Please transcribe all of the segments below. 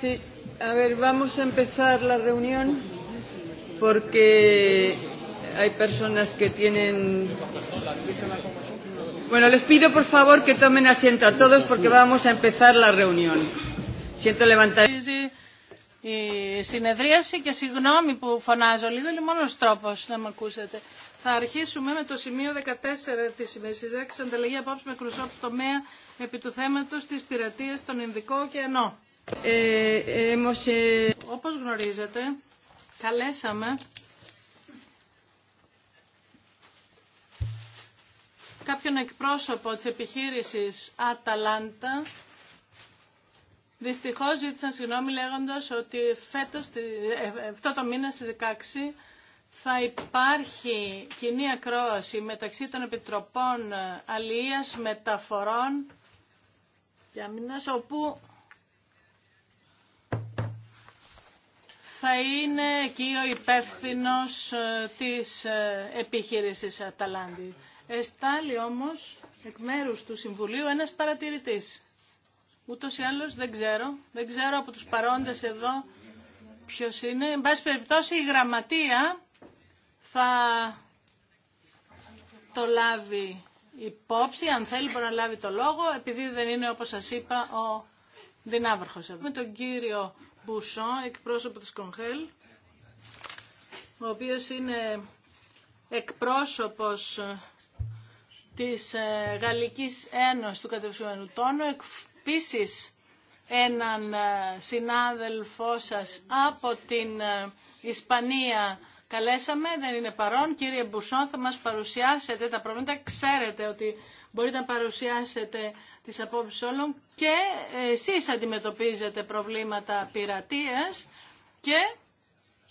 Sí, a ver, vamos a empezar la reunión porque hay personas que tienen. Bueno, les pido por favor que tomen asiento a todos porque vamos a empezar la reunión. Siento levantar. Η συνεδρίαση και συγγνώμη που φωνάζω λίγο είναι μόνος τρόπος να με ακούσετε. Θα αρχίσουμε με το σημείο 14 της ημερησιδέξης ανταλλαγή απόψη με κρουσόπ στο ΜΕΑ επί του θέματος της πειρατείας των Ινδικό ωκεανό. Ε, ε, Όπως γνωρίζετε, καλέσαμε κάποιον εκπρόσωπο της επιχείρησης Αταλάντα. Δυστυχώς ζήτησαν συγγνώμη λέγοντας ότι φέτος, ε, ε, αυτό το μήνα στις 16 θα υπάρχει κοινή ακρόαση μεταξύ των Επιτροπών Αλίας Μεταφορών και Αμυνάς, όπου θα είναι εκεί ο υπεύθυνο ε, της ε, επιχείρησης Αταλάντη. Εστάλει όμως εκ μέρους του Συμβουλίου ένας παρατηρητής. Ούτως ή άλλως δεν ξέρω, δεν ξέρω από τους παρόντες εδώ ποιος είναι. Εν πάση περιπτώσει η γραμματεία θα το λάβει υπόψη, αν θέλει μπορεί να λάβει το λόγο, επειδή δεν είναι όπως σας είπα ο Δυνάβροχος Με τον κύριο Μπουσόν, εκπρόσωπο της Κονχέλ, ο οποίος είναι εκπρόσωπος της ε, Γαλλικής Ένωσης του Κατευσιμένου Τόνου, επίσης έναν ε, συνάδελφό σας από την ε, Ισπανία καλέσαμε, δεν είναι παρόν. Κύριε Μπουσόν, θα μας παρουσιάσετε τα προβλήματα. Ξέρετε ότι μπορείτε να παρουσιάσετε τις απόψεις όλων και εσείς αντιμετωπίζετε προβλήματα πειρατείας και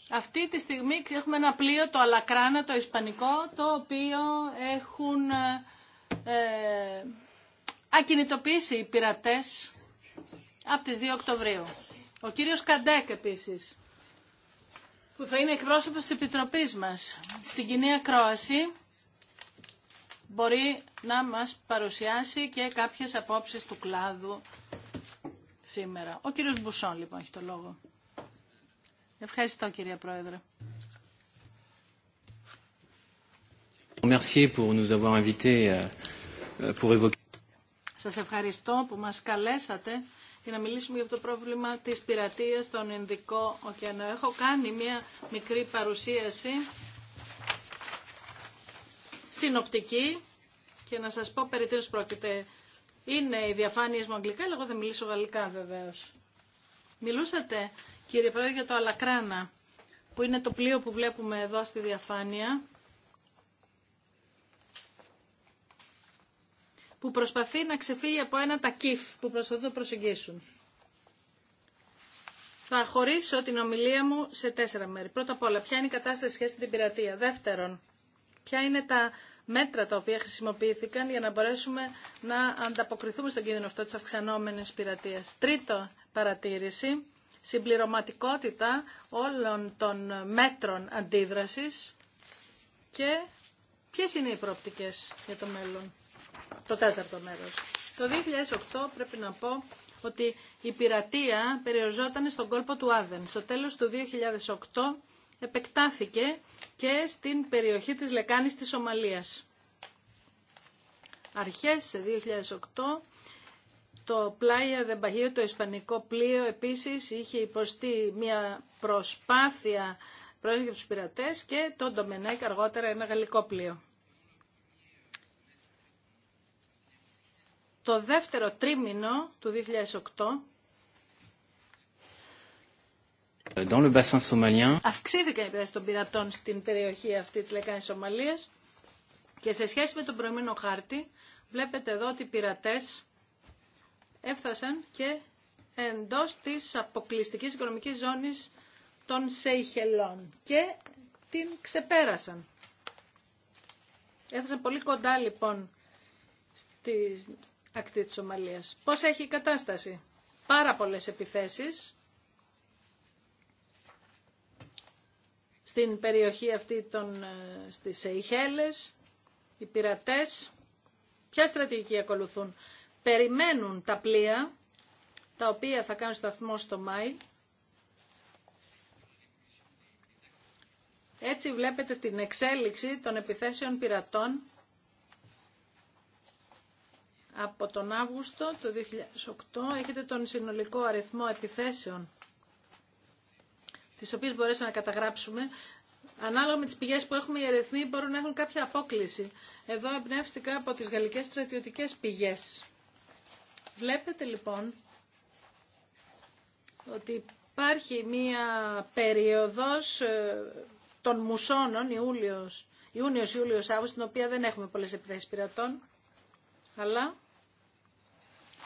αυτή τη στιγμή έχουμε ένα πλοίο, το Αλακράνα, το Ισπανικό, το οποίο έχουν ε, ακινητοποιήσει οι πειρατές από τις 2 Οκτωβρίου. Ο κύριος Καντέκ επίσης, που θα είναι εκπρόσωπος της Επιτροπής μας στην κοινή ακρόαση, μπορεί να μας παρουσιάσει και κάποιες απόψεις του κλάδου σήμερα. Ο κύριος Μπουσόν λοιπόν έχει το λόγο. Ευχαριστώ κύριε Πρόεδρε. Euh, Σας ευχαριστώ που μας καλέσατε για να μιλήσουμε για αυτό το πρόβλημα της πειρατείας στον Ινδικό ωκεανό. Έχω κάνει μια μικρή παρουσίαση συνοπτική και να σας πω περί τίνος πρόκειται. Είναι οι διαφάνειες μου αγγλικά, αλλά εγώ θα μιλήσω γαλλικά βεβαίως. Μιλούσατε, κύριε Πρόεδρε, για το Αλακράνα, που είναι το πλοίο που βλέπουμε εδώ στη διαφάνεια, που προσπαθεί να ξεφύγει από ένα τακίφ που προσπαθούν να προσεγγίσουν. Θα χωρίσω την ομιλία μου σε τέσσερα μέρη. Πρώτα απ' όλα, ποια είναι η κατάσταση σχέση με την πειρατεία. Δεύτερον, ποια είναι τα μέτρα τα οποία χρησιμοποιήθηκαν για να μπορέσουμε να ανταποκριθούμε στον κίνδυνο αυτό της αυξανόμενης πειρατείας. Τρίτο παρατήρηση, συμπληρωματικότητα όλων των μέτρων αντίδρασης και ποιες είναι οι προοπτικές για το μέλλον. Το τέταρτο μέρος. Το 2008 πρέπει να πω ότι η πειρατεία περιοριζόταν στον κόλπο του Άδεν. Στο τέλος του 2008 επεκτάθηκε και στην περιοχή της Λεκάνης της Σομαλίας. Αρχές σε 2008 το πλάια παγίω, το ισπανικό πλοίο επίσης είχε υποστεί μια προσπάθεια προς τους πειρατές και το Ντομενέκ αργότερα ένα γαλλικό πλοίο. Το δεύτερο τρίμηνο του 2008 Euh, Αυξήθηκαν οι πειρατές των πειρατών στην περιοχή αυτή της Λεκάνης Σομαλίας και σε σχέση με τον προηγούμενο χάρτη βλέπετε εδώ ότι οι πειρατές έφτασαν και εντός της αποκλειστικής οικονομικής ζώνης των Σεϊχελών και την ξεπέρασαν. Έφτασαν πολύ κοντά λοιπόν στην ακτή της Σομαλίας. Πώς έχει η κατάσταση. Πάρα πολλές επιθέσεις στην περιοχή αυτή των, ε, στις Σεϊχέλες, οι πειρατές. Ποια στρατηγική ακολουθούν. Περιμένουν τα πλοία, τα οποία θα κάνουν σταθμό στο Μάη. Έτσι βλέπετε την εξέλιξη των επιθέσεων πειρατών από τον Αύγουστο του 2008. Έχετε τον συνολικό αριθμό επιθέσεων τις οποίες μπορέσαμε να καταγράψουμε, Ανάλογα με τι πηγέ που έχουμε, οι αριθμοί μπορούν να έχουν κάποια απόκληση. Εδώ εμπνεύστηκα από τι γαλλικέ στρατιωτικέ πηγέ. Βλέπετε λοιπόν ότι υπάρχει μία περίοδος ε, των μουσώνων, Ιούλιος, Ιούνιος, Ιούλιος, Αύγουστος, την οποία δεν έχουμε πολλές επιθέσεις πειρατών, αλλά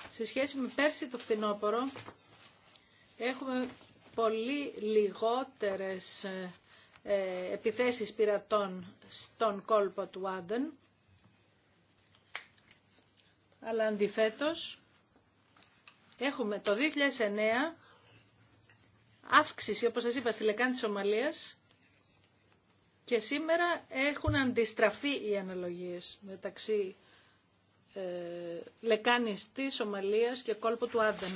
σε σχέση με πέρσι το φθινόπωρο έχουμε πολύ λιγότερες ε, επιθέσεις πειρατών στον κόλπο του Άντεν, αλλά αντιθέτως έχουμε το 2009 αύξηση, όπως σας είπα, στη λεκάνη της Σομαλίας και σήμερα έχουν αντιστραφεί οι αναλογίες μεταξύ ε, λεκάνης της Σομαλίας και κόλπο του Άντεν.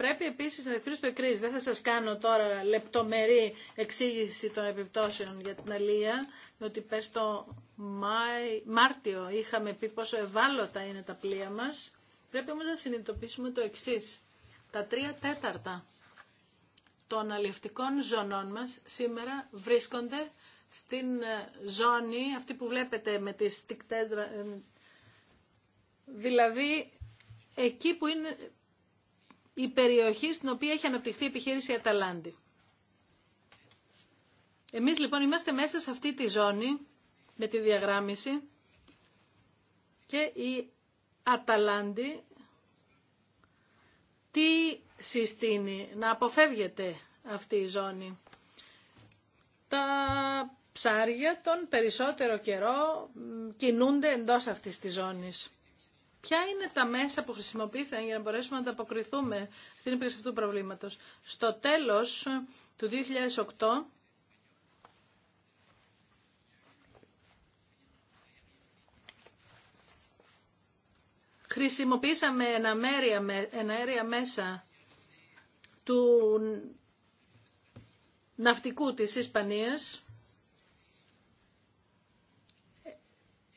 Πρέπει επίσης να διευκρινίσω το εκρή. Δεν θα σας κάνω τώρα λεπτομερή εξήγηση των επιπτώσεων για την αλία, ότι πες το Μάρτιο είχαμε πει πόσο ευάλωτα είναι τα πλοία μας. Πρέπει όμως να συνειδητοποιήσουμε το εξής. Τα τρία τέταρτα των αλληλευτικών ζωνών μας σήμερα βρίσκονται στην ε, ζώνη, αυτή που βλέπετε με τις στικτές, ε, δηλαδή εκεί που είναι η περιοχή στην οποία έχει αναπτυχθεί η επιχείρηση Αταλάντη. Εμείς λοιπόν είμαστε μέσα σε αυτή τη ζώνη με τη διαγράμμιση και η Αταλάντη τι συστήνει να αποφεύγεται αυτή η ζώνη. Τα ψάρια τον περισσότερο καιρό κινούνται εντός αυτής της ζώνης. Ποια είναι τα μέσα που χρησιμοποιήθηκαν για να μπορέσουμε να ανταποκριθούμε στην ύπαρξη αυτού του προβλήματος. Στο τέλος του 2008 χρησιμοποίησαμε ένα, ένα αέρια μέσα του ναυτικού της Ισπανίας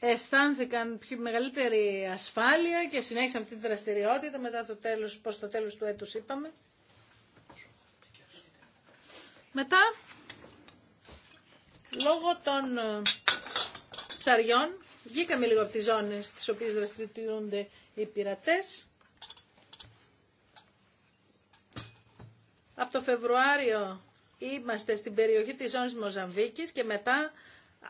αισθάνθηκαν πιο μεγαλύτερη ασφάλεια και συνέχισαν αυτή τη δραστηριότητα μετά το τέλος, πως το τέλος του έτους είπαμε. Μετά, λόγω των ε, ψαριών, βγήκαμε λίγο από τις ζώνες στις οποίες δραστηριοποιούνται οι πειρατές. Από το Φεβρουάριο είμαστε στην περιοχή της ζώνης Μοζαμβίκης και μετά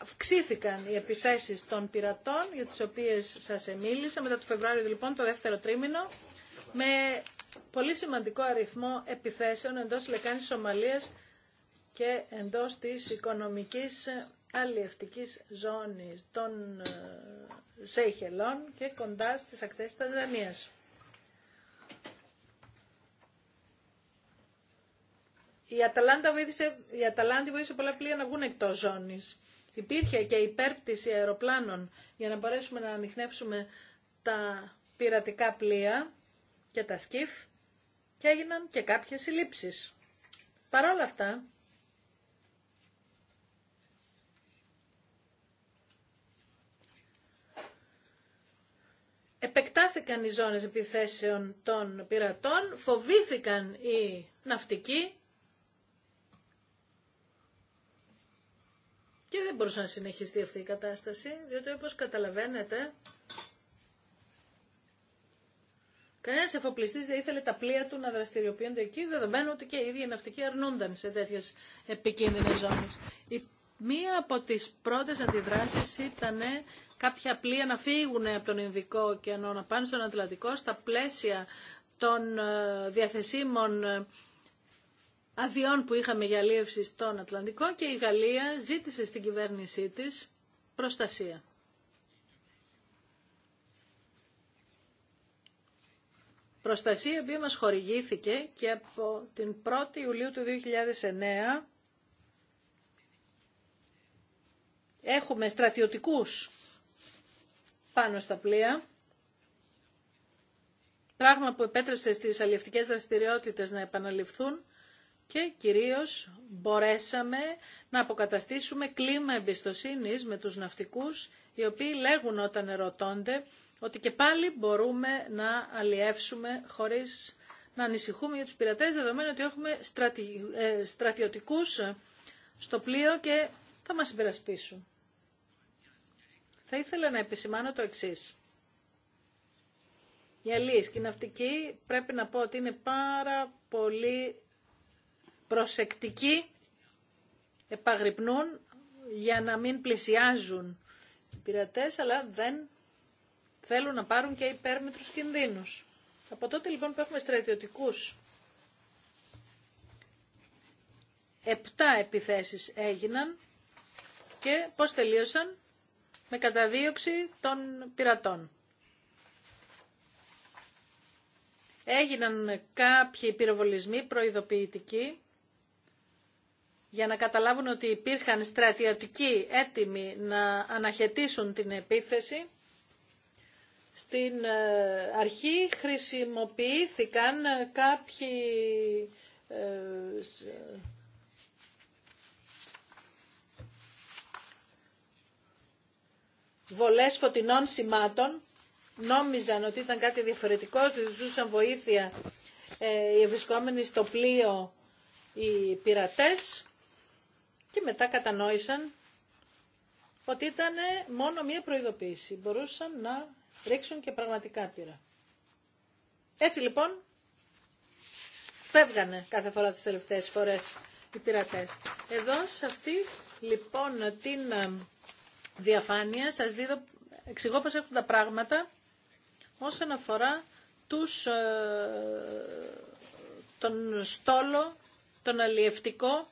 αυξήθηκαν οι επιθέσεις των πειρατών, για τις οποίες σας εμίλησα, μετά το Φεβράριο λοιπόν, το δεύτερο τρίμηνο, με πολύ σημαντικό αριθμό επιθέσεων εντός λεκάνης Σομαλίας και εντός της οικονομικής αλλιευτικής ζώνης των ε, Σέιχελών και κοντά στις ακτές της Ταζανίας. Η Αταλάντα βοήθησε, Αταλάντη βοήθησε πολλά πλοία να βγουν εκτός ζώνης υπήρχε και υπέρπτυση αεροπλάνων για να μπορέσουμε να ανοιχνεύσουμε τα πειρατικά πλοία και τα σκιφ και έγιναν και κάποιες συλλήψεις. Παρ' όλα αυτά, επεκτάθηκαν οι ζώνες επιθέσεων των πειρατών, φοβήθηκαν οι ναυτικοί Και δεν μπορούσε να συνεχιστεί αυτή η κατάσταση, διότι όπως καταλαβαίνετε, κανένα εφοπλιστής δεν ήθελε τα πλοία του να δραστηριοποιούνται εκεί, δεδομένου ότι και οι ίδιοι ναυτικοί αρνούνταν σε τέτοιες επικίνδυνες ζώνες. μία από τις πρώτες αντιδράσεις ήταν κάποια πλοία να φύγουν από τον Ινδικό ωκεανό, να πάνε στον Ατλαντικό, στα πλαίσια των ε, διαθεσίμων ε, αδειών που είχαμε για λίευση στον Ατλαντικό και η Γαλλία ζήτησε στην κυβέρνησή της προστασία. Προστασία που μας χορηγήθηκε και από την 1η Ιουλίου του 2009 έχουμε στρατιωτικούς πάνω στα πλοία, πράγμα που επέτρεψε στις αλληλευτικές δραστηριότητες να επαναληφθούν και κυρίως μπορέσαμε να αποκαταστήσουμε κλίμα εμπιστοσύνης με τους ναυτικούς οι οποίοι λέγουν όταν ερωτώνται ότι και πάλι μπορούμε να αλλιεύσουμε χωρίς να ανησυχούμε για τους πειρατές δεδομένου ότι έχουμε ε, στρατιωτικούς στο πλοίο και θα μας υπερασπίσουν. Θα ήθελα να επισημάνω το εξής. Για αλίες και ναυτικοί πρέπει να πω ότι είναι πάρα πολύ προσεκτικοί, επαγρυπνούν για να μην πλησιάζουν οι πειρατές, αλλά δεν θέλουν να πάρουν και υπέρμετρους κινδύνους. Από τότε λοιπόν που έχουμε στρατιωτικούς, επτά επιθέσεις έγιναν και πώς τελείωσαν με καταδίωξη των πειρατών. Έγιναν κάποιοι πυροβολισμοί προειδοποιητικοί για να καταλάβουν ότι υπήρχαν στρατιωτικοί έτοιμοι να αναχαιτήσουν την επίθεση, στην ε, αρχή χρησιμοποιήθηκαν ε, κάποιοι ε, βολές φωτεινών σημάτων. Νόμιζαν ότι ήταν κάτι διαφορετικό, ότι ζούσαν βοήθεια οι ευρισκόμενοι στο πλοίο οι πειρατές. Και μετά κατανόησαν ότι ήταν μόνο μία προειδοποίηση. Μπορούσαν να ρίξουν και πραγματικά πύρα. Έτσι λοιπόν φεύγανε κάθε φορά τις τελευταίες φορές οι πειρατές. Εδώ σε αυτή λοιπόν την ε, διαφάνεια σας δίδω, εξηγώ πως έχουν τα πράγματα όσον αφορά τους, ε, τον στόλο, τον αλλιευτικό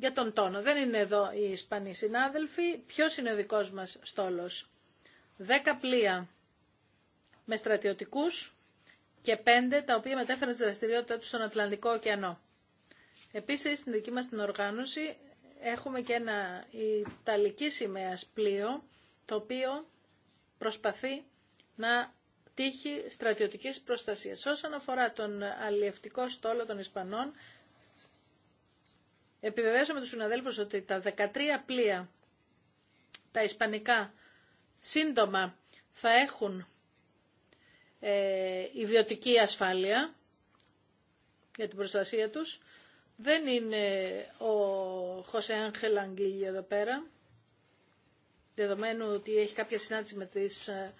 για τον τόνο. Δεν είναι εδώ οι Ισπανοί συνάδελφοι. Ποιο είναι ο δικό μα στόλος. Δέκα πλοία με στρατιωτικούς και πέντε τα οποία μετέφεραν τη δραστηριότητά του στον Ατλαντικό ωκεανό. Επίσης στην δική μα την οργάνωση έχουμε και ένα Ιταλική σημαία πλοίο το οποίο προσπαθεί να τύχει στρατιωτικής προστασίας. Όσον αφορά τον αλλιευτικό στόλο των Ισπανών, Επιβεβαίωσαμε τους συναδέλφους ότι τα 13 πλοία, τα ισπανικά, σύντομα θα έχουν ε, ιδιωτική ασφάλεια για την προστασία τους. Δεν είναι ο Χωσέ Άγχελ εδώ πέρα, δεδομένου ότι έχει κάποια συνάντηση με τις ε,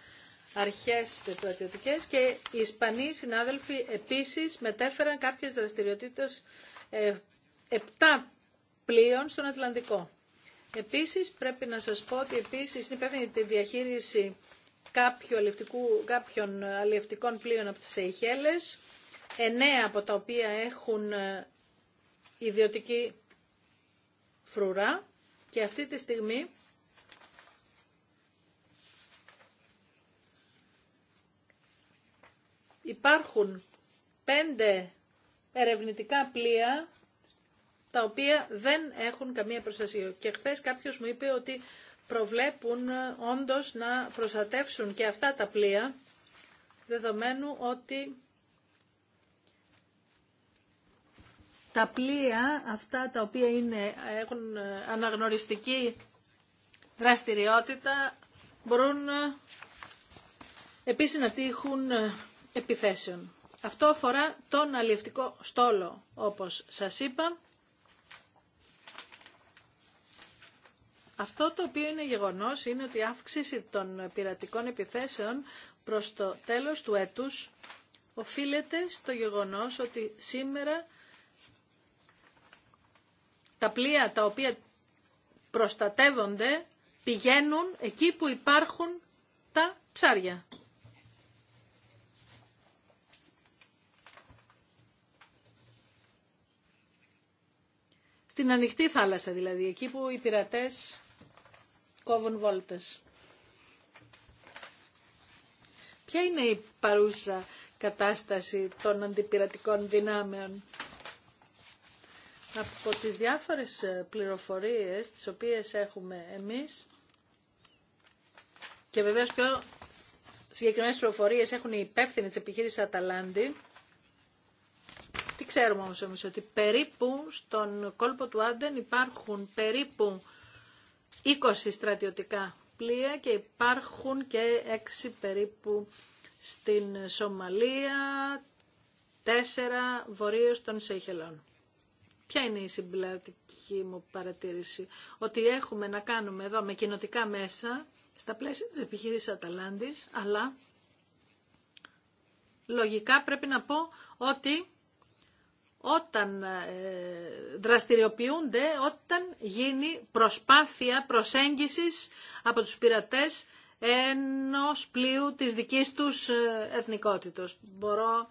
αρχές τις στρατιωτικές και οι Ισπανοί συνάδελφοι επίσης μετέφεραν κάποιες δραστηριότητες ε, επτά πλοίων στον Ατλαντικό. Επίσης πρέπει να σας πω ότι επίσης είναι υπεύθυνη τη διαχείριση κάποιων αλλιευτικών πλοίων από τις Σεϊχέλες, εννέα από τα οποία έχουν ε, ιδιωτική φρουρά και αυτή τη στιγμή υπάρχουν 5 ερευνητικά πλοία τα οποία δεν έχουν καμία προστασία. Και χθε κάποιος μου είπε ότι προβλέπουν ε, όντως να προστατεύσουν και αυτά τα πλοία, δεδομένου ότι τα πλοία αυτά τα οποία είναι, έχουν ε, αναγνωριστική δραστηριότητα μπορούν ε, επίσης να τύχουν επιθέσεων. Αυτό αφορά τον αλληλευτικό στόλο, όπως σας είπα. Αυτό το οποίο είναι γεγονός είναι ότι η αύξηση των πειρατικών επιθέσεων προς το τέλος του έτους οφείλεται στο γεγονός ότι σήμερα τα πλοία τα οποία προστατεύονται πηγαίνουν εκεί που υπάρχουν τα ψάρια. Στην ανοιχτή θάλασσα δηλαδή, εκεί που οι πειρατές κόβουν βόλτες. Ποια είναι η παρούσα κατάσταση των αντιπυρατικών δυνάμεων. Από τις διάφορες ε, πληροφορίες τις οποίες έχουμε εμείς και βεβαίως πιο συγκεκριμένες πληροφορίες έχουν οι υπεύθυνοι της επιχείρησης Αταλάντη, τι ξέρουμε όμως εμείς, ότι περίπου στον κόλπο του Άντεν υπάρχουν περίπου 20 στρατιωτικά πλοία και υπάρχουν και 6 περίπου στην Σομαλία, 4 βορείως των Σέιχελών. Ποια είναι η συμπλατική μου παρατήρηση, ότι έχουμε να κάνουμε εδώ με κοινοτικά μέσα, στα πλαίσια της επιχείρησης Αταλάντης, αλλά λογικά πρέπει να πω ότι όταν ε, δραστηριοποιούνται, όταν γίνει προσπάθεια προσέγγισης από τους πειρατές ενός πλοίου της δικής τους ε, εθνικότητος. Μπορώ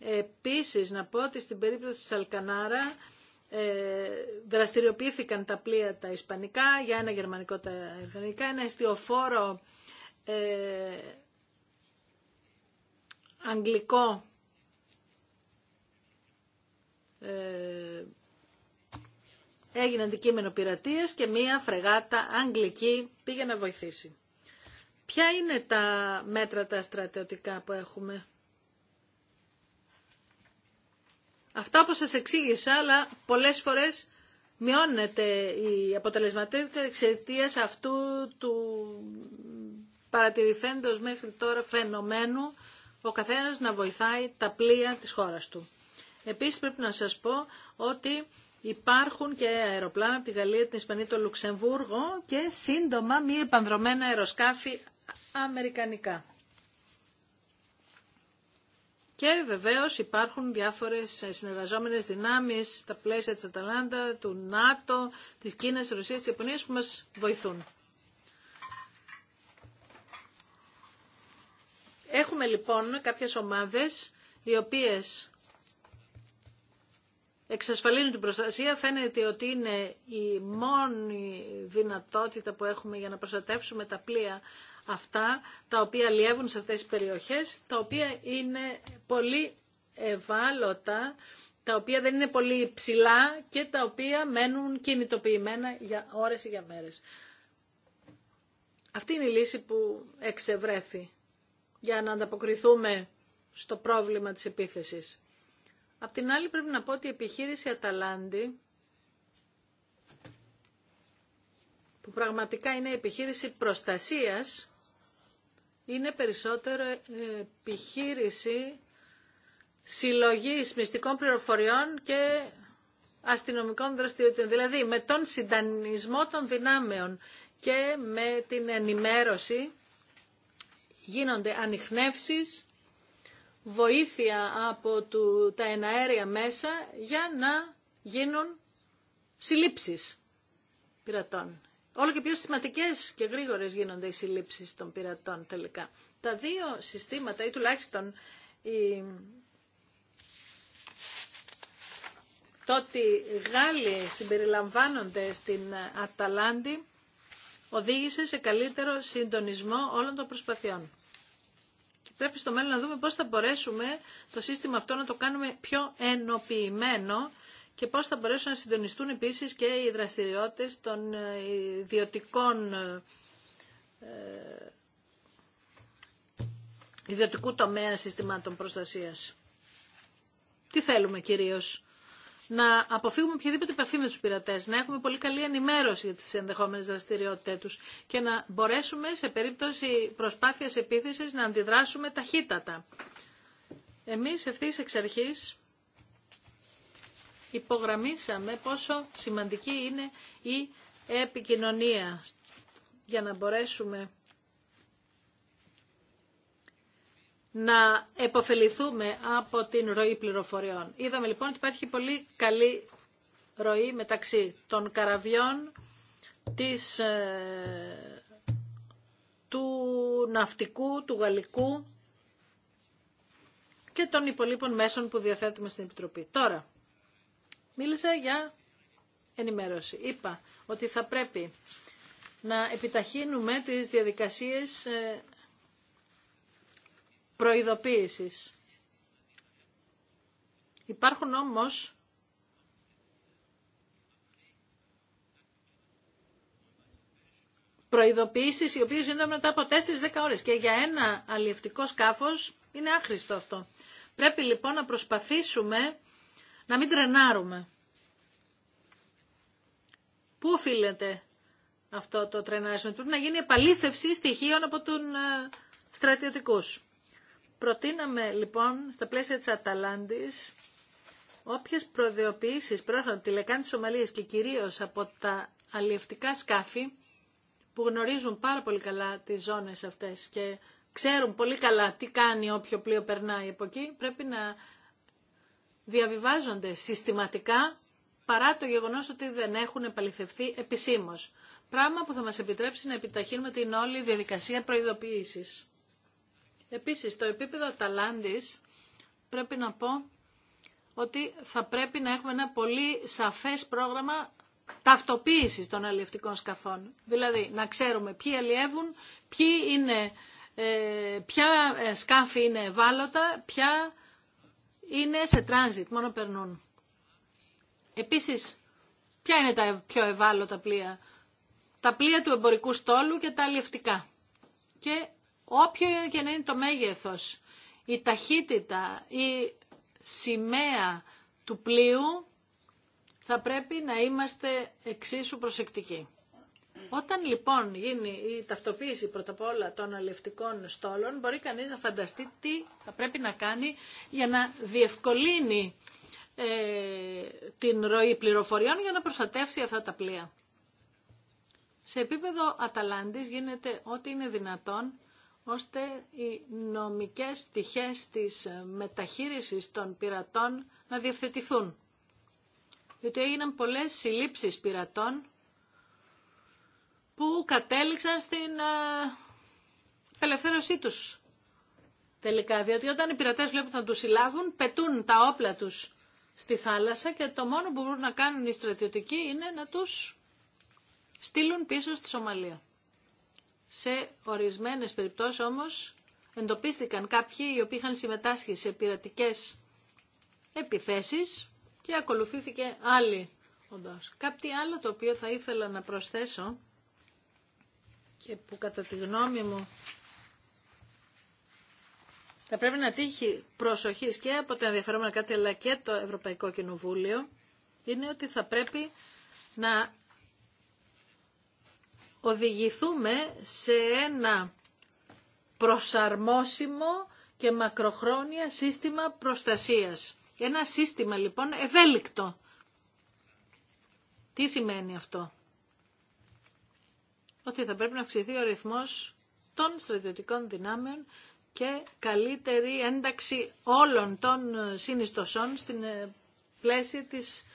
επίσης να πω ότι στην περίπτωση της Αλκανάρα ε, δραστηριοποιήθηκαν τα πλοία τα ισπανικά, για ένα γερμανικό τα γερμανικά, ένα εστιοφόρο αγγλικό ε, έγινε αντικείμενο πειρατεία και μία φρεγάτα αγγλική πήγε να βοηθήσει. Ποια είναι τα μέτρα τα στρατιωτικά που έχουμε. Αυτά που σας εξήγησα, αλλά πολλές φορές μειώνεται η αποτελεσματικότητα εξαιτία αυτού του παρατηρηθέντος μέχρι τώρα φαινομένου ο καθένας να βοηθάει τα πλοία της χώρας του. Επίσης πρέπει να σας πω ότι υπάρχουν και αεροπλάνα από τη Γαλλία, την Ισπανία, το Λουξεμβούργο και σύντομα μη επανδρομένα αεροσκάφη αμερικανικά. Και βεβαίως υπάρχουν διάφορες συνεργαζόμενες δυνάμεις στα πλαίσια της Αταλάντα, του ΝΑΤΟ, της Κίνας, της Ρωσίας, της Ιαπωνίας που μας βοηθούν. Έχουμε λοιπόν κάποιες ομάδες οι οποίες εξασφαλίζουν την προστασία. Φαίνεται ότι είναι η μόνη δυνατότητα που έχουμε για να προστατεύσουμε τα πλοία αυτά, τα οποία λιεύουν σε αυτές τις περιοχές, τα οποία είναι πολύ ευάλωτα, τα οποία δεν είναι πολύ ψηλά και τα οποία μένουν κινητοποιημένα για ώρες ή για μέρες. Αυτή είναι η λύση που εξευρέθη για να ανταποκριθούμε στο πρόβλημα της επίθεσης. Απ' την άλλη πρέπει να πω ότι η επιχείρηση Αταλάντη, που πραγματικά είναι επιχείρηση προστασίας, είναι περισσότερο επιχείρηση συλλογής μυστικών πληροφοριών και αστυνομικών δραστηριοτήτων. Δηλαδή με τον συντανισμό των δυνάμεων και με την ενημέρωση γίνονται ανιχνεύσεις βοήθεια από του, τα εναέρια μέσα για να γίνουν συλλήψεις πειρατών. Όλο και πιο σημαντικές και γρήγορες γίνονται οι συλλήψεις των πειρατών τελικά. Τα δύο συστήματα ή τουλάχιστον η... το ότι Γάλλοι συμπεριλαμβάνονται στην Αταλάντη οδήγησε σε καλύτερο συντονισμό όλων των προσπαθειών πρέπει στο μέλλον να δούμε πώς θα μπορέσουμε το σύστημα αυτό να το κάνουμε πιο ενοποιημένο και πώς θα μπορέσουν να συντονιστούν επίσης και οι δραστηριότητες των ε, ιδιωτικών ε, ιδιωτικού τομέα συστημάτων προστασίας. Τι θέλουμε κυρίως να αποφύγουμε οποιαδήποτε επαφή με τους πειρατές, να έχουμε πολύ καλή ενημέρωση για τις ενδεχόμενες δραστηριότητες τους και να μπορέσουμε σε περίπτωση προσπάθειας επίθεσης να αντιδράσουμε ταχύτατα. Εμείς ευθύς εξ αρχής υπογραμμίσαμε πόσο σημαντική είναι η επικοινωνία για να μπορέσουμε να επωφεληθούμε από την ροή πληροφοριών. Είδαμε λοιπόν ότι υπάρχει πολύ καλή ροή μεταξύ των καραβιών της, ε, του ναυτικού, του γαλλικού και των υπολείπων μέσων που διαθέτουμε στην Επιτροπή. Τώρα, μίλησα για ενημέρωση. Είπα ότι θα πρέπει να επιταχύνουμε τις διαδικασίες ε, προειδοποίησης. Υπάρχουν όμως προειδοποιήσεις οι οποίες γίνονται μετά από 4-10 ώρες και για ένα αλλιευτικό σκάφος είναι άχρηστο αυτό. Πρέπει λοιπόν να προσπαθήσουμε να μην τρενάρουμε. Πού οφείλεται αυτό το τρενάρισμα. Πρέπει να γίνει επαλήθευση στοιχείων από τον ε, στρατιωτικούς. Προτείναμε λοιπόν στα πλαίσια της Αταλάντης όποιες προδιοποιήσεις προέρχονται από τη λεκάνη Σομαλίας και κυρίως από τα αλλιευτικά σκάφη που γνωρίζουν πάρα πολύ καλά τις ζώνες αυτές και ξέρουν πολύ καλά τι κάνει όποιο πλοίο περνάει από εκεί, πρέπει να διαβιβάζονται συστηματικά παρά το γεγονός ότι δεν έχουν επαληθευθεί επισήμως. Πράγμα που θα μας επιτρέψει να επιταχύνουμε την όλη διαδικασία προειδοποίησης. Επίσης, το επίπεδο ταλάντης πρέπει να πω ότι θα πρέπει να έχουμε ένα πολύ σαφές πρόγραμμα ταυτοποίησης των αλλιευτικών σκαφών. Δηλαδή, να ξέρουμε ποιοι αλλιεύουν, είναι, ε, ποια ε, σκάφη είναι ευάλωτα, ποια είναι σε τράνζιτ, μόνο περνούν. Επίσης, ποια είναι τα πιο ευάλωτα πλοία. Τα πλοία του εμπορικού στόλου και τα αλλιευτικά. Και Όποιο και να είναι το μέγεθος, η ταχύτητα, η σημαία του πλοίου, θα πρέπει να είμαστε εξίσου προσεκτικοί. Όταν λοιπόν γίνει η ταυτοποίηση πρώτα απ' όλα των αλευτικών στόλων, μπορεί κανείς να φανταστεί τι θα πρέπει να κάνει για να διευκολύνει ε, την ροή πληροφοριών για να προστατεύσει αυτά τα πλοία. Σε επίπεδο Αταλάντης γίνεται ό,τι είναι δυνατόν ώστε οι νομικές πτυχές της μεταχείρισης των πειρατών να διευθετηθούν. Διότι έγιναν πολλές συλλήψεις πειρατών που κατέληξαν στην ε, ελευθέρωσή τους τελικά. Διότι όταν οι πειρατές βλέπουν να τους συλλάβουν, πετούν τα όπλα τους στη θάλασσα και το μόνο που μπορούν να κάνουν οι στρατιωτικοί είναι να τους στείλουν πίσω στη Σομαλία. Σε ορισμένες περιπτώσεις όμως εντοπίστηκαν κάποιοι οι οποίοι είχαν συμμετάσχει σε πειρατικές επιθέσεις και ακολουθήθηκε άλλη οντό. Κάτι άλλο το οποίο θα ήθελα να προσθέσω και που κατά τη γνώμη μου θα πρέπει να τύχει προσοχής και από τα ενδιαφερόμενα κάτι αλλά και το Ευρωπαϊκό Κοινοβούλιο είναι ότι θα πρέπει να οδηγηθούμε σε ένα προσαρμόσιμο και μακροχρόνια σύστημα προστασίας. Ένα σύστημα λοιπόν ευέλικτο. Τι σημαίνει αυτό. Ότι θα πρέπει να αυξηθεί ο ρυθμός των στρατιωτικών δυνάμεων και καλύτερη ένταξη όλων των συνιστοσών στην ε, πλαίσια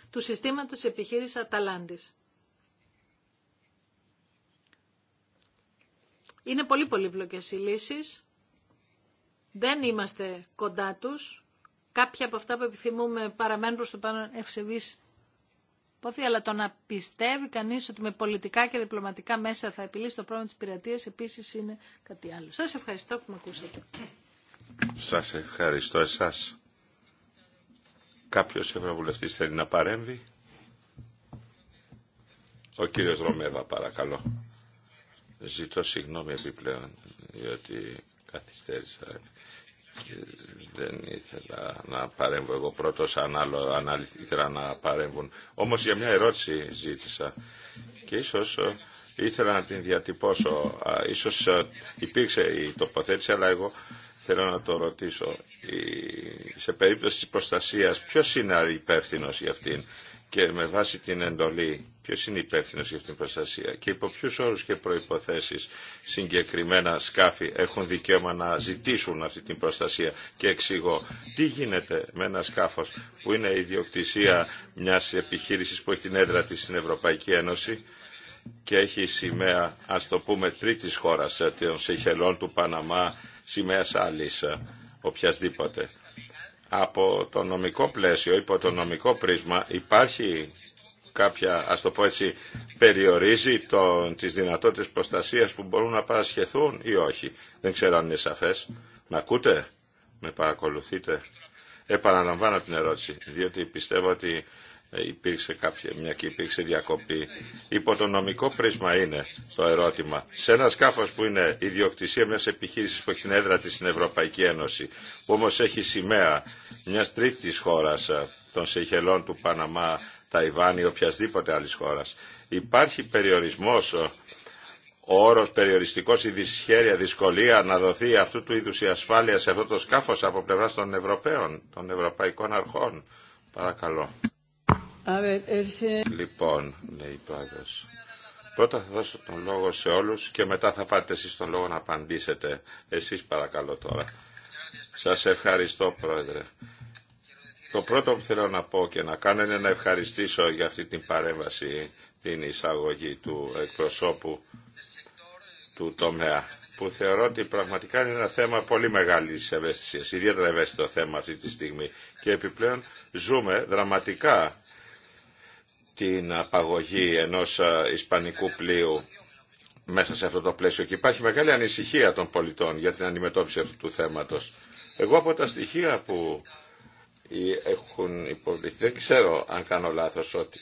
του συστήματος επιχείρησης Αταλάντης. Είναι πολύ πολύπλοκες οι λύσεις. Δεν είμαστε κοντά τους. Κάποια από αυτά που επιθυμούμε παραμένουν προς το πάνω ευσεβείς πόθη, αλλά το να πιστεύει κανείς ότι με πολιτικά και διπλωματικά μέσα θα επιλύσει το πρόβλημα της πειρατείας επίσης είναι κάτι άλλο. Σας ευχαριστώ που με ακούσατε. Σας ευχαριστώ εσάς. Κάποιος ευρωβουλευτής θέλει να παρέμβει. Ο κύριος Ρωμέβα παρακαλώ. Ζητώ συγγνώμη επιπλέον, διότι καθυστέρησα και δεν ήθελα να παρέμβω εγώ πρώτος, αν άλλο ήθελα να παρέμβουν. Όμως για μια ερώτηση ζήτησα και ίσως ε, ήθελα να την διατυπώσω. Ίσως ε, υπήρξε η τοποθέτηση, αλλά εγώ θέλω να το ρωτήσω. Σε περίπτωση της προστασίας, ποιος είναι υπεύθυνο για αυτήν και με βάση την εντολή ποιο είναι υπεύθυνο για αυτήν την προστασία και υπό ποιου όρου και προποθέσει συγκεκριμένα σκάφη έχουν δικαίωμα να ζητήσουν αυτή την προστασία. Και εξηγώ τι γίνεται με ένα σκάφο που είναι ιδιοκτησία μια επιχείρηση που έχει την έδρα τη στην Ευρωπαϊκή Ένωση και έχει σημαία, α το πούμε, τρίτη χώρα ε, των Σιχελών του Παναμά, σημαία άλλη ε, οποιασδήποτε από το νομικό πλαίσιο, υπό το νομικό πρίσμα υπάρχει κάποια, ας το πω έτσι, περιορίζει το, τις δυνατότητες προστασίας που μπορούν να παρασχεθούν ή όχι. Δεν ξέρω αν είναι σαφές. Με ακούτε, με παρακολουθείτε. Επαναλαμβάνω την ερώτηση, διότι πιστεύω ότι ε, υπήρξε κάποια, μια και υπήρξε διακοπή. Υπό το νομικό πρίσμα είναι το ερώτημα. Σε ένα σκάφος που είναι ιδιοκτησία μιας επιχείρησης που έχει την έδρα της στην Ευρωπαϊκή Ένωση, που όμως έχει σημαία μιας τρίτης χώρας, ε, των Σεχελών του Παναμά, Ταϊβάν ή οποιασδήποτε άλλης χώρας, υπάρχει περιορισμός ε, ο όρος περιοριστικός, η οποιασδηποτε άλλη χώρα. να δοθεί αυτού του είδους η ασφάλεια σε αυτό το σκάφος από πλευρά των Ευρωπαίων, των Ευρωπαϊκών Αρχών. Παρακαλώ. Λοιπόν, λέει η Πρώτα θα δώσω τον λόγο σε όλους και μετά θα πάτε εσείς τον λόγο να απαντήσετε. Εσείς παρακαλώ τώρα. Σας ευχαριστώ πρόεδρε. Το πρώτο που θέλω να πω και να κάνω είναι να ευχαριστήσω για αυτή την παρέμβαση, την εισαγωγή του εκπροσώπου του τομέα που θεωρώ ότι πραγματικά είναι ένα θέμα πολύ μεγάλη ευαίσθησης, ιδιαίτερα ευαίσθητο θέμα αυτή τη στιγμή και επιπλέον ζούμε δραματικά την απαγωγή ενός ισπανικού πλοίου μέσα σε αυτό το πλαίσιο και υπάρχει μεγάλη ανησυχία των πολιτών για την αντιμετώπιση αυτού του θέματος. Εγώ από τα στοιχεία που έχουν υποβληθεί, δεν ξέρω αν κάνω λάθος ότι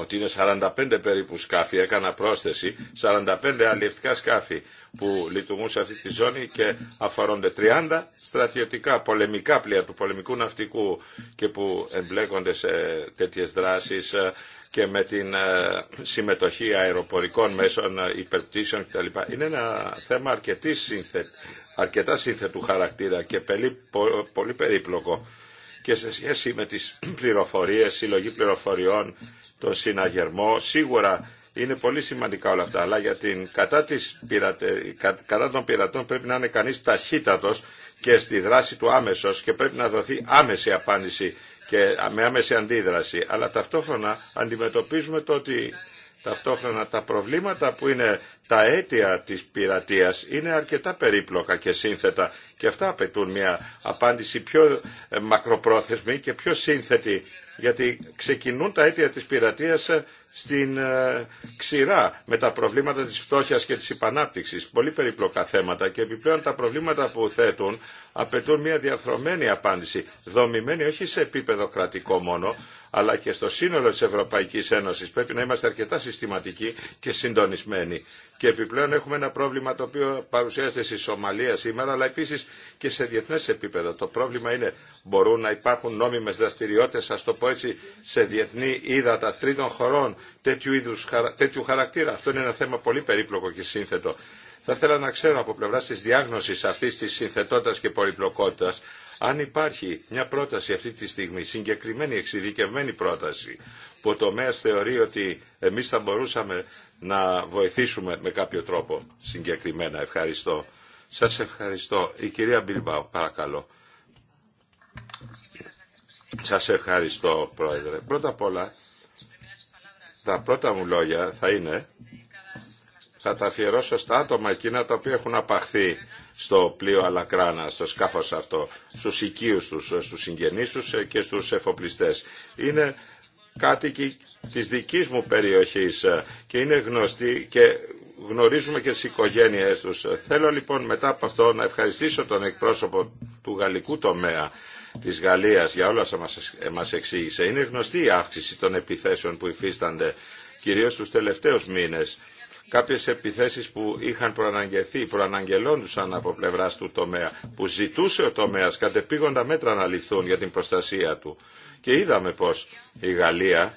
ότι είναι 45 περίπου σκάφη, έκανα πρόσθεση, 45 αλληλευτικά σκάφη που λειτουργούν σε αυτή τη ζώνη και αφορώνται 30 στρατιωτικά πολεμικά πλοία του πολεμικού ναυτικού και που εμπλέκονται σε τέτοιες δράσεις ε, και με την ε, συμμετοχή αεροπορικών μέσων ε, υπερπτήσεων κτλ. Είναι ένα θέμα αρκετά σύνθετου χαρακτήρα και πολύ περίπλοκο και σε σχέση με τις πληροφορίες, συλλογή πληροφοριών, τον συναγερμό, σίγουρα είναι πολύ σημαντικά όλα αυτά, αλλά για την, κατά, κατά των πειρατών πρέπει να είναι κανείς ταχύτατος και στη δράση του άμεσος και πρέπει να δοθεί άμεση απάντηση και με άμεση αντίδραση. Αλλά ταυτόχρονα αντιμετωπίζουμε το ότι ταυτόχρονα τα προβλήματα που είναι τα αίτια της πειρατείας είναι αρκετά περίπλοκα και σύνθετα και αυτά απαιτούν μια απάντηση πιο ε, μακροπρόθεσμη και πιο σύνθετη γιατί ξεκινούν τα αίτια της πειρατείας ε, στην ε, ξηρά με τα προβλήματα της φτώχειας και της υπανάπτυξης. Πολύ περιπλοκά θέματα και επιπλέον τα προβλήματα που θέτουν απαιτούν μια διαφρομένη απάντηση, δομημένη όχι σε επίπεδο κρατικό μόνο, αλλά και στο σύνολο της Ευρωπαϊκής Ένωσης. Πρέπει να είμαστε αρκετά συστηματικοί και συντονισμένοι. Και επιπλέον έχουμε ένα πρόβλημα το οποίο παρουσιάζεται στη Σομαλία σήμερα, αλλά επίσης και σε διεθνές επίπεδο. Το πρόβλημα είναι μπορούν να υπάρχουν νόμιμες δραστηριότητες, ας σε διεθνή ύδατα τρίτων χωρών τέτοιου, είδους, τέτοιου χαρακτήρα. Αυτό είναι ένα θέμα πολύ περίπλοκο και σύνθετο. Θα ήθελα να ξέρω από πλευρά τη διάγνωση αυτή τη συνθετότητα και πολυπλοκότητα, αν υπάρχει μια πρόταση αυτή τη στιγμή, συγκεκριμένη εξειδικευμένη πρόταση, που ο τομέα θεωρεί ότι εμεί θα μπορούσαμε να βοηθήσουμε με κάποιο τρόπο συγκεκριμένα. Ευχαριστώ. Σας ευχαριστώ. Η κυρία Μπιλμπάου, παρακαλώ. Σας ευχαριστώ, Πρόεδρε. Πρώτα απ' όλα, τα πρώτα μου λόγια θα είναι θα τα αφιερώσω στα άτομα εκείνα τα οποία έχουν απαχθεί στο πλοίο Αλακράνα, στο σκάφος αυτό, στους οικείους τους, στους συγγενείς τους και στους εφοπλιστές. Είναι κάτοικοι της δικής μου περιοχής και είναι γνωστοί και γνωρίζουμε και τις οικογένειές τους. Θέλω λοιπόν μετά από αυτό να ευχαριστήσω τον εκπρόσωπο του γαλλικού τομέα της Γαλλίας για όλα όσα μας εξήγησε. Είναι γνωστή η αύξηση των επιθέσεων που υφίστανται κυρίως τους τελευταίους μήνες. Κάποιες επιθέσεις που είχαν προαναγγελθεί, προαναγγελόντουσαν από πλευράς του τομέα, που ζητούσε ο τομέας κατεπήγοντα μέτρα να ληφθούν για την προστασία του. Και είδαμε πως η Γαλλία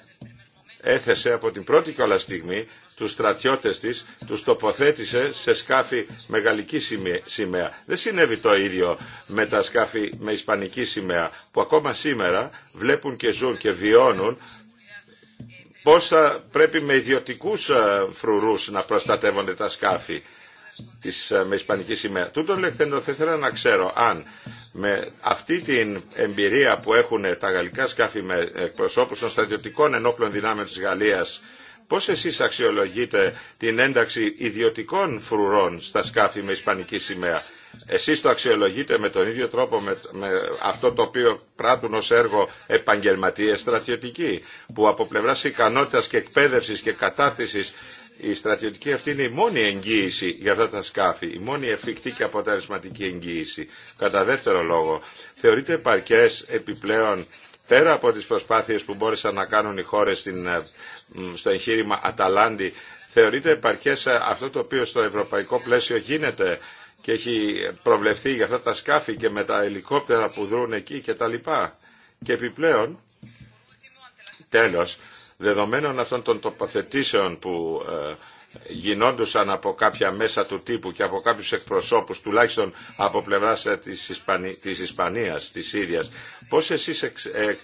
έθεσε από την πρώτη κιόλα στιγμή τους στρατιώτες της, τους τοποθέτησε σε σκάφη με γαλλική σημαία. Δεν συνέβη το ίδιο με τα σκάφη με ισπανική σημαία, που ακόμα σήμερα βλέπουν και ζουν και βιώνουν πώς θα πρέπει με ιδιωτικούς ε, φρουρούς να προστατεύονται τα σκάφη της, ε, με ισπανική σημαία. Τούτο, λεχθέντο θα ήθελα να ξέρω αν με αυτή την εμπειρία που έχουν τα γαλλικά σκάφη με εκπροσώπους των στρατιωτικών ενόπλων δυνάμεων της Γαλλίας Πώς εσείς αξιολογείτε την ένταξη ιδιωτικών φρουρών στα σκάφη με ισπανική σημαία. Εσείς το αξιολογείτε με τον ίδιο τρόπο με, αυτό το οποίο πράττουν ως έργο επαγγελματίες στρατιωτικοί που από πλευράς ικανότητας και εκπαίδευσης και κατάρτισης η στρατιωτική αυτή είναι η μόνη εγγύηση για αυτά τα σκάφη, η μόνη εφικτή και αποτελεσματική εγγύηση. Κατά δεύτερο λόγο, θεωρείται επαρκές επιπλέον πέρα από τις προσπάθειες που μπόρεσαν να κάνουν οι χώρες στην ε, στο εγχείρημα Αταλάντη. Θεωρείται επαρκές ε, αυτό το οποίο στο ευρωπαϊκό πλαίσιο γίνεται και έχει προβλεφθεί για αυτά τα σκάφη και με τα ελικόπτερα που δρούν εκεί και τα λοιπά. Και επιπλέον, τέλος, δεδομένων αυτών των τοποθετήσεων που ε, γινόντουσαν από κάποια μέσα του τύπου και από κάποιους εκπροσώπους, τουλάχιστον από πλευράς ε, της, Ισπανίας, της Ισπανίας, της ίδιας, πώς εσείς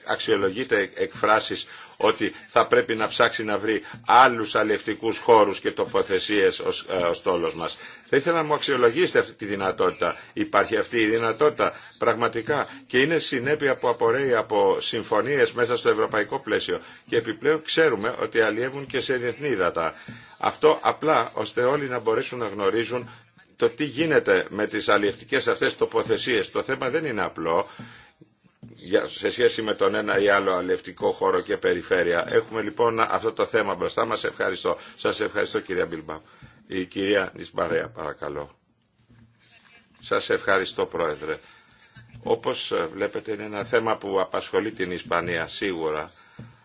αξιολογείτε εκφράσεις ότι θα πρέπει να ψάξει να βρει άλλους αλευτικούς χώρους και τοποθεσίες ως, ε, μα. μας. Θα ήθελα να μου αξιολογήσετε αυτή τη δυνατότητα. Υπάρχει αυτή η δυνατότητα πραγματικά και είναι συνέπεια που απορρέει από συμφωνίες μέσα στο ευρωπαϊκό πλαίσιο και επιπλέον ξέρουμε ότι αλλιεύουν και σε διεθνή υδατά. Αυτό απλά ώστε όλοι να μπορέσουν να γνωρίζουν το τι γίνεται με τις αλλιευτικές αυτές τοποθεσίες. Το θέμα δεν είναι απλό σε σχέση με τον ένα ή άλλο αλευτικό χώρο και περιφέρεια. Έχουμε λοιπόν αυτό το θέμα μπροστά μας. Ευχαριστώ. Σας ευχαριστώ κυρία Μπιλμπά. Η κυρία Νισμπαρέα παρακαλώ. Σας ευχαριστώ πρόεδρε. Όπως βλέπετε είναι ένα θέμα που απασχολεί την Ισπανία σίγουρα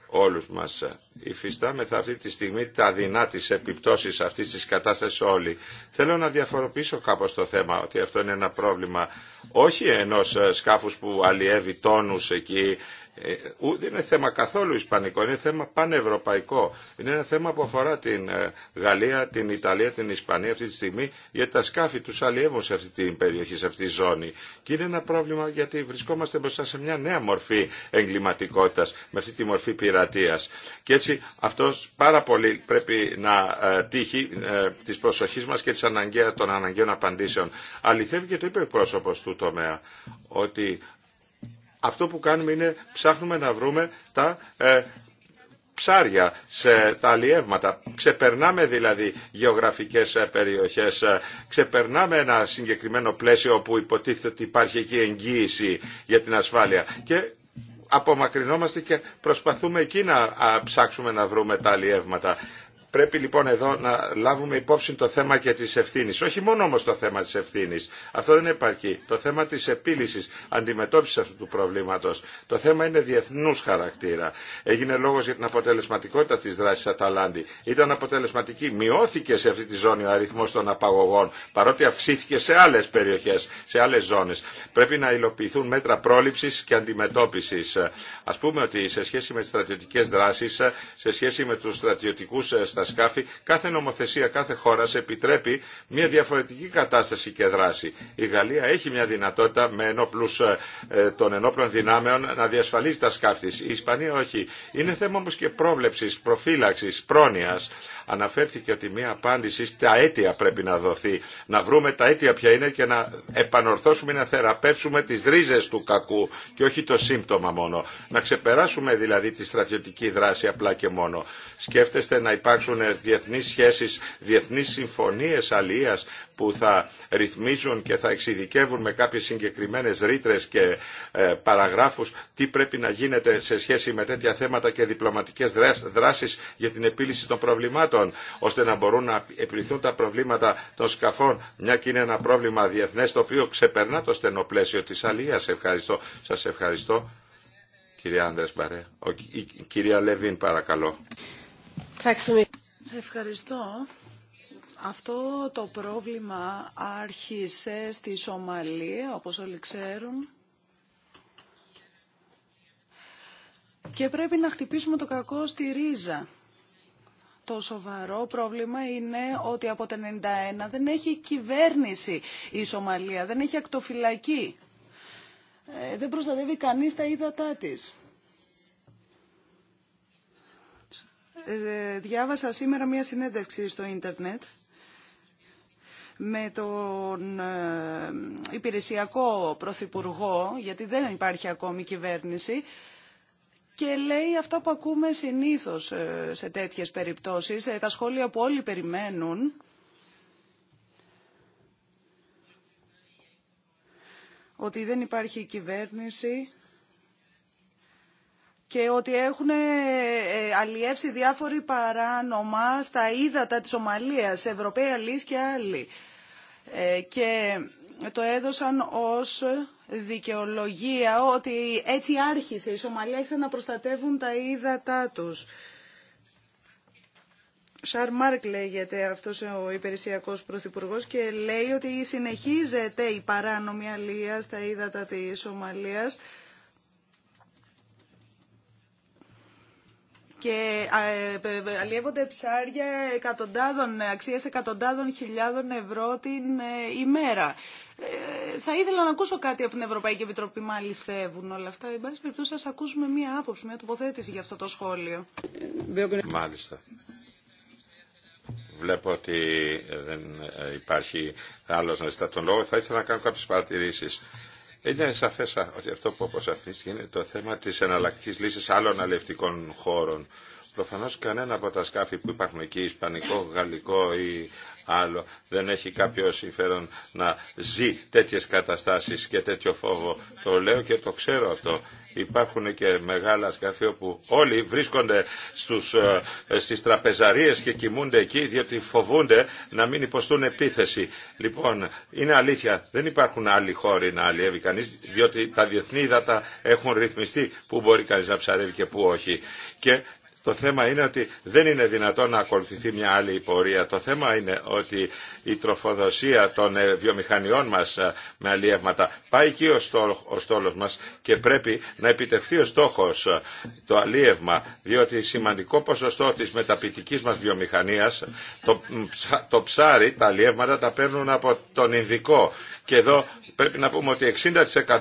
όλους μας υφιστάμεθα αυτή τη στιγμή τα δεινά τη επιπτώσει αυτή τη κατάσταση όλοι. Θέλω να διαφοροποιήσω κάπω το θέμα ότι αυτό είναι ένα πρόβλημα όχι ενό ε, σκάφου που αλλιεύει τόνου εκεί. Ε, δεν είναι θέμα καθόλου ισπανικό, είναι θέμα πανευρωπαϊκό. Είναι ένα θέμα που αφορά την ε, Γαλλία, την Ιταλία, την Ισπανία αυτή τη στιγμή, γιατί τα σκάφη του αλλιεύουν σε αυτή την περιοχή, σε αυτή τη ζώνη. Και είναι ένα πρόβλημα γιατί βρισκόμαστε μπροστά σε μια νέα μορφή εγκληματικότητα, με αυτή τη μορφή πειρατεία αυτός πάρα πολύ πρέπει να ε, τύχει ε, της προσοχής μας και της αναγκαία, των αναγκαίων απαντήσεων. Αληθεύει και το είπε ο πρόσωπος του τομέα, ότι αυτό που κάνουμε είναι ψάχνουμε να βρούμε τα ε, ψάρια σε τα αλλιεύματα. Ξεπερνάμε δηλαδή γεωγραφικές περιοχές, ξεπερνάμε ένα συγκεκριμένο πλαίσιο όπου υποτίθεται ότι υπάρχει εκεί εγγύηση για την ασφάλεια και απομακρυνόμαστε και προσπαθούμε εκεί να ψάξουμε να βρούμε τα αλλιεύματα. Πρέπει λοιπόν εδώ να λάβουμε υπόψη το θέμα και της ευθύνης. Όχι μόνο όμως το θέμα της ευθύνης. Αυτό δεν επαρκεί. Το θέμα της επίλυσης αντιμετώπισης αυτού του προβλήματος. Το θέμα είναι διεθνούς χαρακτήρα. Έγινε λόγος για την αποτελεσματικότητα της δράσης Αταλάντη. Ήταν αποτελεσματική. Μειώθηκε σε αυτή τη ζώνη ο αριθμός των απαγωγών, παρότι αυξήθηκε σε άλλες περιοχές, σε άλλες ζώνες. Πρέπει να υλοποιηθούν μέτρα πρόληψης και αντιμετώπισης. Ας πούμε ότι σε σχέση με στρατιωτικές δράσεις, σε σχέση με τους στρατιωτικούς ε, στα σκάφη, κάθε νομοθεσία κάθε χώρας επιτρέπει μια διαφορετική κατάσταση και δράση. Η Γαλλία έχει μια δυνατότητα με ενόπλους ε, ε, των ενόπλων δυνάμεων να διασφαλίζει τα σκάφη Η Ισπανία όχι. Είναι θέμα όμως και πρόβλεψης, προφύλαξης, πρόνοιας. Αναφέρθηκε ότι μια απάντηση στα αίτια πρέπει να δοθεί. Να βρούμε τα αίτια ποια είναι και να επανορθώσουμε να θεραπεύσουμε τις ρίζες του κακού και όχι το σύμπτωμα μόνο. Να ξεπεράσουμε δηλαδή τη στρατιωτική δράση απλά και μόνο. Σκέφτεστε να υπάρξουν διεθνείς σχέσεις, διεθνείς συμφωνίες αλληλεία που θα ρυθμίζουν και θα εξειδικεύουν με κάποιες συγκεκριμένες ρήτρε και ε, παραγράφους τι πρέπει να γίνεται σε σχέση με τέτοια θέματα και διπλωματικές δράσεις για την επίλυση των προβλημάτων ώστε να μπορούν να επιληθούν τα προβλήματα των σκαφών μια και είναι ένα πρόβλημα διεθνέ, το οποίο ξεπερνά το στενό πλαίσιο της Σα Ευχαριστώ. Σας ευχαριστώ. Κυρία Άνδρες Μπαρέ. Ο, η, κυρία Λεβίν παρακαλώ. Ευχαριστώ. Αυτό το πρόβλημα άρχισε στη Σομαλία, όπως όλοι ξέρουν. Και πρέπει να χτυπήσουμε το κακό στη ρίζα. Το σοβαρό πρόβλημα είναι ότι από το 1991 δεν έχει κυβέρνηση η Σομαλία, δεν έχει ακτοφυλακή. Ε, δεν προστατεύει κανείς τα ύδατά της. Ε, διάβασα σήμερα μία συνέντευξη στο ίντερνετ με τον ε, υπηρεσιακό πρωθυπουργό, γιατί δεν υπάρχει ακόμη κυβέρνηση, και λέει αυτά που ακούμε συνήθως ε, σε τέτοιες περιπτώσεις, ε, τα σχόλια που όλοι περιμένουν. Ότι δεν υπάρχει κυβέρνηση και ότι έχουν ε, αλλιεύσει διάφοροι παράνομα στα ύδατα της Ομαλίας, Ευρωπαία Λύση και άλλοι. Και το έδωσαν ως δικαιολογία ότι έτσι άρχισε η Σομαλία άρχισαν να προστατεύουν τα ύδατά τους. Μαρκ λέγεται αυτός ο υπηρεσιακός πρωθυπουργός και λέει ότι συνεχίζεται η παράνομη αλία στα ύδατα της Σομαλίας. και ε, αλλιεύονται ψάρια εκατοντάδων, αξίες εκατοντάδων χιλιάδων ευρώ την ε, ημέρα. Ε, θα ήθελα να ακούσω κάτι από την Ευρωπαϊκή Επιτροπή, μα αληθεύουν όλα αυτά. Εν πάση περιπτώσει, ακούσουμε μία άποψη, μία τοποθέτηση για αυτό το σχόλιο. Μάλιστα. Βλέπω ότι ε, δεν ε, υπάρχει άλλο να ζητά τον λόγο. Θα ήθελα να κάνω κάποιε παρατηρήσει. Είναι σαφέ ότι αυτό που αποσαφίστηκε είναι το θέμα τη εναλλακτική λύση άλλων αλληλευτικών χώρων. Προφανώ κανένα από τα σκάφη που υπάρχουν εκεί, Ισπανικό, Γαλλικό ή άλλο. Δεν έχει κάποιο συμφέρον να ζει τέτοιες καταστάσεις και τέτοιο φόβο. Το λέω και το ξέρω αυτό. Υπάρχουν και μεγάλα σκαφή που όλοι βρίσκονται στους, ε, στις τραπεζαρίες και κοιμούνται εκεί διότι φοβούνται να μην υποστούν επίθεση. Λοιπόν, είναι αλήθεια, δεν υπάρχουν άλλοι χώροι να αλλιεύει κανείς διότι τα διεθνή ύδατα έχουν ρυθμιστεί που μπορεί κανείς να ψαρεύει και που όχι. Και το θέμα είναι ότι δεν είναι δυνατόν να ακολουθηθεί μια άλλη πορεία. Το θέμα είναι ότι η τροφοδοσία των ε, βιομηχανιών μας ε, με αλλιεύματα πάει εκεί ο, μας και πρέπει να επιτευχθεί ο στόχος ε, το αλλιεύμα διότι σημαντικό ποσοστό της μεταπητικής μας βιομηχανίας το, το ψάρι, τα αλλιεύματα τα παίρνουν από τον Ινδικό και εδώ πρέπει να πούμε ότι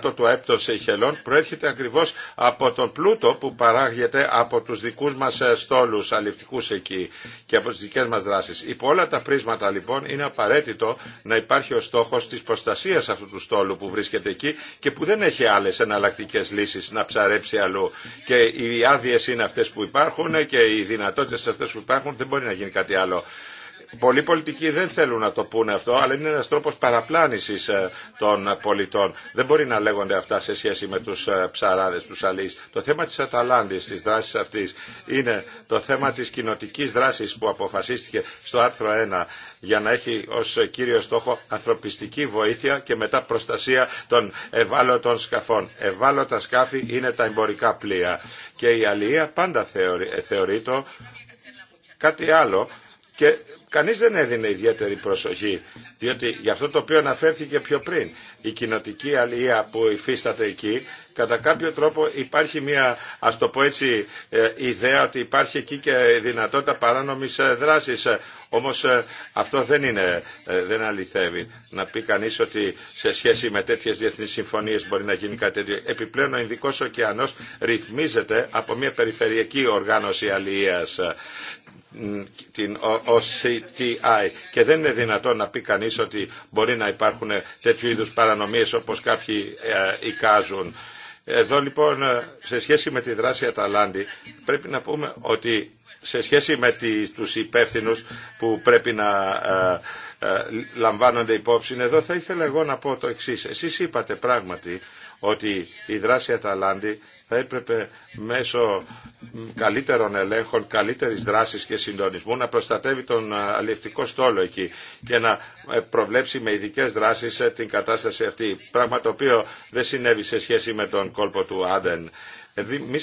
60% του ΑΕΠ των Σεϊχελών προέρχεται ακριβώς από τον πλούτο που παράγεται από τους δικούς μας ε, στόλους αληφτικούς εκεί και από τις δικές μας δράσεις. Υπό όλα τα πρίσματα λοιπόν είναι απαραίτητο να υπάρχει ο στόχος της προστασίας αυτού του στόλου που βρίσκεται εκεί και που δεν έχει άλλες εναλλακτικέ λύσεις να ψαρέψει αλλού. Και οι άδειε είναι αυτές που υπάρχουν και οι δυνατότητες αυτές που υπάρχουν δεν μπορεί να γίνει κάτι άλλο. Πολλοί πολιτικοί δεν θέλουν να το πούνε αυτό, αλλά είναι ένας τρόπος παραπλάνησης ε, των πολιτών. Δεν μπορεί να λέγονται αυτά σε σχέση με τους ε, ψαράδες, τους αλείς. Το θέμα της Αταλάντης, της δράσης αυτής, είναι το θέμα της κοινοτικής δράσης που αποφασίστηκε στο άρθρο 1 για να έχει ως κύριο στόχο ανθρωπιστική βοήθεια και μετά προστασία των ευάλωτων σκαφών. Ευάλωτα σκάφη είναι τα εμπορικά πλοία και η αλληλεία πάντα θεωρεί, ε, θεωρεί το κάτι άλλο και κανείς δεν έδινε ιδιαίτερη προσοχή, διότι για αυτό το οποίο αναφέρθηκε πιο πριν, η κοινοτική αλληλεία που υφίσταται εκεί, κατά κάποιο τρόπο υπάρχει μια, ας το πω έτσι, ε, ιδέα ότι υπάρχει εκεί και δυνατότητα παράνομης ε, δράσης. Όμως ε, αυτό δεν, είναι, δεν αληθεύει. Να πει κανείς ότι σε σχέση με τέτοιες διεθνείς συμφωνίες μπορεί να γίνει κάτι τέτοιο. Επιπλέον ο Ινδικός ωκεανός ρυθμίζεται από μια περιφερειακή οργάνωση αλληλείας την OCTI και δεν είναι δυνατόν να πει κανείς ότι μπορεί να υπάρχουν τέτοιου είδους παρανομίες όπως κάποιοι ε, εικάζουν. Εδώ λοιπόν ε, σε σχέση με τη δράση Αταλάντη πρέπει να πούμε ότι σε σχέση με τους υπεύθυνους που πρέπει να ε, λαμβάνονται υπόψη εδώ θα ήθελα εγώ να πω το εξής. Εσείς είπατε πράγματι ότι η δράση Αταλάντη θα έπρεπε μέσω καλύτερων ελέγχων, καλύτερης δράσης και συντονισμού να προστατεύει τον αλληλευτικό στόλο εκεί και να προβλέψει με ειδικές δράσεις την κατάσταση αυτή. Πράγμα το οποίο δεν συνέβη σε σχέση με τον κόλπο του Άντεν. Εμεί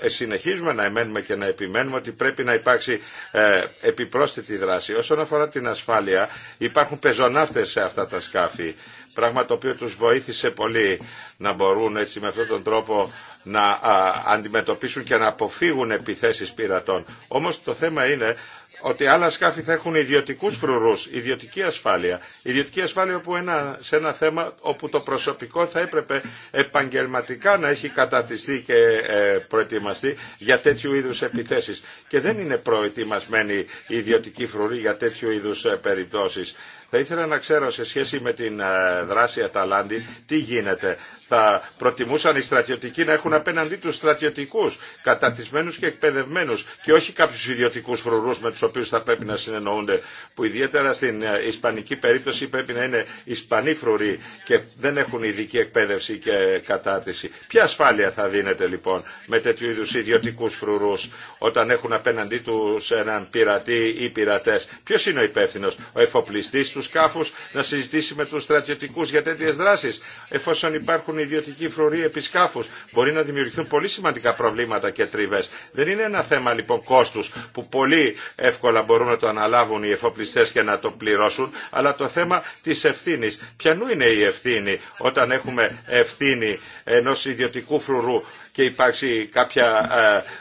ε, συνεχίζουμε να εμένουμε και να επιμένουμε ότι πρέπει να υπάρξει ε, επιπρόσθετη δράση. Όσον αφορά την ασφάλεια, υπάρχουν πεζοναύτες σε αυτά τα σκάφη. Πράγμα το οποίο τους βοήθησε πολύ να μπορούν έτσι με αυτόν τον τρόπο να αντιμετωπίσουν και να αποφύγουν επιθέσεις πειρατών. Όμως το θέμα είναι ότι άλλα σκάφη θα έχουν ιδιωτικούς φρουρούς, ιδιωτική ασφάλεια. Ιδιωτική ασφάλεια που σε ένα θέμα όπου το προσωπικό θα έπρεπε επαγγελματικά να έχει κατατιστεί και ε, προετοιμαστεί για τέτοιου είδους επιθέσεις. Και δεν είναι προετοιμασμένοι οι ιδιωτικοί φρουροί για τέτοιου είδους ε, περιπτώσεις. Θα ήθελα να ξέρω σε σχέση με την ε, δράση Αταλάντη τι γίνεται. Θα προτιμούσαν οι στρατιωτικοί να έχουν απέναντί τους στρατιωτικούς, καταρτισμένου και εκπαιδευμένους και όχι κάποιους ιδιωτικούς φρουρούς με τους οποίους θα πρέπει να συνεννοούνται, που ιδιαίτερα στην ε, ισπανική περίπτωση πρέπει να είναι ισπανοί φρουροί και δεν έχουν ειδική εκπαίδευση και κατάρτιση. Ποια ασφάλεια θα δίνεται λοιπόν με τέτοιου είδου ιδιωτικού φρουρούς όταν έχουν απέναντί τους έναν πειρατή ή πειρατές. Ποιο είναι ο υπεύθυνο, ο εφοπλιστής του σκάφου, να συζητήσει με του στρατιωτικού για τέτοιε δράσει. Εφόσον υπάρχουν ιδιωτικοί φρουροί επί σκάφου, μπορεί να δημιουργηθούν πολύ σημαντικά προβλήματα και τριβέ. Δεν είναι ένα θέμα λοιπόν κόστου που πολύ εύκολα μπορούν να το αναλάβουν οι εφοπλιστέ και να το πληρώσουν, αλλά το θέμα τη ευθύνη. Ποιανού είναι η ευθύνη όταν έχουμε ευθύνη ενό ιδιωτικού φρουρού και υπάρξει κάποια,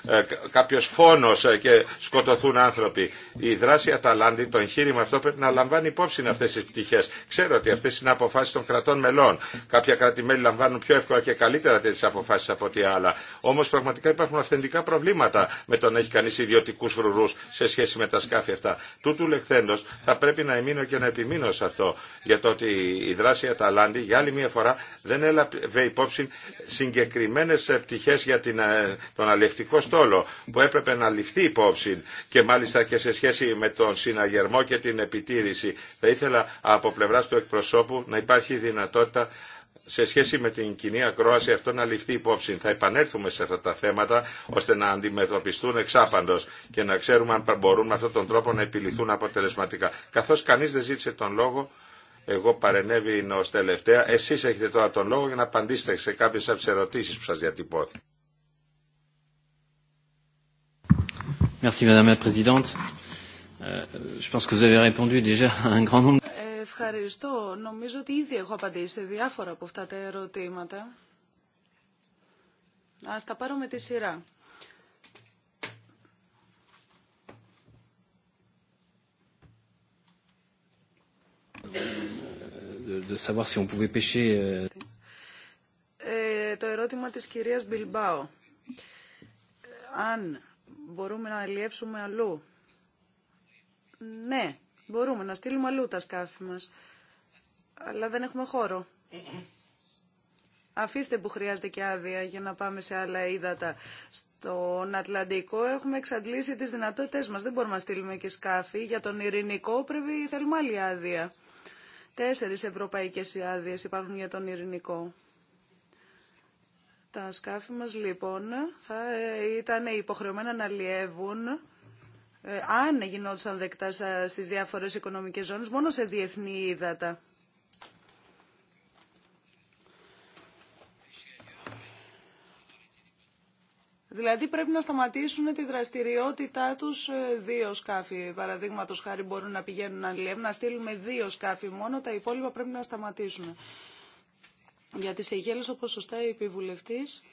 ε, ε, κάποιος φόνος ε, και σκοτωθούν άνθρωποι. Η δράση Αταλάντη, το εγχείρημα αυτό πρέπει να λαμβάνει υπόψη αυτές τις πτυχές. Ξέρω ότι αυτές είναι αποφάσεις των κρατών μελών. Κάποια λαμβάνουν πιο εύκολα και καλύτερα τέτοιες αποφάσεις από ό,τι άλλα. Όμως πραγματικά υπάρχουν αυθεντικά προβλήματα με το να έχει κανείς ιδιωτικούς φρουρούς σε σχέση με τα σκάφη αυτά. Τούτου λεχθέντος θα πρέπει να εμείνω και να επιμείνω σε αυτό για το ότι η δράση Αταλάντη για άλλη μια φορά δεν έλαβε υπόψη συγκεκριμένες πτυχές ψυχέ για την, ε, τον αλευτικό στόλο που έπρεπε να ληφθεί υπόψη και μάλιστα και σε σχέση με τον συναγερμό και την επιτήρηση. Θα ήθελα από πλευρά του εκπροσώπου να υπάρχει δυνατότητα σε σχέση με την κοινή ακρόαση αυτό να ληφθεί υπόψη. Θα επανέλθουμε σε αυτά τα θέματα ώστε να αντιμετωπιστούν εξάπαντο και να ξέρουμε αν μπορούν με αυτόν τον τρόπο να επιληθούν αποτελεσματικά. Καθώ κανεί δεν ζήτησε τον λόγο, εγώ παρενέβη ω τελευταία. Εσείς έχετε τώρα τον λόγο για να απαντήσετε σε κάποιες από τις ερωτήσεις που σα διατυπώθηκαν. Ευχαριστώ. Νομίζω ότι ήδη έχω απαντήσει σε διάφορα από αυτά τα ερωτήματα. Ας τα πάρω με τη σειρά. de savoir si on pouvait pêcher. Euh. Ε, το ερώτημα της κυρίας Μπιλμπάο. Αν μπορούμε να αλλιεύσουμε αλλού. Ναι, μπορούμε να στείλουμε αλλού τα σκάφη μας. Αλλά δεν έχουμε χώρο. Αφήστε που χρειάζεται και άδεια για να πάμε σε άλλα ύδατα. Στον Ατλαντικό έχουμε εξαντλήσει τις δυνατότητές μας. Δεν μπορούμε να στείλουμε και σκάφη. Για τον Ειρηνικό πρέπει θέλουμε άλλη άδεια. Τέσσερις ευρωπαϊκές άδειε υπάρχουν για τον ειρηνικό. Τα σκάφη μας λοιπόν θα ε, ήταν υποχρεωμένα να λιεύουν ε, αν γινόντουσαν δεκτά στις διάφορες οικονομικές ζώνες μόνο σε διεθνή ύδατα. Δηλαδή πρέπει να σταματήσουν τη δραστηριότητά τους ε, δύο σκάφη. Παραδείγματο χάρη μπορούν να πηγαίνουν λέμε να στείλουμε δύο σκάφη μόνο, τα υπόλοιπα πρέπει να σταματήσουν. Για τις Αιγέλες, όπως σωστά είπε η βουλευτής,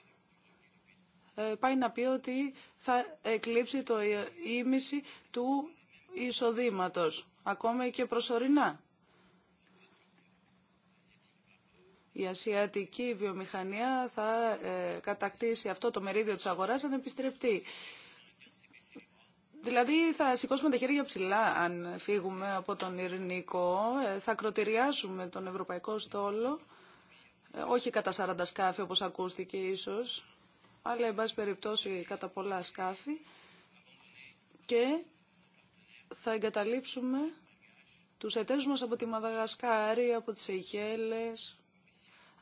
ε, πάει να πει ότι θα εκλείψει το ε, ίμιση του εισοδήματος, ακόμα και προσωρινά. η ασιατική βιομηχανία θα ε, κατακτήσει αυτό το μερίδιο της αγοράς αν επιστρεπτεί. Δηλαδή θα σηκώσουμε τα χέρια ψηλά αν φύγουμε από τον Ειρηνικό, ε, θα κροτηριάσουμε τον Ευρωπαϊκό Στόλο, ε, όχι κατά 40 σκάφη όπως ακούστηκε ίσως, αλλά εν πάση περιπτώσει κατά πολλά σκάφη και θα εγκαταλείψουμε τους εταίρους μας από τη Μαδαγασκάρη, από τις Αιχέλες,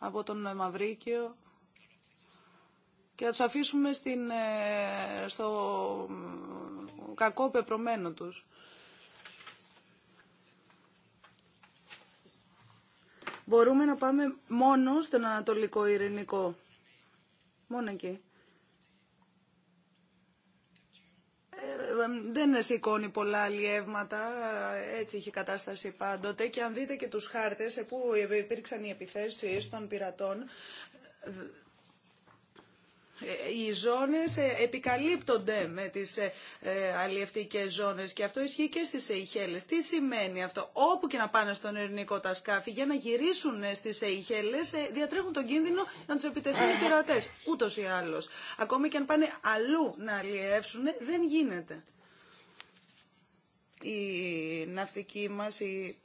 από τον ε, Μαυρίκιο και θα τους αφήσουμε στην, ε, στο κακό πεπρωμένο τους. Μπορούμε να πάμε μόνο στον Ανατολικό Ειρηνικό. Μόνο εκεί. δεν σηκώνει πολλά αλλιεύματα, ε, έτσι είχε κατάσταση πάντοτε και αν δείτε και τους χάρτες ε, που ε, υπήρξαν οι επιθέσεις των πειρατών, ε, οι ζώνες ε, επικαλύπτονται με τις ε, αλλιευτικές ζώνες και αυτό ισχύει και στις Σεϊχέλες. Τι σημαίνει αυτό. Όπου και να πάνε στον ειρηνικό τα σκάφη για να γυρίσουν στις Σεϊχέλες διατρέχουν τον κίνδυνο να τους επιτεθούν οι πειρατές. Ούτως ή άλλως. Ακόμη και αν πάνε αλλού να αλλιεύσουν δεν γίνεται. Οι ναυτικοί μας οι...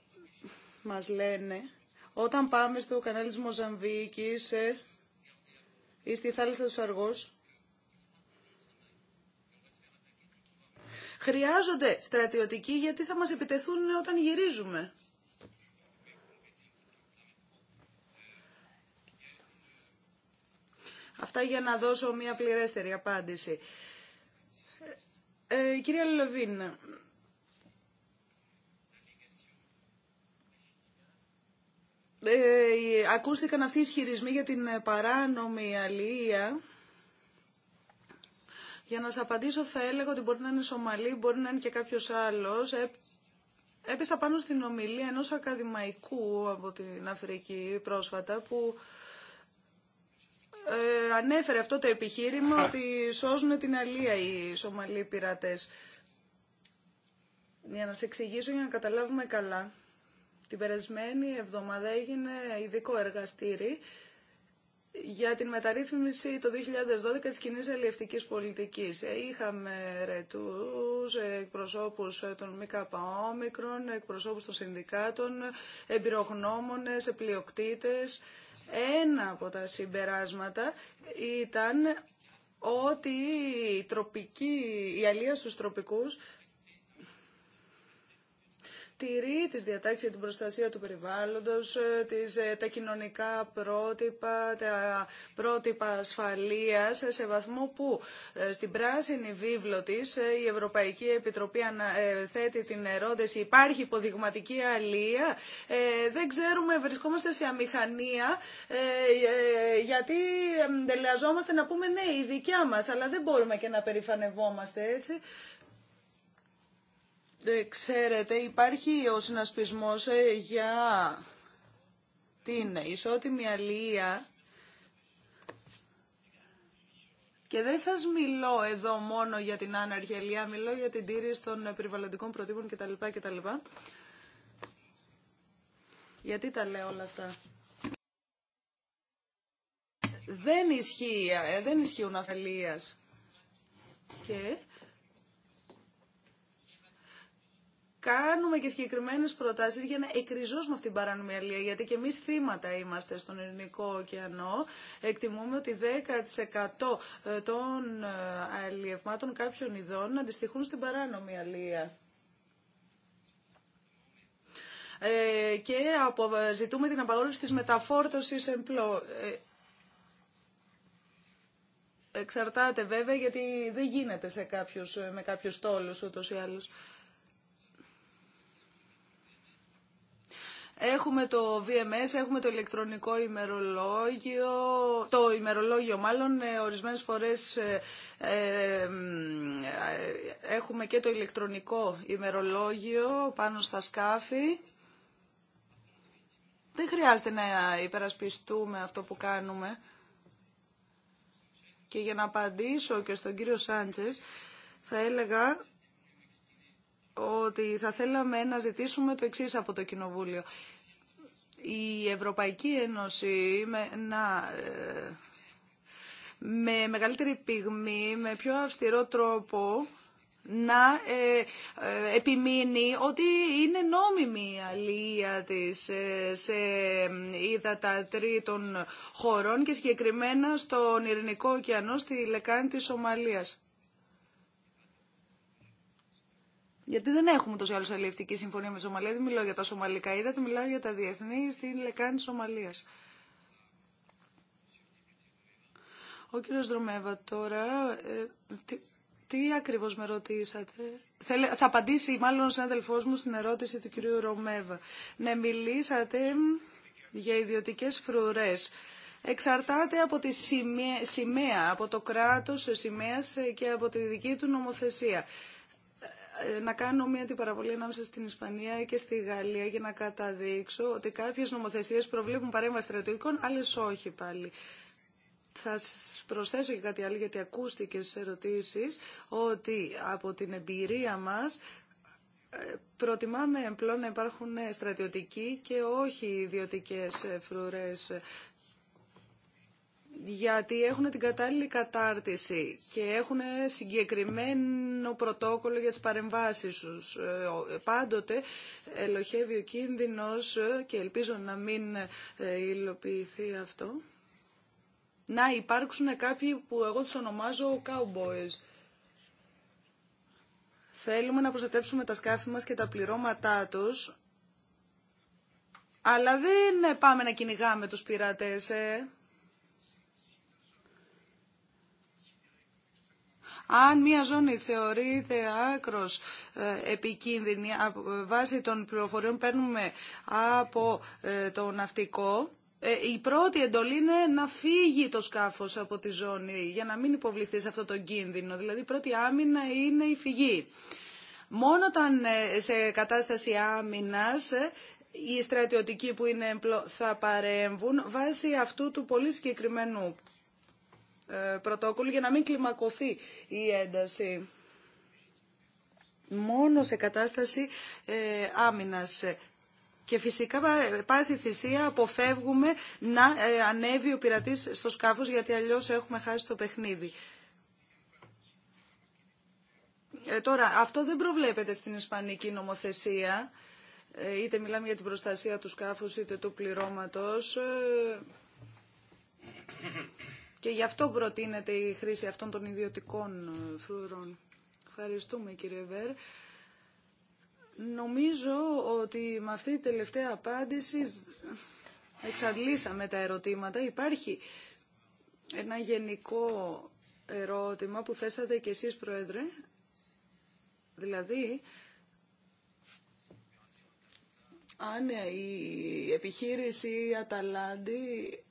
μας λένε όταν πάμε στο κανάλι της Μοζαμβίκης ή στη θάλασσα του Αργός. Χρειάζονται στρατιωτικοί γιατί θα μας επιτεθούν όταν γυρίζουμε. Αυτά για να δώσω μια πληρέστερη απάντηση. Ε, ε κυρία Λεβίν, Ε, ακούστηκαν αυτοί οι ισχυρισμοί για την ε, παράνομη αλληλεία. Για να σας απαντήσω θα έλεγα ότι μπορεί να είναι Σομαλή, μπορεί να είναι και κάποιος άλλος. Ε, έπεσα πάνω στην ομιλία ενό ακαδημαϊκού από την Αφρική πρόσφατα που ανέφερε αυτό το επιχείρημα ότι σώζουν την αλληλεία οι Σομαλοί πειρατές. Για να σε εξηγήσω, για να καταλάβουμε καλά. Την περασμένη εβδομάδα έγινε ειδικό εργαστήρι για την μεταρρύθμιση το 2012 της κοινής αλληλευτικής πολιτικής. Ε, είχαμε ρετούς, ε, εκπροσώπους ε, των ΜΚΟ, εκπροσώπους των συνδικάτων, εμπειρογνώμονες, πλειοκτήτες. Ένα από τα συμπεράσματα ήταν ότι η, τροπική, η αλία στους τροπικούς τηρεί τις διατάξεις για την προστασία του περιβάλλοντος, ε, τις, ε, τα κοινωνικά πρότυπα, τα πρότυπα ασφαλείας, ε, σε βαθμό που στην πράσινη βίβλο της η Ευρωπαϊκή Επιτροπή θέτει την ερώτηση «Υπάρχει υποδειγματική αλία» δεν ξέρουμε, βρισκόμαστε σε αμηχανία, γιατί τελεαζόμαστε να πούμε «Ναι, η δικιά μας», αλλά δεν μπορούμε και να περηφανευόμαστε, έτσι. Ε, ξέρετε, υπάρχει ο συνασπισμός ε, για την ισότιμη αλληλεία και δεν σας μιλώ εδώ μόνο για την άναρχη αλληλεία, μιλώ για την τήρηση των περιβαλλοντικών προτύπων κτλ. κτλ. Γιατί τα λέω όλα αυτά. Δεν ισχύει, ε, δεν ισχύουν αφελίας. Και κάνουμε και συγκεκριμένε προτάσεις για να εκριζώσουμε αυτή την παράνομη αλία, γιατί και εμεί θύματα είμαστε στον Ελληνικό ωκεανό. Εκτιμούμε ότι 10% ε, των ε, αλλιευμάτων κάποιων ειδών αντιστοιχούν στην παράνομη αλία ε, και ζητούμε την απαγόρευση της μεταφόρτωσης εμπλό. εξαρτάται βέβαια γιατί δεν γίνεται σε κάποιους, με κάποιους τόλους ούτως ή άλλως. Έχουμε το VMS, έχουμε το ηλεκτρονικό ημερολόγιο, το ημερολόγιο μάλλον, ε, ορισμένες φορές ε, ε, έχουμε και το ηλεκτρονικό ημερολόγιο πάνω στα σκάφη. Δεν χρειάζεται να υπερασπιστούμε αυτό που κάνουμε. Και για να απαντήσω και στον κύριο Σάντσες, θα έλεγα ότι θα θέλαμε να ζητήσουμε το εξής από το Κοινοβούλιο. Η Ευρωπαϊκή Ένωση με, να ε, με μεγαλύτερη πυγμή, με πιο αυστηρό τρόπο να ε, ε, επιμείνει ότι είναι νόμιμη η αλληλεία της σε ύδατα τρίτων χωρών και συγκεκριμένα στον Ειρηνικό ωκεανό στη λεκάνη της Σομαλίας. Γιατί δεν έχουμε τόσο άλλο αλληλευτική συμφωνία με Σομαλία. Δεν μιλάω για τα σομαλικά τι μιλάω για τα διεθνή στην λεκάνη τη Ο κύριος Δρομέβα τώρα, ε, τι, τι ακριβώς με ρωτήσατε. θα απαντήσει μάλλον ο συνάδελφός μου στην ερώτηση του κυρίου Ρομέβα. Ναι, μιλήσατε για ιδιωτικές φρουρές. Εξαρτάται από τη σημαία, από το κράτος σημαία και από τη δική του νομοθεσία. Ε, να κάνω μια αντιπαραβολή ανάμεσα στην Ισπανία και στη Γαλλία για να καταδείξω ότι κάποιες νομοθεσίες προβλέπουν παρέμβαση στρατιωτικών, άλλες όχι πάλι. Θα προσθέσω και κάτι άλλο γιατί ακούστηκε στι ερωτήσεις ότι από την εμπειρία μας ε, προτιμάμε εμπλό να υπάρχουν στρατιωτικοί και όχι ιδιωτικέ φρουρές γιατί έχουν την κατάλληλη κατάρτιση και έχουν συγκεκριμένο πρωτόκολλο για τις παρεμβάσεις τους. Ε, πάντοτε ελοχεύει ο κίνδυνος ε, και ελπίζω να μην ε, υλοποιηθεί αυτό. Να υπάρξουν κάποιοι που εγώ τους ονομάζω cowboys. Θέλουμε να προστατεύσουμε τα σκάφη μας και τα πληρώματά τους, αλλά δεν πάμε να κυνηγάμε τους πειρατές, ε. Αν μια ζώνη θεωρείται άκρος ε, επικίνδυνη βάσει των πληροφοριών παίρνουμε από ε, το ναυτικό, ε, η πρώτη εντολή είναι να φύγει το σκάφος από τη ζώνη για να μην υποβληθεί σε αυτό το κίνδυνο. Δηλαδή η πρώτη άμυνα είναι η φυγή. Μόνο όταν σε κατάσταση άμυνας οι στρατιωτικοί που είναι θα παρέμβουν βάσει αυτού του πολύ συγκεκριμένου ε, πρωτόκολλου για να μην κλιμακωθεί η ένταση. Μόνο σε κατάσταση ε, άμυνας. Και φυσικά, πάση θυσία, αποφεύγουμε να ε, ανέβει ο πειρατής στο σκάφος, γιατί αλλιώς έχουμε χάσει το παιχνίδι. τώρα, αυτό δεν προβλέπεται στην Ισπανική νομοθεσία, είτε μιλάμε για την προστασία του σκάφους, είτε του πληρώματος. Και γι' αυτό προτείνεται η χρήση αυτών των ιδιωτικών ε, φρουρών. Ευχαριστούμε κύριε Βέρ. Νομίζω ότι με αυτή τη τελευταία απάντηση εξαντλήσαμε τα ερωτήματα. Υπάρχει ένα γενικό ερώτημα που θέσατε και εσείς Πρόεδρε. Δηλαδή, αν η επιχείρηση Αταλάντη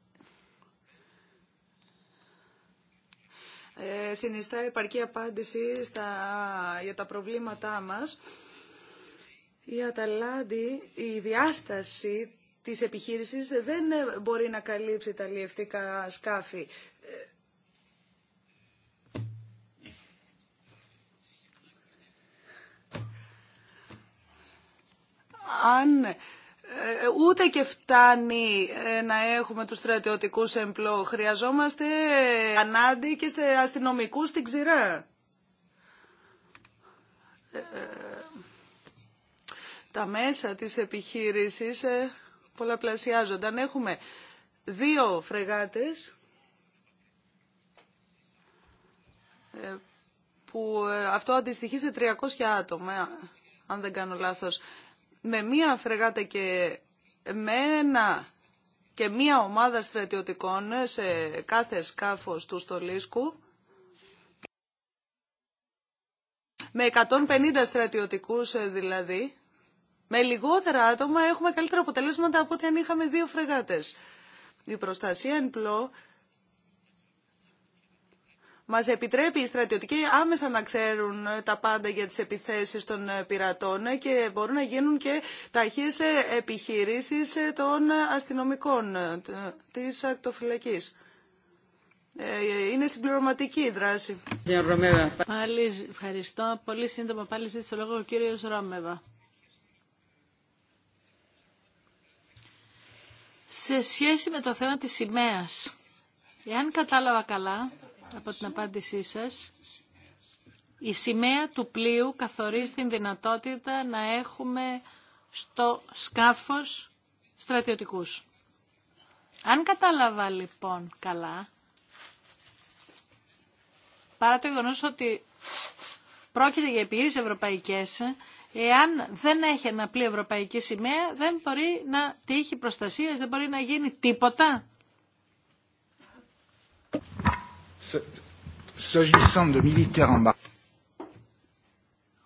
Ε, συνιστά επαρκή απάντηση στα, για τα προβλήματά μας. Η Αταλάντη, η διάσταση της επιχείρησης δεν ε, μπορεί να καλύψει τα λιευτικά σκάφη. Ε, αν ε, ούτε και φτάνει ε, να έχουμε τους στρατιωτικούς εμπλό. Χρειαζόμαστε ανάντι και αστυνομικούς στην ξηρά. Ε, τα μέσα της επιχείρησης πολλαπλασιάζονταν. Έχουμε δύο φρεγάτες που αυτό αντιστοιχεί σε 300 άτομα, αν δεν κάνω λάθος με μία φρεγάτα και με ένα και μία ομάδα στρατιωτικών σε κάθε σκάφος του στολίσκου με 150 στρατιωτικούς ε, δηλαδή με λιγότερα άτομα έχουμε καλύτερα αποτελέσματα από ό,τι αν είχαμε δύο φρεγάτες. Η προστασία εν πλώ μας επιτρέπει οι στρατιωτικοί άμεσα να ξέρουν ε, τα πάντα για τις επιθέσεις των ε, πειρατών ε, και μπορούν να γίνουν και ταχύες επιχειρήσεις των αστυνομικών της ακτοφυλακής. Είναι συμπληρωματική η δράση. Πάλι ευχαριστώ. Πολύ σύντομα πάλι ζήτησε λόγο ο κύριος Ρόμεβα. Σε σχέση με το θέμα της σημαία, εάν κατάλαβα καλά, από την απάντησή σας. Η σημαία του πλοίου καθορίζει την δυνατότητα να έχουμε στο σκάφος στρατιωτικούς. Αν κατάλαβα λοιπόν καλά, παρά το γεγονό ότι πρόκειται για επιχειρήσει ευρωπαϊκές, εάν δεν έχει ένα πλοίο ευρωπαϊκή σημαία, δεν μπορεί να τύχει προστασία, δεν μπορεί να γίνει τίποτα.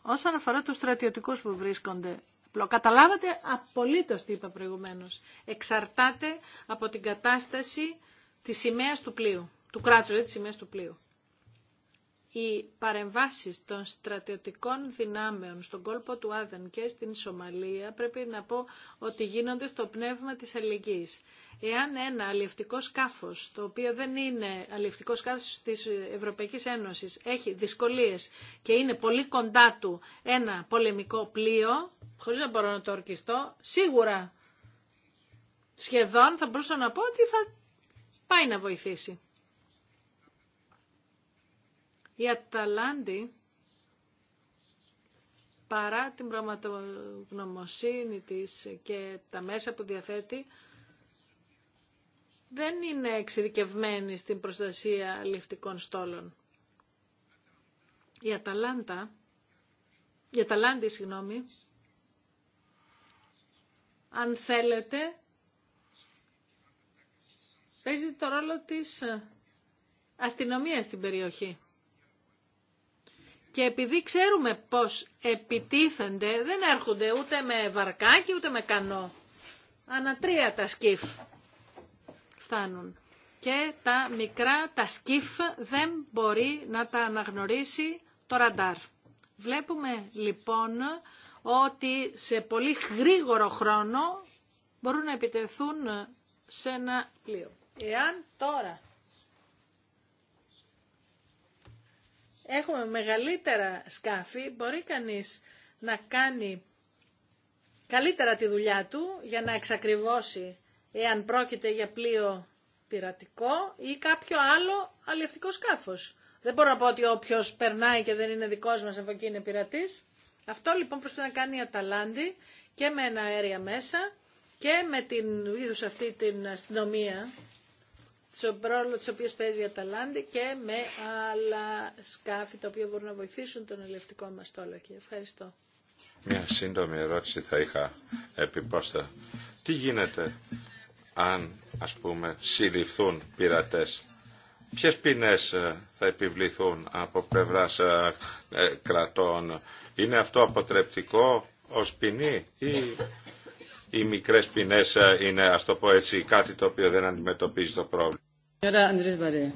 Όσον αφορά τους στρατιωτικούς που βρίσκονται Καταλάβατε απολύτως τι είπα προηγουμένως. Εξαρτάται από την κατάσταση της σημαίας του πλοίου, του κράτους, δηλαδή της σημαίας του πλοίου οι παρεμβάσεις των στρατιωτικών δυνάμεων στον κόλπο του Άδεν και στην Σομαλία πρέπει να πω ότι γίνονται στο πνεύμα της αλληλεγγύης. Εάν ένα αλληλευτικό σκάφος, το οποίο δεν είναι αλληλευτικό σκάφος της Ευρωπαϊκής Ένωσης, έχει δυσκολίες και είναι πολύ κοντά του ένα πολεμικό πλοίο, χωρίς να μπορώ να το ορκιστώ, σίγουρα σχεδόν θα μπορούσα να πω ότι θα πάει να βοηθήσει. Η Αταλάντη παρά την πραγματογνωμοσύνη της και τα μέσα που διαθέτει, δεν είναι εξειδικευμένη στην προστασία ληφτικών στόλων. Η Αταλάντα, η Αταλάντη, συγγνώμη, αν θέλετε, παίζει το ρόλο της αστυνομίας στην περιοχή. Και επειδή ξέρουμε πώς επιτίθενται, δεν έρχονται ούτε με βαρκάκι ούτε με κανό. Ανατρία τα σκύφ φτάνουν. Και τα μικρά, τα σκύφ δεν μπορεί να τα αναγνωρίσει το ραντάρ. Βλέπουμε λοιπόν ότι σε πολύ γρήγορο χρόνο μπορούν να επιτεθούν σε ένα πλοίο. Εάν τώρα έχουμε μεγαλύτερα σκάφη, μπορεί κανείς να κάνει καλύτερα τη δουλειά του για να εξακριβώσει εάν πρόκειται για πλοίο πειρατικό ή κάποιο άλλο αλληλευτικό σκάφος. Δεν μπορώ να πω ότι όποιο περνάει και δεν είναι δικός μας από εκεί είναι πειρατής. Αυτό λοιπόν προσπαθεί να κάνει η Αταλάντη και με ένα αέρια μέσα και με την είδους αυτή την αστυνομία του ρόλο τις οποίες παίζει η Αταλάντη και με άλλα σκάφη τα οποία μπορούν να βοηθήσουν τον ελευτικό μας τόλο. ευχαριστώ. Μια σύντομη ερώτηση θα είχα πόστα. Τι γίνεται αν ας πούμε συλληφθούν πειρατές Ποιες ποινές ε, θα επιβληθούν από πλευράς ε, ε, κρατών. Είναι αυτό αποτρεπτικό ως ποινή ή οι μικρέ ποινέ ε, είναι, α το πω έτσι, κάτι το οποίο δεν αντιμετωπίζει το πρόβλημα. Μπαρέα.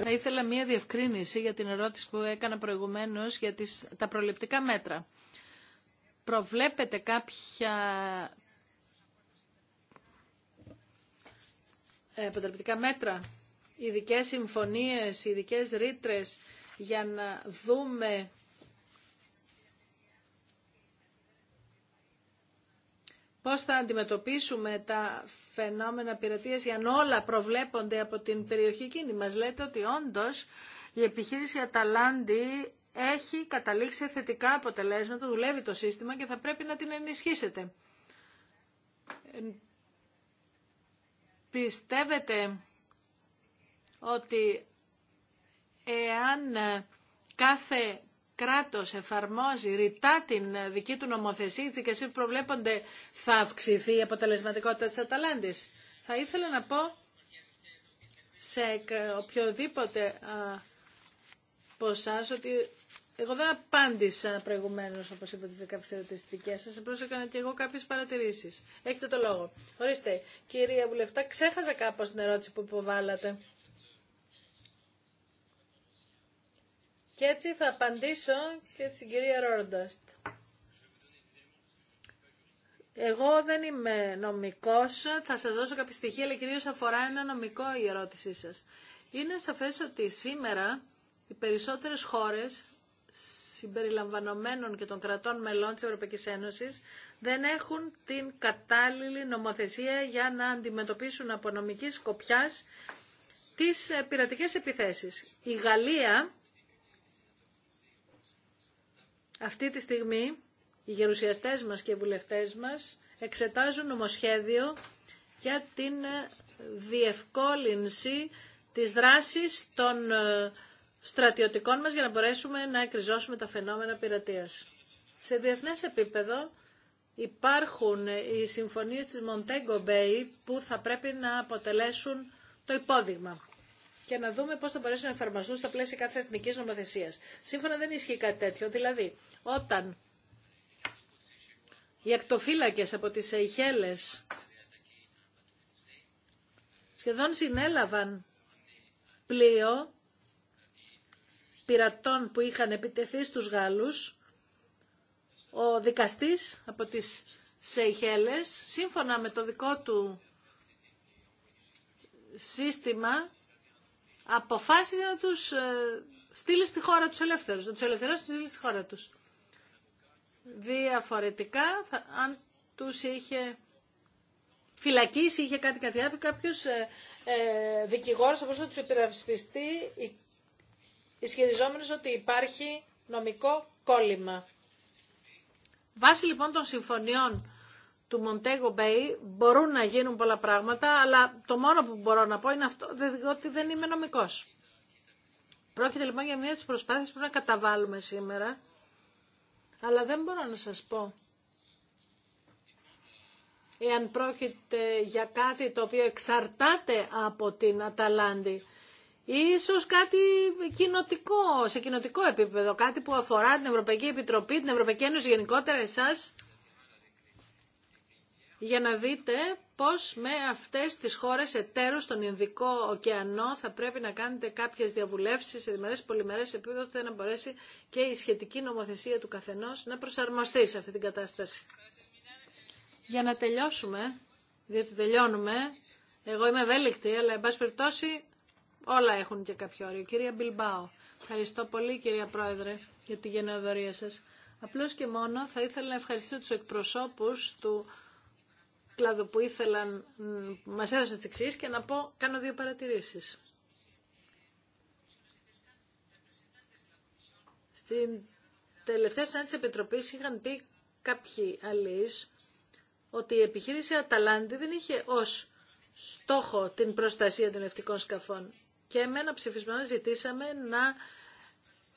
Θα ήθελα μία διευκρίνηση για την ερώτηση που έκανα προηγουμένως για τις, τα προληπτικά μέτρα. Προβλέπετε κάποια ε, μέτρα ειδικέ συμφωνίες, ειδικέ ρήτρε για να δούμε πώς θα αντιμετωπίσουμε τα φαινόμενα πειρατείας για να όλα προβλέπονται από την περιοχή εκείνη. Μας λέτε ότι όντως η επιχείρηση Αταλάντη έχει καταλήξει θετικά αποτελέσματα, δουλεύει το σύστημα και θα πρέπει να την ενισχύσετε. Ε, πιστεύετε ότι εάν ε, κάθε κράτος εφαρμόζει ρητά την ε, δική του νομοθεσία, οι δικασίες που προβλέπονται θα αυξηθεί η αποτελεσματικότητα της Αταλάντης. Θα ήθελα να πω σε ε, οποιοδήποτε από εσά ότι εγώ δεν απάντησα προηγουμένως, όπως είπατε σε κάποιες ερωτηστικές σα απλώς έκανα και εγώ κάποιε παρατηρήσει. Έχετε το λόγο. Ορίστε, κυρία Βουλευτά, ξέχασα κάπω την ερώτηση που υποβάλλατε. Και έτσι θα απαντήσω και στην κυρία Ρόρνταστ. Εγώ δεν είμαι νομικός, θα σας δώσω κάποια στοιχεία, αλλά κυρίως αφορά ένα νομικό η ερώτησή σας. Είναι σαφές ότι σήμερα οι περισσότερες χώρες συμπεριλαμβανομένων και των κρατών μελών της Ευρωπαϊκής Ένωσης δεν έχουν την κατάλληλη νομοθεσία για να αντιμετωπίσουν από νομική σκοπιάς τις ε, πειρατικές επιθέσεις. Η Γαλλία αυτή τη στιγμή οι γερουσιαστές μας και οι βουλευτές μας εξετάζουν νομοσχέδιο για την ε, διευκόλυνση της δράσης των ε, στρατιωτικών μας για να μπορέσουμε να εκριζώσουμε τα φαινόμενα πειρατείας. Σε διεθνές επίπεδο υπάρχουν ε, οι συμφωνίες της Montego Bay που θα πρέπει να αποτελέσουν το υπόδειγμα και να δούμε πώς θα μπορέσουν να εφαρμοστούν στα πλαίσια κάθε εθνικής νομοθεσίας. Σύμφωνα δεν ισχύει κάτι τέτοιο, δηλαδή όταν οι ακτοφύλακες από τις Σεϊχέλες σχεδόν συνέλαβαν πλοίο πειρατών που είχαν επιτεθεί στους Γάλλους, ο δικαστής από τις Σεϊχέλες, σύμφωνα με το δικό του σύστημα, αποφάσισε να τους ε, στείλει στη χώρα τους ελεύθερους, να τους ελευθερώσει τους στη χώρα τους διαφορετικά αν τους είχε φυλακίσει, είχε κάτι κάτι άλλο, κάποιος ε, ε, δικηγόρος θα μπορούσε να τους υπερασπιστεί ισχυριζόμενος ότι υπάρχει νομικό κόλλημα. Βάσει λοιπόν των συμφωνιών του Μοντέγο Μπέι μπορούν να γίνουν πολλά πράγματα, αλλά το μόνο που μπορώ να πω είναι αυτό, ότι δεν είμαι νομικός. Πρόκειται λοιπόν για μία της που να καταβάλουμε σήμερα, αλλά δεν μπορώ να σας πω εάν πρόκειται για κάτι το οποίο εξαρτάται από την Αταλάντη. Ίσως κάτι κοινοτικό, σε κοινοτικό επίπεδο, κάτι που αφορά την Ευρωπαϊκή Επιτροπή, την Ευρωπαϊκή Ένωση γενικότερα εσάς, για να δείτε πώς με αυτές τις χώρες εταίρους στον Ινδικό ωκεανό θα πρέπει να κάνετε κάποιες διαβουλεύσεις σε διμερές πολυμερές επίπεδο ώστε να μπορέσει και η σχετική νομοθεσία του καθενός να προσαρμοστεί σε αυτή την κατάσταση. Για να τελειώσουμε, διότι τελειώνουμε, εγώ είμαι ευέλικτη, αλλά εν πάση περιπτώσει όλα έχουν και κάποιο όριο. Κυρία Μπιλμπάο, ευχαριστώ πολύ κυρία Πρόεδρε για τη γενναιοδορία σας. Απλώς και μόνο θα ήθελα να ευχαριστήσω τους εκπροσώπους του κλάδο που ήθελαν, μας έδωσαν τις εξής και να πω, κάνω δύο παρατηρήσεις. Στην τελευταία σαν της Επιτροπής είχαν πει κάποιοι αλλοίς ότι η επιχείρηση Αταλάντη δεν είχε ως στόχο την προστασία των ευτικών σκαφών. Και με ένα ψηφισμό ζητήσαμε να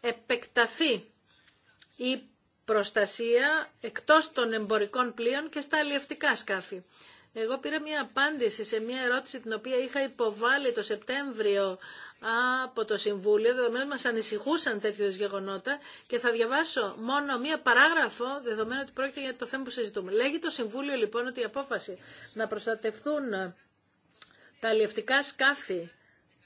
επεκταθεί η προστασία εκτός των εμπορικών πλοίων και στα αλλιευτικά σκάφη. Εγώ πήρα μια απάντηση σε μια ερώτηση την οποία είχα υποβάλει το Σεπτέμβριο από το Συμβούλιο, δεδομένου μας ανησυχούσαν τέτοιου γεγονότα και θα διαβάσω μόνο μία παράγραφο, δεδομένου ότι πρόκειται για το θέμα που συζητούμε. Λέγει το Συμβούλιο λοιπόν ότι η απόφαση να προστατευτούν τα αλλιευτικά σκάφη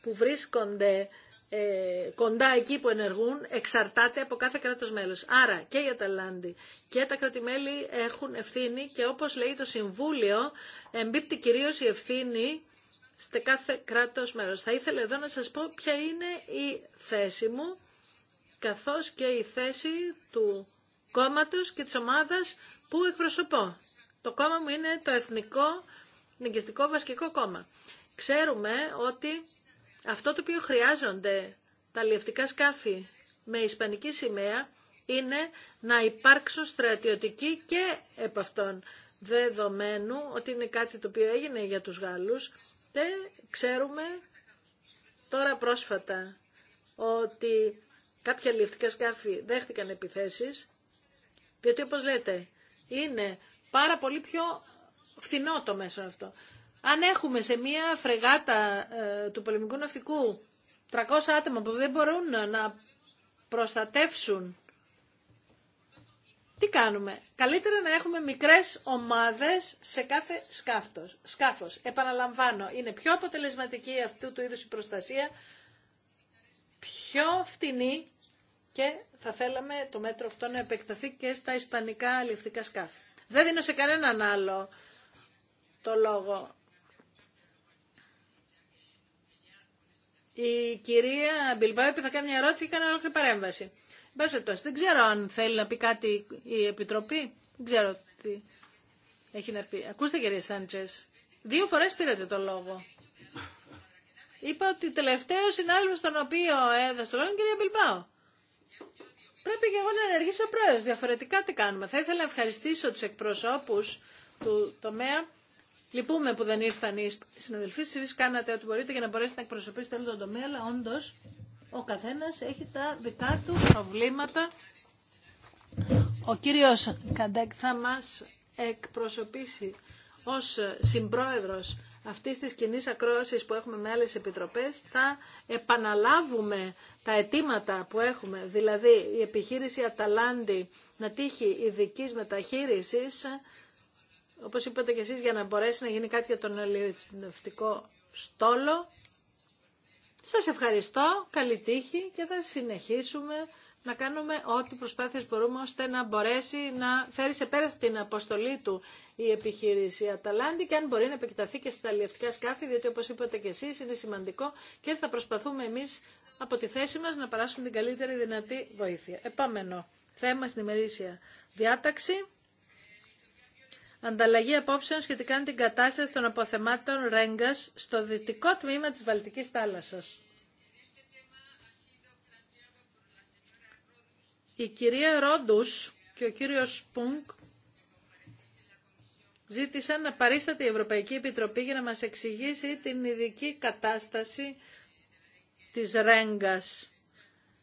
που βρίσκονται ε, κοντά εκεί που ενεργούν εξαρτάται από κάθε κράτος μέλος. Άρα και η Αταλάντη και τα κρατημέλη έχουν ευθύνη και όπως λέει το Συμβούλιο εμπίπτει κυρίως η ευθύνη σε κάθε κράτος μέλος. Θα ήθελα εδώ να σας πω ποια είναι η θέση μου καθώς και η θέση του κόμματος και της ομάδας που εκπροσωπώ. Το κόμμα μου είναι το Εθνικό Νικιστικό Βασκικό Κόμμα. Ξέρουμε ότι αυτό το οποίο χρειάζονται τα λιευτικά σκάφη με ισπανική σημαία είναι να υπάρξουν στρατιωτικοί και επ' αυτών δεδομένου ότι είναι κάτι το οποίο έγινε για τους Γάλλους και ξέρουμε τώρα πρόσφατα ότι κάποια λιευτικά σκάφη δέχτηκαν επιθέσεις διότι όπως λέτε είναι πάρα πολύ πιο φθηνό το μέσο αυτό. Αν έχουμε σε μια φρεγάτα ε, του πολεμικού ναυτικού 300 άτομα που δεν μπορούν να προστατεύσουν, τι κάνουμε. Καλύτερα να έχουμε μικρές ομάδες σε κάθε σκάφος. σκάφος. Επαναλαμβάνω, είναι πιο αποτελεσματική αυτού του είδους η προστασία, πιο φτηνή και θα θέλαμε το μέτρο αυτό να επεκταθεί και στα ισπανικά αλληλευτικά σκάφη. Δεν δίνω σε κανέναν άλλο το λόγο. η κυρία Μπιλμπάου θα κάνει μια ερώτηση και κάνει ολόκληρη παρέμβαση. Δεν ξέρω αν θέλει να πει κάτι η Επιτροπή. Δεν ξέρω τι έχει να πει. Ακούστε κύριε Σάντσε. Δύο φορέ πήρατε το λόγο. Είπα ότι τελευταίο συνάδελφο τον οποίο έδωσε το λόγο είναι η κυρία Μπιλμπάου. Πρέπει και εγώ να ενεργήσω πρόεδρο. Διαφορετικά τι κάνουμε. Θα ήθελα να ευχαριστήσω του εκπροσώπου του τομέα Λυπούμε που δεν ήρθαν οι συναδελφοί. Εσεί κάνατε ό,τι μπορείτε για να μπορέσετε να εκπροσωπήσετε όλο τον τομέα, αλλά όντω ο καθένα έχει τα δικά του προβλήματα. Ο κύριο Καντέκ θα μα εκπροσωπήσει ω συμπρόεδρο αυτή τη κοινή ακρόαση που έχουμε με άλλε επιτροπέ. Θα επαναλάβουμε τα αιτήματα που έχουμε, δηλαδή η επιχείρηση Αταλάντη να τύχει ειδική μεταχείρισης όπως είπατε και εσείς, για να μπορέσει να γίνει κάτι για τον αλληλευτικό στόλο. Σας ευχαριστώ, καλή τύχη και θα συνεχίσουμε να κάνουμε ό,τι προσπάθειες μπορούμε ώστε να μπορέσει να φέρει σε πέρα στην αποστολή του η επιχείρηση Αταλάντη και αν μπορεί να επεκταθεί και στα αλληλευτικά σκάφη, διότι όπως είπατε και εσείς είναι σημαντικό και θα προσπαθούμε εμείς από τη θέση μας να παράσουμε την καλύτερη δυνατή βοήθεια. Επόμενο θέμα στην ημερήσια διάταξη ανταλλαγή απόψεων σχετικά με την κατάσταση των αποθεμάτων Ρέγκας στο δυτικό τμήμα τη Βαλτική θάλασσα. Η κυρία ρόντου και ο κύριο Σπούγκ ζήτησαν να παρίσταται η Ευρωπαϊκή Επιτροπή για να μας εξηγήσει την ειδική κατάσταση της Ρέγκας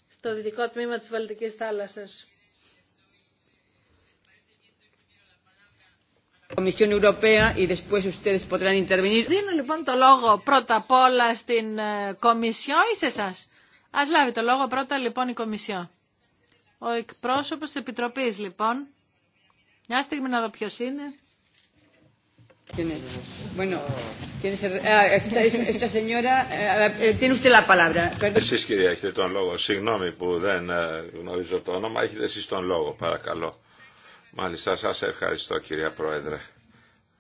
στο δυτικό τμήμα της Βαλτικής θάλασσας. Δίνω λοιπόν το λόγο πρώτα απ' όλα στην ε, Κομισιό ή σε εσάς. Ας λάβει το λόγο πρώτα λοιπόν η Κομισιό. Ο εκπρόσωπος της Επιτροπής λοιπόν. Μια στιγμή να δω ποιος είναι. Εσείς κυρία έχετε τον λόγο. Συγγνώμη που δεν ε, γνωρίζω το όνομα. Έχετε εσείς τον λόγο παρακαλώ. Μάλιστα, σας ευχαριστώ κυρία Πρόεδρε.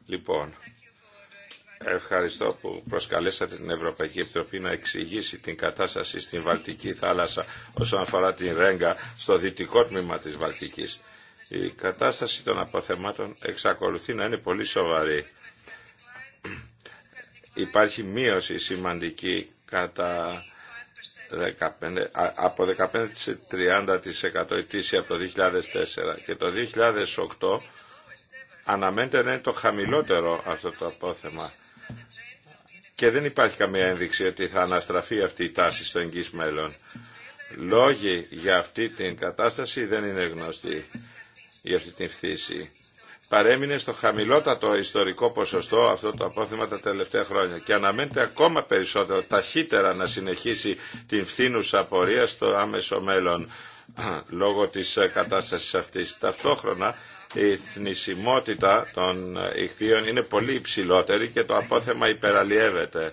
Λοιπόν, ευχαριστώ που προσκαλέσατε την Ευρωπαϊκή Επιτροπή να εξηγήσει την κατάσταση στην Βαλτική θάλασσα όσον αφορά την Ρέγκα στο δυτικό τμήμα της Βαλτικής. Η κατάσταση των αποθεμάτων εξακολουθεί να είναι πολύ σοβαρή. Υπάρχει μείωση σημαντική κατά από 15% σε 30% ετήσια από το 2004 και το 2008 αναμένεται να είναι το χαμηλότερο αυτό το απόθεμα και δεν υπάρχει καμία ένδειξη ότι θα αναστραφεί αυτή η τάση στο εγγύς μέλλον. Λόγοι για αυτή την κατάσταση δεν είναι γνωστοί, για αυτή την φθήση παρέμεινε στο χαμηλότατο ιστορικό ποσοστό αυτό το απόθεμα τα τελευταία χρόνια και αναμένεται ακόμα περισσότερο ταχύτερα να συνεχίσει την φθήνουσα πορεία στο άμεσο μέλλον λόγω της ε, κατάστασης αυτής. Ταυτόχρονα η θνησιμότητα των ε, ηχθείων είναι πολύ υψηλότερη και το απόθεμα υπεραλλιεύεται.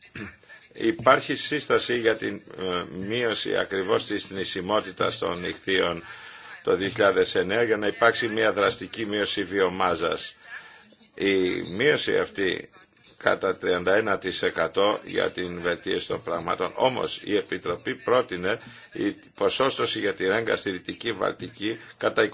Υπάρχει σύσταση για την ε, μείωση ακριβώς της θνησιμότητας των ηχθείων το 2009 για να υπάρξει μια δραστική μείωση βιομάζας. Η μείωση αυτή κατά 31% για την βελτίωση των πραγμάτων. Όμως η Επιτροπή πρότεινε η ποσόστοση για τη ρέγγα στη Δυτική Βαλτική κατά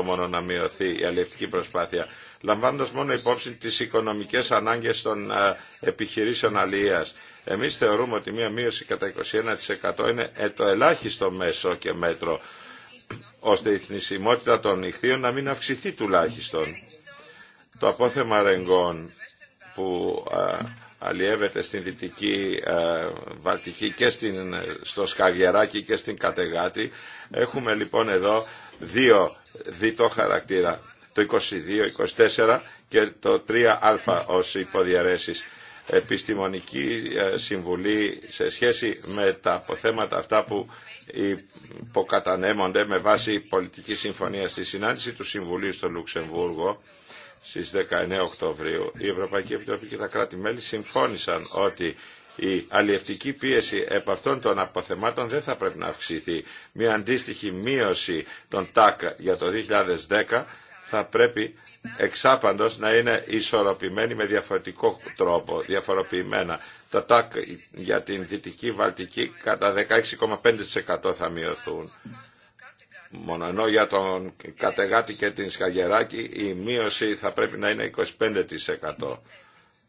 21% μόνο να μειωθεί η αλληλευτική προσπάθεια, λαμβάνοντας μόνο υπόψη τις οικονομικές ανάγκες των ε, επιχειρήσεων αλληλείας. Εμείς θεωρούμε ότι μια μείωση κατά 21% είναι ε, το ελάχιστο μέσο και μέτρο ώστε η θνησιμότητα των νυχθείων να μην αυξηθεί τουλάχιστον. Το απόθεμα ρεγγών που αλλιεύεται στην Δυτική Βαλτική και στην, στο Σκαβιεράκι και στην Κατεγάτη. Έχουμε λοιπόν εδώ δύο διτό χαρακτήρα, το 22-24 και το 3α ως υποδιαρέσεις επιστημονική ε, συμβουλή σε σχέση με τα αποθέματα αυτά που υποκατανέμονται με βάση πολιτική συμφωνία στη συνάντηση του Συμβουλίου στο Λουξεμβούργο στις 19 Οκτωβρίου. Η Ευρωπαϊκή Επιτροπή και τα κράτη-μέλη συμφώνησαν ότι η αλλιευτική πίεση επ' αυτών των αποθεμάτων δεν θα πρέπει να αυξηθεί. Μια αντίστοιχη μείωση των ΤΑΚ για το 2010 θα πρέπει εξάπαντος να είναι ισορροπημένοι με διαφορετικό τρόπο, διαφοροποιημένα. Τα τάκ για την Δυτική Βαλτική κατά 16,5% θα μειωθούν. Μόνο ενώ για τον Κατεγάτη και την Σκαγεράκη η μείωση θα πρέπει να είναι 25%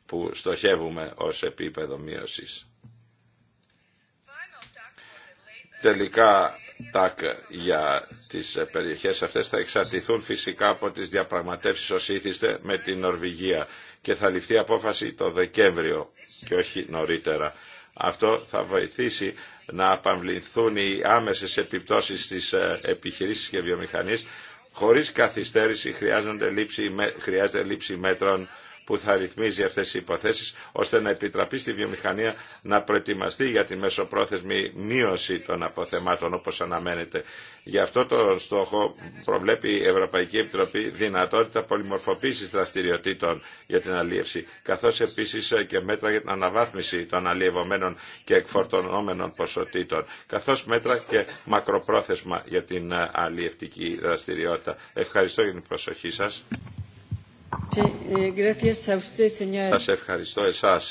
που στοχεύουμε ως επίπεδο μείωσης. Τελικά ΤΑΚ για τις ε, περιοχές αυτές θα εξαρτηθούν φυσικά από τις διαπραγματεύσεις ως ήθιστε με την Νορβηγία και θα ληφθεί απόφαση το Δεκέμβριο και όχι νωρίτερα. Αυτό θα βοηθήσει να απαμβληθούν οι άμεσες επιπτώσεις στις ε, επιχειρήσεις και βιομηχανίες χωρίς καθυστέρηση χρειάζεται λήψη μέτρων που θα ρυθμίζει αυτές οι υποθέσεις ώστε να επιτραπεί στη βιομηχανία να προετοιμαστεί για τη μεσοπρόθεσμη μείωση των αποθεμάτων όπως αναμένεται. Γι' αυτό το στόχο προβλέπει η Ευρωπαϊκή Επιτροπή δυνατότητα πολυμορφοποίησης δραστηριοτήτων για την αλίευση, καθώς επίσης και μέτρα για την αναβάθμιση των αλλιευωμένων και εκφορτωνόμενων ποσοτήτων, καθώς μέτρα και μακροπρόθεσμα για την αλλιευτική δραστηριότητα. Ευχαριστώ για την προσοχή σας. Ε, Σα ευχαριστώ εσά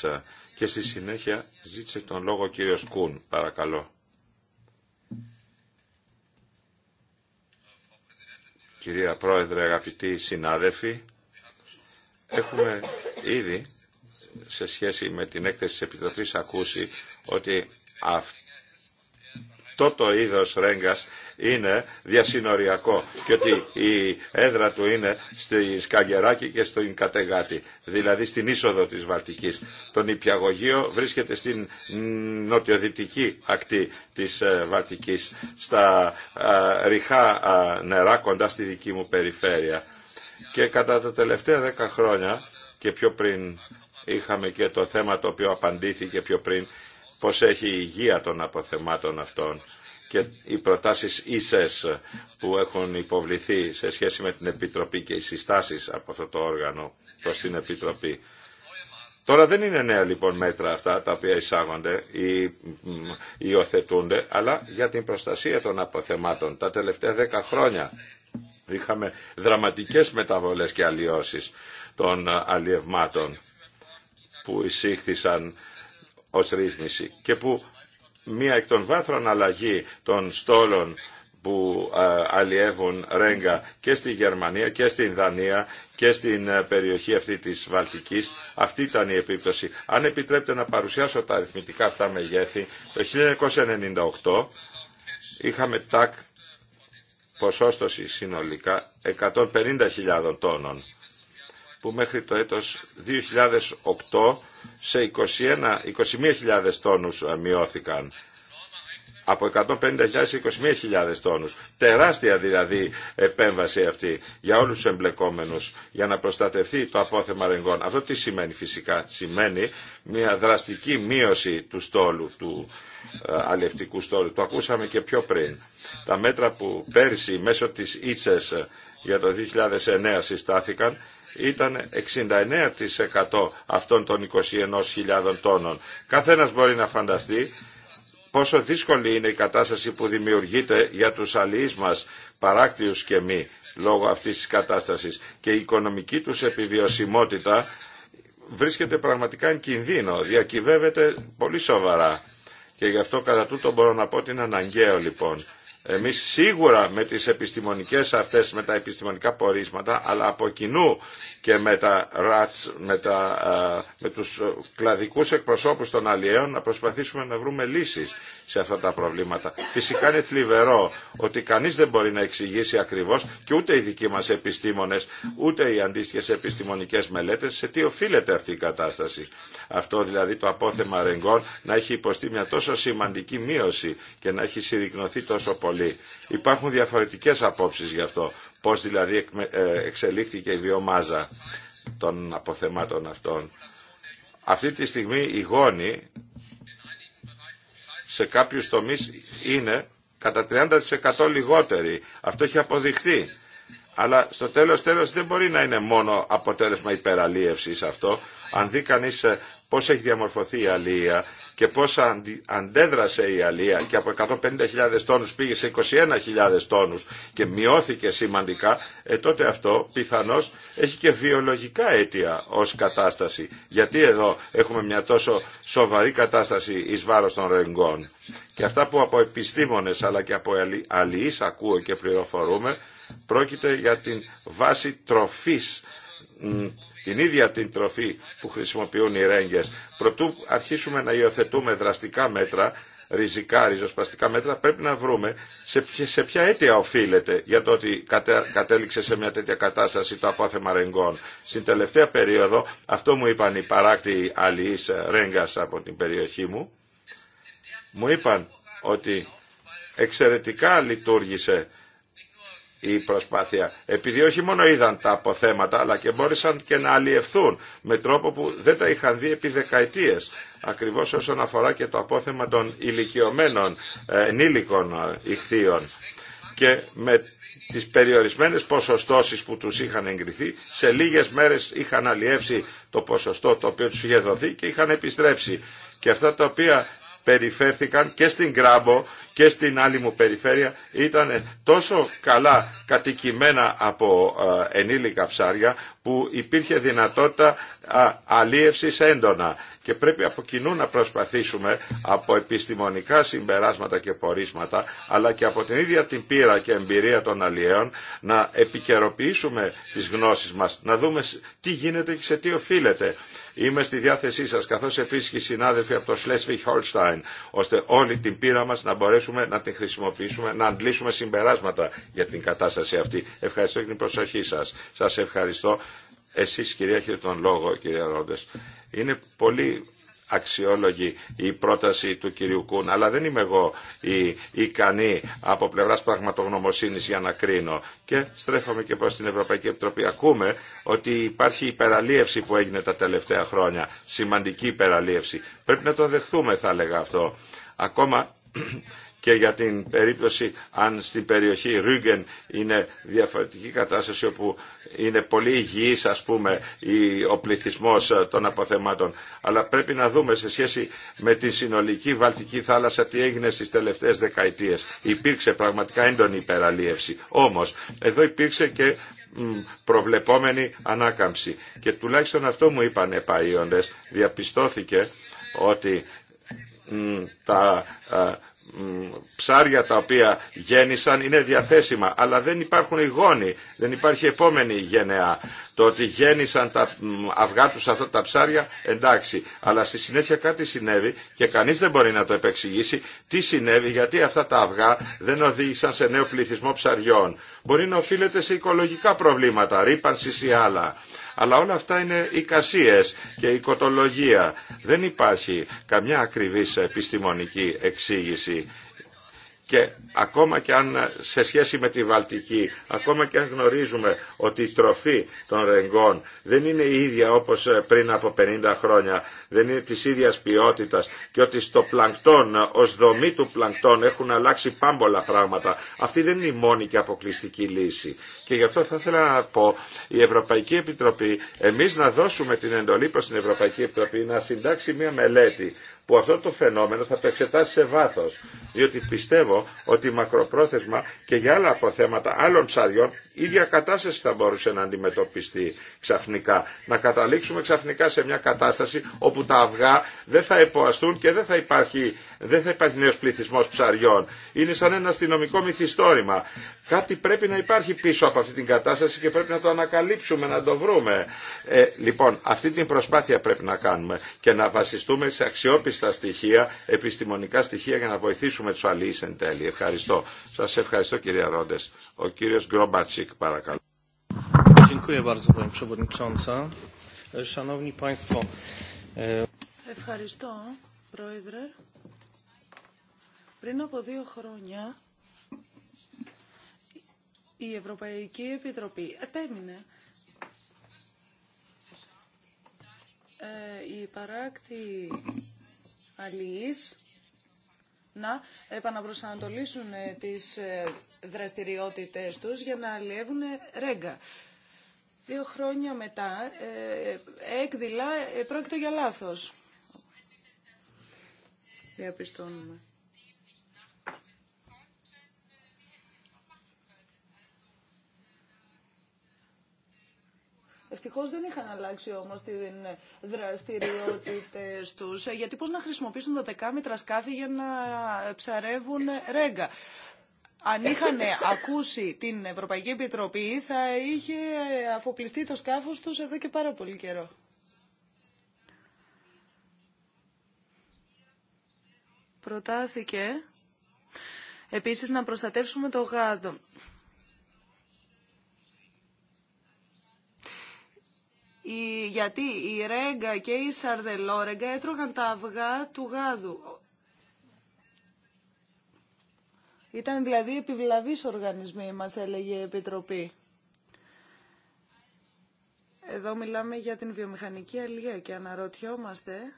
Και στη συνέχεια ζήτησε τον λόγο ο κύριος Κούν. Παρακαλώ. Κυρία Πρόεδρε, αγαπητοί συνάδελφοι, έχουμε ήδη σε σχέση με την έκθεση της Επιτροπής ακούσει ότι αυτό το είδος ρέγγας είναι διασυνοριακό και ότι η έδρα του είναι στη Σκαγεράκη και στο Κατεγάτη, δηλαδή στην είσοδο της Βαλτικής. Το νηπιαγωγείο βρίσκεται στην νοτιοδυτική ακτή της ε, Βαλτικής, στα ε, ριχά ε, νερά κοντά στη δική μου περιφέρεια. Και κατά τα τελευταία δέκα χρόνια και πιο πριν είχαμε και το θέμα το οποίο απαντήθηκε πιο πριν, πώς έχει η υγεία των αποθεμάτων αυτών και οι προτάσεις ίσες που έχουν υποβληθεί σε σχέση με την Επιτροπή και οι συστάσεις από αυτό το όργανο προς την Επιτροπή. Τώρα δεν είναι νέα λοιπόν μέτρα αυτά τα οποία εισάγονται ή υιοθετούνται, αλλά για την προστασία των αποθεμάτων. Τα τελευταία δέκα χρόνια είχαμε δραματικές μεταβολές και αλλοιώσεις των αλλιευμάτων που εισήχθησαν ως ρύθμιση και που μία εκ των βάθρων αλλαγή των στόλων που αλλιεύουν ρέγγα και στη Γερμανία και στην Δανία και στην ε, περιοχή αυτή της Βαλτικής. Αυτή ήταν η επίπτωση. Αν επιτρέπετε να παρουσιάσω τα αριθμητικά αυτά μεγέθη, το 1998 είχαμε τάκ ποσόστοση συνολικά 150.000 τόνων που μέχρι το έτος 2008 σε 21.000 τόνους ε, μειώθηκαν. Από 150.000 σε 21.000 τόνους. Τεράστια δηλαδή επέμβαση αυτή για όλους τους εμπλεκόμενους για να προστατευτεί το απόθεμα ρεγγών. Αυτό τι σημαίνει φυσικά. Σημαίνει μια δραστική μείωση του στόλου, του ε, αλευτικού στόλου. Το ακούσαμε και πιο πριν. Τα μέτρα που πέρσι μέσω της ΙΤΣΕΣ ε, για το 2009 συστάθηκαν ήταν 69% αυτών των 21.000 τόνων. Καθένας μπορεί να φανταστεί πόσο δύσκολη είναι η κατάσταση που δημιουργείται για τους αλληλείς μας, παράκτιους και μη, λόγω αυτής της κατάστασης. Και η οικονομική τους επιβιωσιμότητα βρίσκεται πραγματικά εν κινδύνο, διακυβεύεται πολύ σοβαρά. Και γι' αυτό κατά τούτο μπορώ να πω ότι είναι αναγκαίο λοιπόν εμείς σίγουρα με τις επιστημονικές αυτές, με τα επιστημονικά πορίσματα, αλλά από κοινού και με, τα, ράτς, με, τα, με τους κλαδικούς εκπροσώπους των αλλιέων να προσπαθήσουμε να βρούμε λύσεις σε αυτά τα προβλήματα. Φυσικά είναι θλιβερό ότι κανείς δεν μπορεί να εξηγήσει ακριβώς και ούτε οι δικοί μας επιστήμονες, ούτε οι αντίστοιχες επιστημονικές μελέτες σε τι οφείλεται αυτή η κατάσταση. Αυτό δηλαδή το απόθεμα ρεγκόν να έχει υποστεί μια τόσο σημαντική μείωση και να έχει συρρυκνωθεί τόσο πολύ Υπάρχουν διαφορετικές απόψεις γι' αυτό, πώς δηλαδή ε, εξελίχθηκε η βιομάζα των αποθεμάτων αυτών. Αυτή τη στιγμή η γόνη σε κάποιους τομείς είναι κατά 30% λιγότερη. Αυτό έχει αποδειχθεί. Αλλά στο τέλος τέλος δεν μπορεί να είναι μόνο αποτέλεσμα υπεραλίευσης αυτό. Αν δει κανείς ε, πώς έχει διαμορφωθεί η αλία και πώς αντέδρασε η αλία και από 150.000 τόνους πήγε σε 21.000 τόνους και μειώθηκε σημαντικά, ε, τότε αυτό πιθανώς έχει και βιολογικά αίτια ως κατάσταση. Γιατί εδώ έχουμε μια τόσο σοβαρή κατάσταση εις βάρος των ρεγκών. Και αυτά που από επιστήμονες αλλά και από αλληλείς ακούω και πληροφορούμε, πρόκειται για την βάση τροφής την ίδια την τροφή που χρησιμοποιούν οι Ρέγγες. Προτού αρχίσουμε να υιοθετούμε δραστικά μέτρα, ριζικά, ριζοσπαστικά μέτρα, πρέπει να βρούμε σε ποια, σε ποια αίτια οφείλεται για το ότι κατέληξε σε μια τέτοια κατάσταση το απόθεμα ρεγγών. Στην τελευταία περίοδο, αυτό μου είπαν οι παράκτη αλληλείς ρέγγας από την περιοχή μου, μου είπαν ότι εξαιρετικά λειτουργήσε η προσπάθεια. Επειδή όχι μόνο είδαν τα αποθέματα, αλλά και μπόρεσαν και να αλλιευθούν με τρόπο που δεν τα είχαν δει επί δεκαετίες. Ακριβώς όσον αφορά και το απόθεμα των ηλικιωμένων ε, ενήλικων ε, ηχθείων. Και με τις περιορισμένες ποσοστώσεις που τους είχαν εγκριθεί, σε λίγες μέρες είχαν αλλιεύσει το ποσοστό το οποίο τους είχε δοθεί και είχαν επιστρέψει. Και αυτά τα οποία περιφέρθηκαν και στην Γκράμπο και στην άλλη μου περιφέρεια ήταν τόσο καλά κατοικημένα από ε, ενήλικα ψάρια που υπήρχε δυνατότητα αλίευσης έντονα και πρέπει από κοινού να προσπαθήσουμε από επιστημονικά συμπεράσματα και πορίσματα αλλά και από την ίδια την πείρα και εμπειρία των αλλιέων να επικαιροποιήσουμε τις γνώσεις μας, να δούμε τι γίνεται και σε τι οφείλεται. Είμαι στη διάθεσή σας καθώς επίσης και οι συνάδελφοι από το Schleswig Holstein ώστε όλη την πείρα μας να μπορέσουμε να την χρησιμοποιήσουμε, να αντλήσουμε συμπεράσματα για την κατάσταση αυτή. Ευχαριστώ για την προσοχή σας. Σας ευχαριστώ εσείς κυρία έχετε τον λόγο κυρία Ρόντες. Είναι πολύ αξιόλογη η πρόταση του κυρίου Κούν, αλλά δεν είμαι εγώ η ικανή από πλευρά πραγματογνωμοσύνη για να κρίνω. Και στρέφομαι και προ την Ευρωπαϊκή Επιτροπή. Ακούμε ότι υπάρχει υπεραλίευση που έγινε τα τελευταία χρόνια. Σημαντική υπεραλίευση. Πρέπει να το δεχθούμε, θα έλεγα αυτό. Ακόμα και για την περίπτωση αν στην περιοχή Ρούγκεν είναι διαφορετική κατάσταση όπου είναι πολύ υγιής ας πούμε ο πληθυσμό ε, των αποθεμάτων. Αλλά πρέπει να δούμε σε σχέση με τη συνολική Βαλτική θάλασσα τι έγινε στις τελευταίες δεκαετίες. Υπήρξε πραγματικά έντονη υπεραλίευση. Όμως εδώ υπήρξε και προβλεπόμενη ανάκαμψη. Και τουλάχιστον αυτό μου είπαν επαΐοντες. Διαπιστώθηκε ότι τα ε, ψάρια τα οποία γέννησαν είναι διαθέσιμα, αλλά δεν υπάρχουν οι γόνοι, δεν υπάρχει επόμενη γενεά. Το ότι γέννησαν τα αυγά τους αυτά τα ψάρια, εντάξει, αλλά στη συνέχεια κάτι συνέβη και κανείς δεν μπορεί να το επεξηγήσει τι συνέβη, γιατί αυτά τα αυγά δεν οδήγησαν σε νέο πληθυσμό ψαριών. Μπορεί να οφείλεται σε οικολογικά προβλήματα, ρήπανση ή άλλα. Αλλά όλα αυτά είναι εικασίες και οικοτολογία. Δεν υπάρχει καμιά ακριβής επιστημονική εξήγηση και ακόμα και αν σε σχέση με τη Βαλτική, ακόμα και αν γνωρίζουμε ότι η τροφή των ρεγγών δεν είναι η ίδια όπως ε, πριν από 50 χρόνια, δεν είναι της ίδιας ποιότητας και ότι στο πλανκτόν, ως δομή του πλανκτόν έχουν αλλάξει πάμπολα πράγματα. Αυτή δεν είναι η μόνη και αποκλειστική λύση. Και γι' αυτό θα ήθελα να πω η Ευρωπαϊκή Επιτροπή, εμείς να δώσουμε την εντολή προς την Ευρωπαϊκή Επιτροπή να συντάξει μια μελέτη που αυτό το φαινόμενο θα το εξετάσει σε βάθος, διότι πιστεύω ότι μακροπρόθεσμα και για άλλα αποθέματα άλλων ψαριών η ίδια κατάσταση θα μπορούσε να αντιμετωπιστεί ξαφνικά. Να καταλήξουμε ξαφνικά σε μια κατάσταση όπου τα αυγά δεν θα εποαστούν και δεν θα υπάρχει, δεν θα υπάρχει νέος πληθυσμός ψαριών. Είναι σαν ένα αστυνομικό μυθιστόρημα. Κάτι πρέπει να υπάρχει πίσω από αυτή την κατάσταση και πρέπει να το ανακαλύψουμε, να το βρούμε. Ε, λοιπόν, αυτή την προσπάθεια πρέπει να κάνουμε και να βασιστούμε σε αξιόπιστη στα στοιχεία, επιστημονικά στοιχεία για να βοηθήσουμε τους αλληλεί εν τέλει. Ευχαριστώ. Σας ευχαριστώ κυρία Ρόντε. Ο κύριος Γκρόμπατσικ παρακαλώ. E, ευχαριστώ, Πρόεδρε. Πριν από δύο χρόνια, η Ευρωπαϊκή Επιτροπή επέμεινε ε, η παράκτη να επαναπροσανατολίσουν ε, τις ε, δραστηριότητες τους για να αλλιεύουν ε, ρέγκα. Δύο χρόνια μετά, έκδηλα, πρόκειται για λάθος. Διαπιστώνουμε. Ευτυχώς δεν είχαν αλλάξει όμως τι δραστηριότητε τους, ε, γιατί πώς να χρησιμοποιήσουν τα δεκάμητρα σκάφη για να ψαρεύουν ρέγγα. Αν είχαν ακούσει την Ευρωπαϊκή Επιτροπή θα είχε αφοπλιστεί το σκάφος τους εδώ και πάρα πολύ καιρό. Προτάθηκε επίσης να προστατεύσουμε το γάδο. Η, γιατί η Ρέγκα και η Σαρδελόρεγκα έτρωγαν τα αυγά του γάδου. Ήταν δηλαδή επιβλαβής οργανισμοί, μας έλεγε η Επιτροπή. Εδώ μιλάμε για την βιομηχανική αλληλεία και αναρωτιόμαστε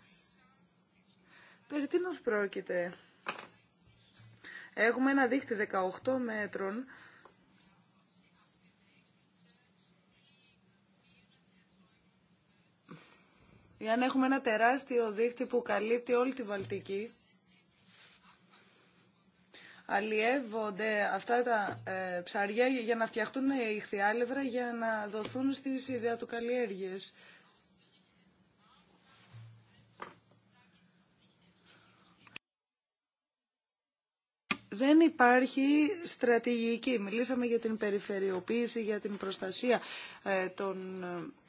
περί τίνος πρόκειται. Έχουμε ένα δίχτυ 18 μέτρων για να έχουμε ένα τεράστιο δίχτυ που καλύπτει όλη τη Βαλτική. Αλλιεύονται αυτά τα ε, ψαριά για να φτιαχτούν ηχθιάλευρα για να δοθούν στις ιδεατοκαλλιέργειες. δεν υπάρχει στρατηγική. Μιλήσαμε για την περιφερειοποίηση, για την προστασία ε, των ε,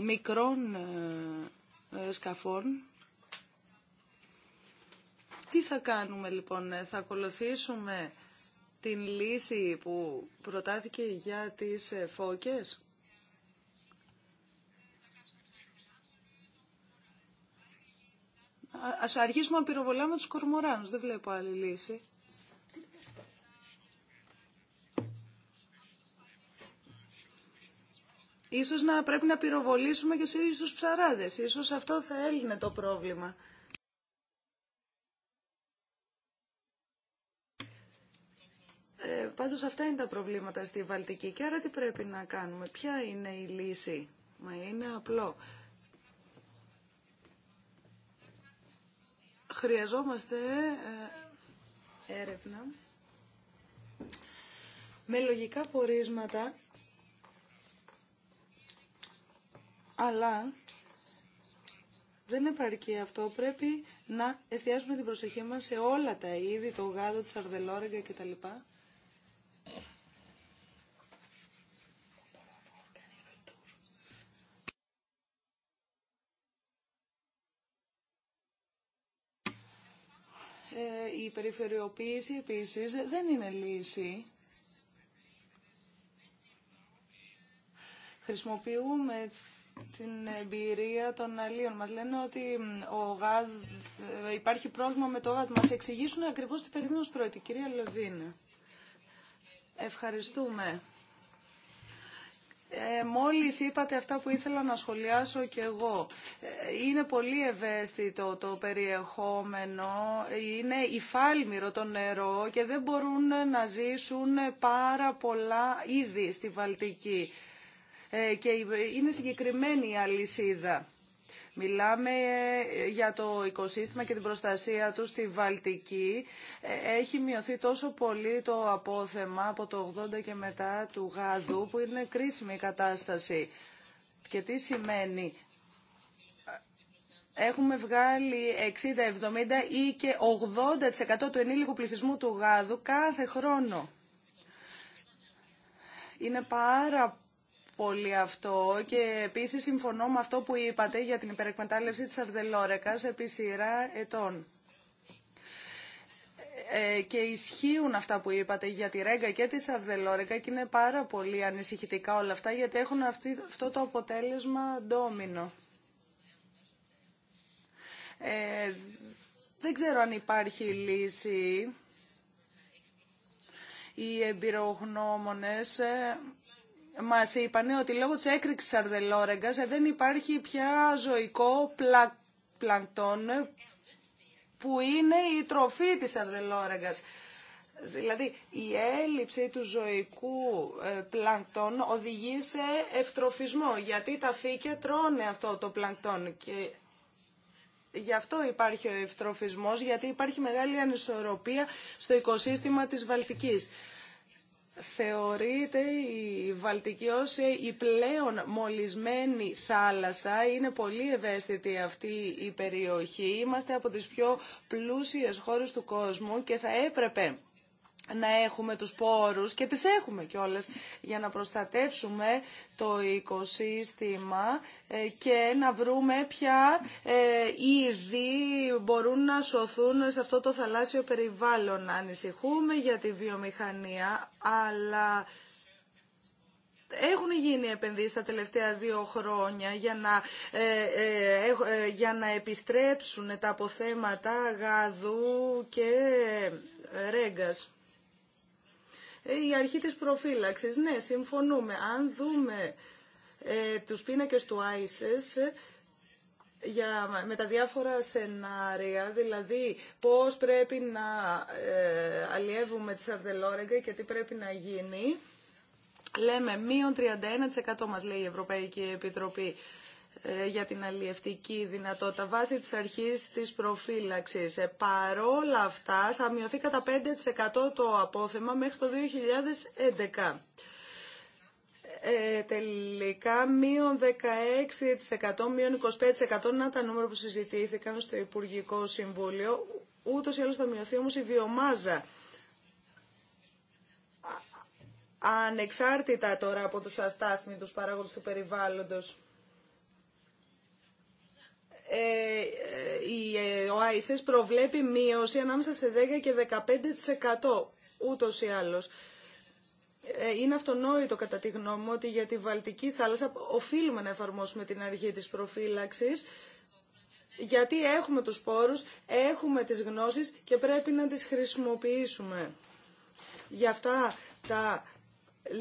μικρών ε, ε, σκαφών. Τι θα κάνουμε λοιπόν, ε, θα ακολουθήσουμε την λύση που προτάθηκε για τις φώκες. Ας αρχίσουμε να πυροβολάμε τους κορμοράνους, δεν βλέπω άλλη λύση. Ίσως να πρέπει να πυροβολήσουμε και στους ίδιους τους ψαράδες. Ίσως αυτό θα έλυνε το πρόβλημα. Ε, πάντως αυτά είναι τα προβλήματα στη Βαλτική. Και άρα τι πρέπει να κάνουμε. Ποια είναι η λύση. Μα είναι απλό. Χρειαζόμαστε ε, έρευνα με λογικά πορίσματα αλλά δεν επαρκεί αυτό. Πρέπει να εστιάσουμε την προσοχή μας σε όλα τα είδη, το γάδο, τη σαρδελόρεγγα κτλ. Ε, η περιφερειοποίηση επίσης δεν είναι λύση. Χρησιμοποιούμε την εμπειρία των αλλήλων. Μας λένε ότι ο γάδ, ε, υπάρχει πρόβλημα με το γάζ. μα. εξηγήσουν ακριβώς τι περίπτωση πρώτη. Κυρία Λεβίν, ευχαριστούμε. Ε, μόλις είπατε αυτά που ήθελα να σχολιάσω και εγώ. Ε, είναι πολύ ευαίσθητο το περιεχόμενο, είναι υφάλμηρο το νερό και δεν μπορούν να ζήσουν πάρα πολλά είδη στη Βαλτική. Ε, και είναι συγκεκριμένη η αλυσίδα. Μιλάμε ε, για το οικοσύστημα και την προστασία του στη Βαλτική. Ε, έχει μειωθεί τόσο πολύ το απόθεμα από το 80 και μετά του γάδου που είναι κρίσιμη η κατάσταση. Και τι σημαίνει έχουμε βγάλει 60, 70 ή και 80% του ενήλικου πληθυσμού του γάδου κάθε χρόνο. Είναι πάρα πολύ πολύ αυτό και επίσης συμφωνώ με αυτό που είπατε για την υπερεκμετάλλευση της Αρδελόρεκας επί σειρά ετών. Ε, και ισχύουν αυτά που είπατε για τη Ρέγκα και τη Σαρδελόρεκα και είναι πάρα πολύ ανησυχητικά όλα αυτά γιατί έχουν αυτή, αυτό το αποτέλεσμα ντόμινο. Ε, δεν ξέρω αν υπάρχει λύση. Οι εμπειρογνώμονες ε, μας είπανε ότι λόγω της έκρηξης αρδελόρεγκας ε, δεν υπάρχει πια ζωικό πλα... που είναι η τροφή της αρδελόρεγκας. Δηλαδή η έλλειψη του ζωικού ε, πλανκτόν οδηγεί σε ευτροφισμό γιατί τα φύκια τρώνε αυτό το πλανκτόν και γι' αυτό υπάρχει ο ευτροφισμός γιατί υπάρχει μεγάλη ανισορροπία στο οικοσύστημα της Βαλτικής θεωρείται η Βαλτική ως η πλέον μολυσμένη θάλασσα. Είναι πολύ ευαίσθητη αυτή η περιοχή. Είμαστε από τις πιο πλούσιες χώρες του κόσμου και θα έπρεπε να έχουμε τους πόρους και τις έχουμε κιόλας για να προστατεύσουμε το οικοσύστημα ε, και να βρούμε ποια ε, είδη μπορούν να σωθούν σε αυτό το θαλάσσιο περιβάλλον. Ανησυχούμε για τη βιομηχανία, αλλά έχουν γίνει επενδύσεις τα τελευταία δύο χρόνια για να, ε, για να επιστρέψουν τα αποθέματα γαδού και ρέγκας η αρχή της προφύλαξης. Ναι, συμφωνούμε. Αν δούμε ε, τους πίνακες του ISIS, ε, για, με τα διάφορα σενάρια, δηλαδή πώς πρέπει να ε, αλλιεύουμε τη Σαρδελόρεγκα και τι πρέπει να γίνει. Λέμε μείον 31% μας λέει η Ευρωπαϊκή Επιτροπή. Ε, για την αλλιευτική δυνατότητα βάσει της αρχής της προφύλαξης. Ε, παρόλα αυτά θα μειωθεί κατά 5% το απόθεμα μέχρι το 2011. Ε, τελικά μείον 16%, μείον 25% να τα νούμερα που συζητήθηκαν στο Υπουργικό Συμβούλιο. Ούτως ή άλλως θα μειωθεί όμως η βιομάζα ανεξάρτητα τώρα από τους αστάθμιτους παράγοντες του περιβάλλοντος. Ε, ε, ε, ο ΆΙΣΕΣ προβλέπει μείωση ανάμεσα σε 10 και 15% ούτως ή άλλως. Είναι αυτονόητο κατά τη γνώμη μου ότι για τη Βαλτική θάλασσα οφείλουμε να εφαρμόσουμε την αρχή της προφύλαξης γιατί έχουμε τους πόρους, έχουμε τις γνώσεις και πρέπει να τις χρησιμοποιήσουμε. Γι' αυτά τα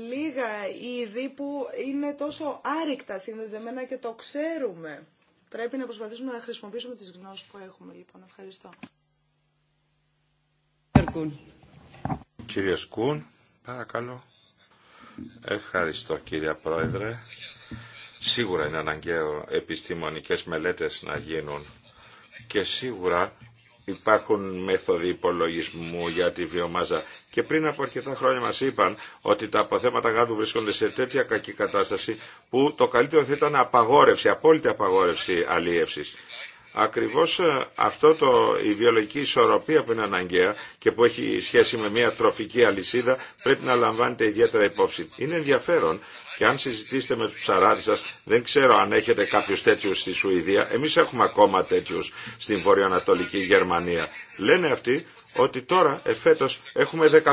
λίγα είδη που είναι τόσο άρρηκτα συνδεδεμένα και το ξέρουμε. Πρέπει να προσπαθήσουμε να χρησιμοποιήσουμε τις γνώσεις που έχουμε, λοιπόν. Ευχαριστώ. Κύριε Σκούν, παρακαλώ. Ευχαριστώ κύριε Πρόεδρε. Σίγουρα είναι αναγκαίο επιστημονικές μελέτες να γίνουν και σίγουρα υπάρχουν μέθοδοι υπολογισμού για τη βιομάζα και πριν από αρκετά χρόνια μας είπαν ότι τα αποθέματα γάδου βρίσκονται σε τέτοια κακή κατάσταση που το καλύτερο θα ήταν απαγόρευση, απόλυτη απαγόρευση αλίευσης. Ακριβώς ε, αυτό το, η βιολογική ισορροπία που είναι αναγκαία και που έχει σχέση με μια τροφική αλυσίδα πρέπει να λαμβάνετε ιδιαίτερα υπόψη. Είναι ενδιαφέρον και αν συζητήσετε με τους ψαράδες σας, δεν ξέρω αν έχετε κάποιους τέτοιους στη Σουηδία, εμείς έχουμε ακόμα τέτοιους στην βορειοανατολική Γερμανία. Λένε αυτοί ότι τώρα εφέτος έχουμε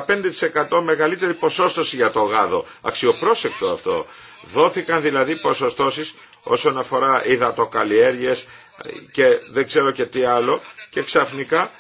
15% μεγαλύτερη ποσόστοση για το γάδο. Αξιοπρόσεκτο αυτό. Δόθηκαν δηλαδή ποσοστώσεις όσον αφορά υδατοκαλλιέργειες και δεν ξέρω και τι άλλο και ξαφνικά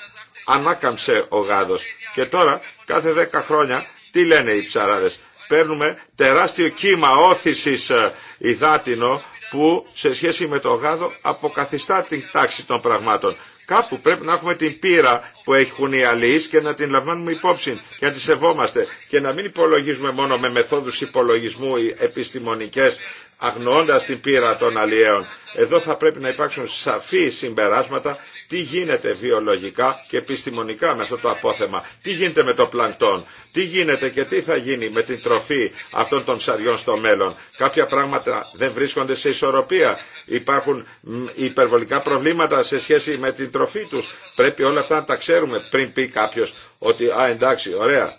ανάκαμψε ο γάδος. Και τώρα κάθε δέκα χρόνια τι λένε οι ψαράδες. Παίρνουμε τεράστιο κύμα όθησης ε, υδάτινο που σε σχέση με το γάδο αποκαθιστά την τάξη των πραγμάτων. Κάπου πρέπει να έχουμε την πείρα που έχουν οι αλληλείς και να την λαμβάνουμε υπόψη και να τη σεβόμαστε και να μην υπολογίζουμε μόνο με μεθόδους υπολογισμού επιστημονικές αγνοώντας την πείρα των αλλιέων. Εδώ θα πρέπει να υπάρξουν σαφή συμπεράσματα τι γίνεται βιολογικά και επιστημονικά με αυτό το απόθεμα. Τι γίνεται με το πλανκτόν. Τι γίνεται και τι θα γίνει με την τροφή αυτών των ψαριών στο μέλλον. Κάποια πράγματα δεν βρίσκονται σε ισορροπία. Υπάρχουν υπερβολικά προβλήματα σε σχέση με την τροφή τους. Πρέπει όλα αυτά να τα ξέρουμε πριν πει κάποιος ότι α εντάξει ωραία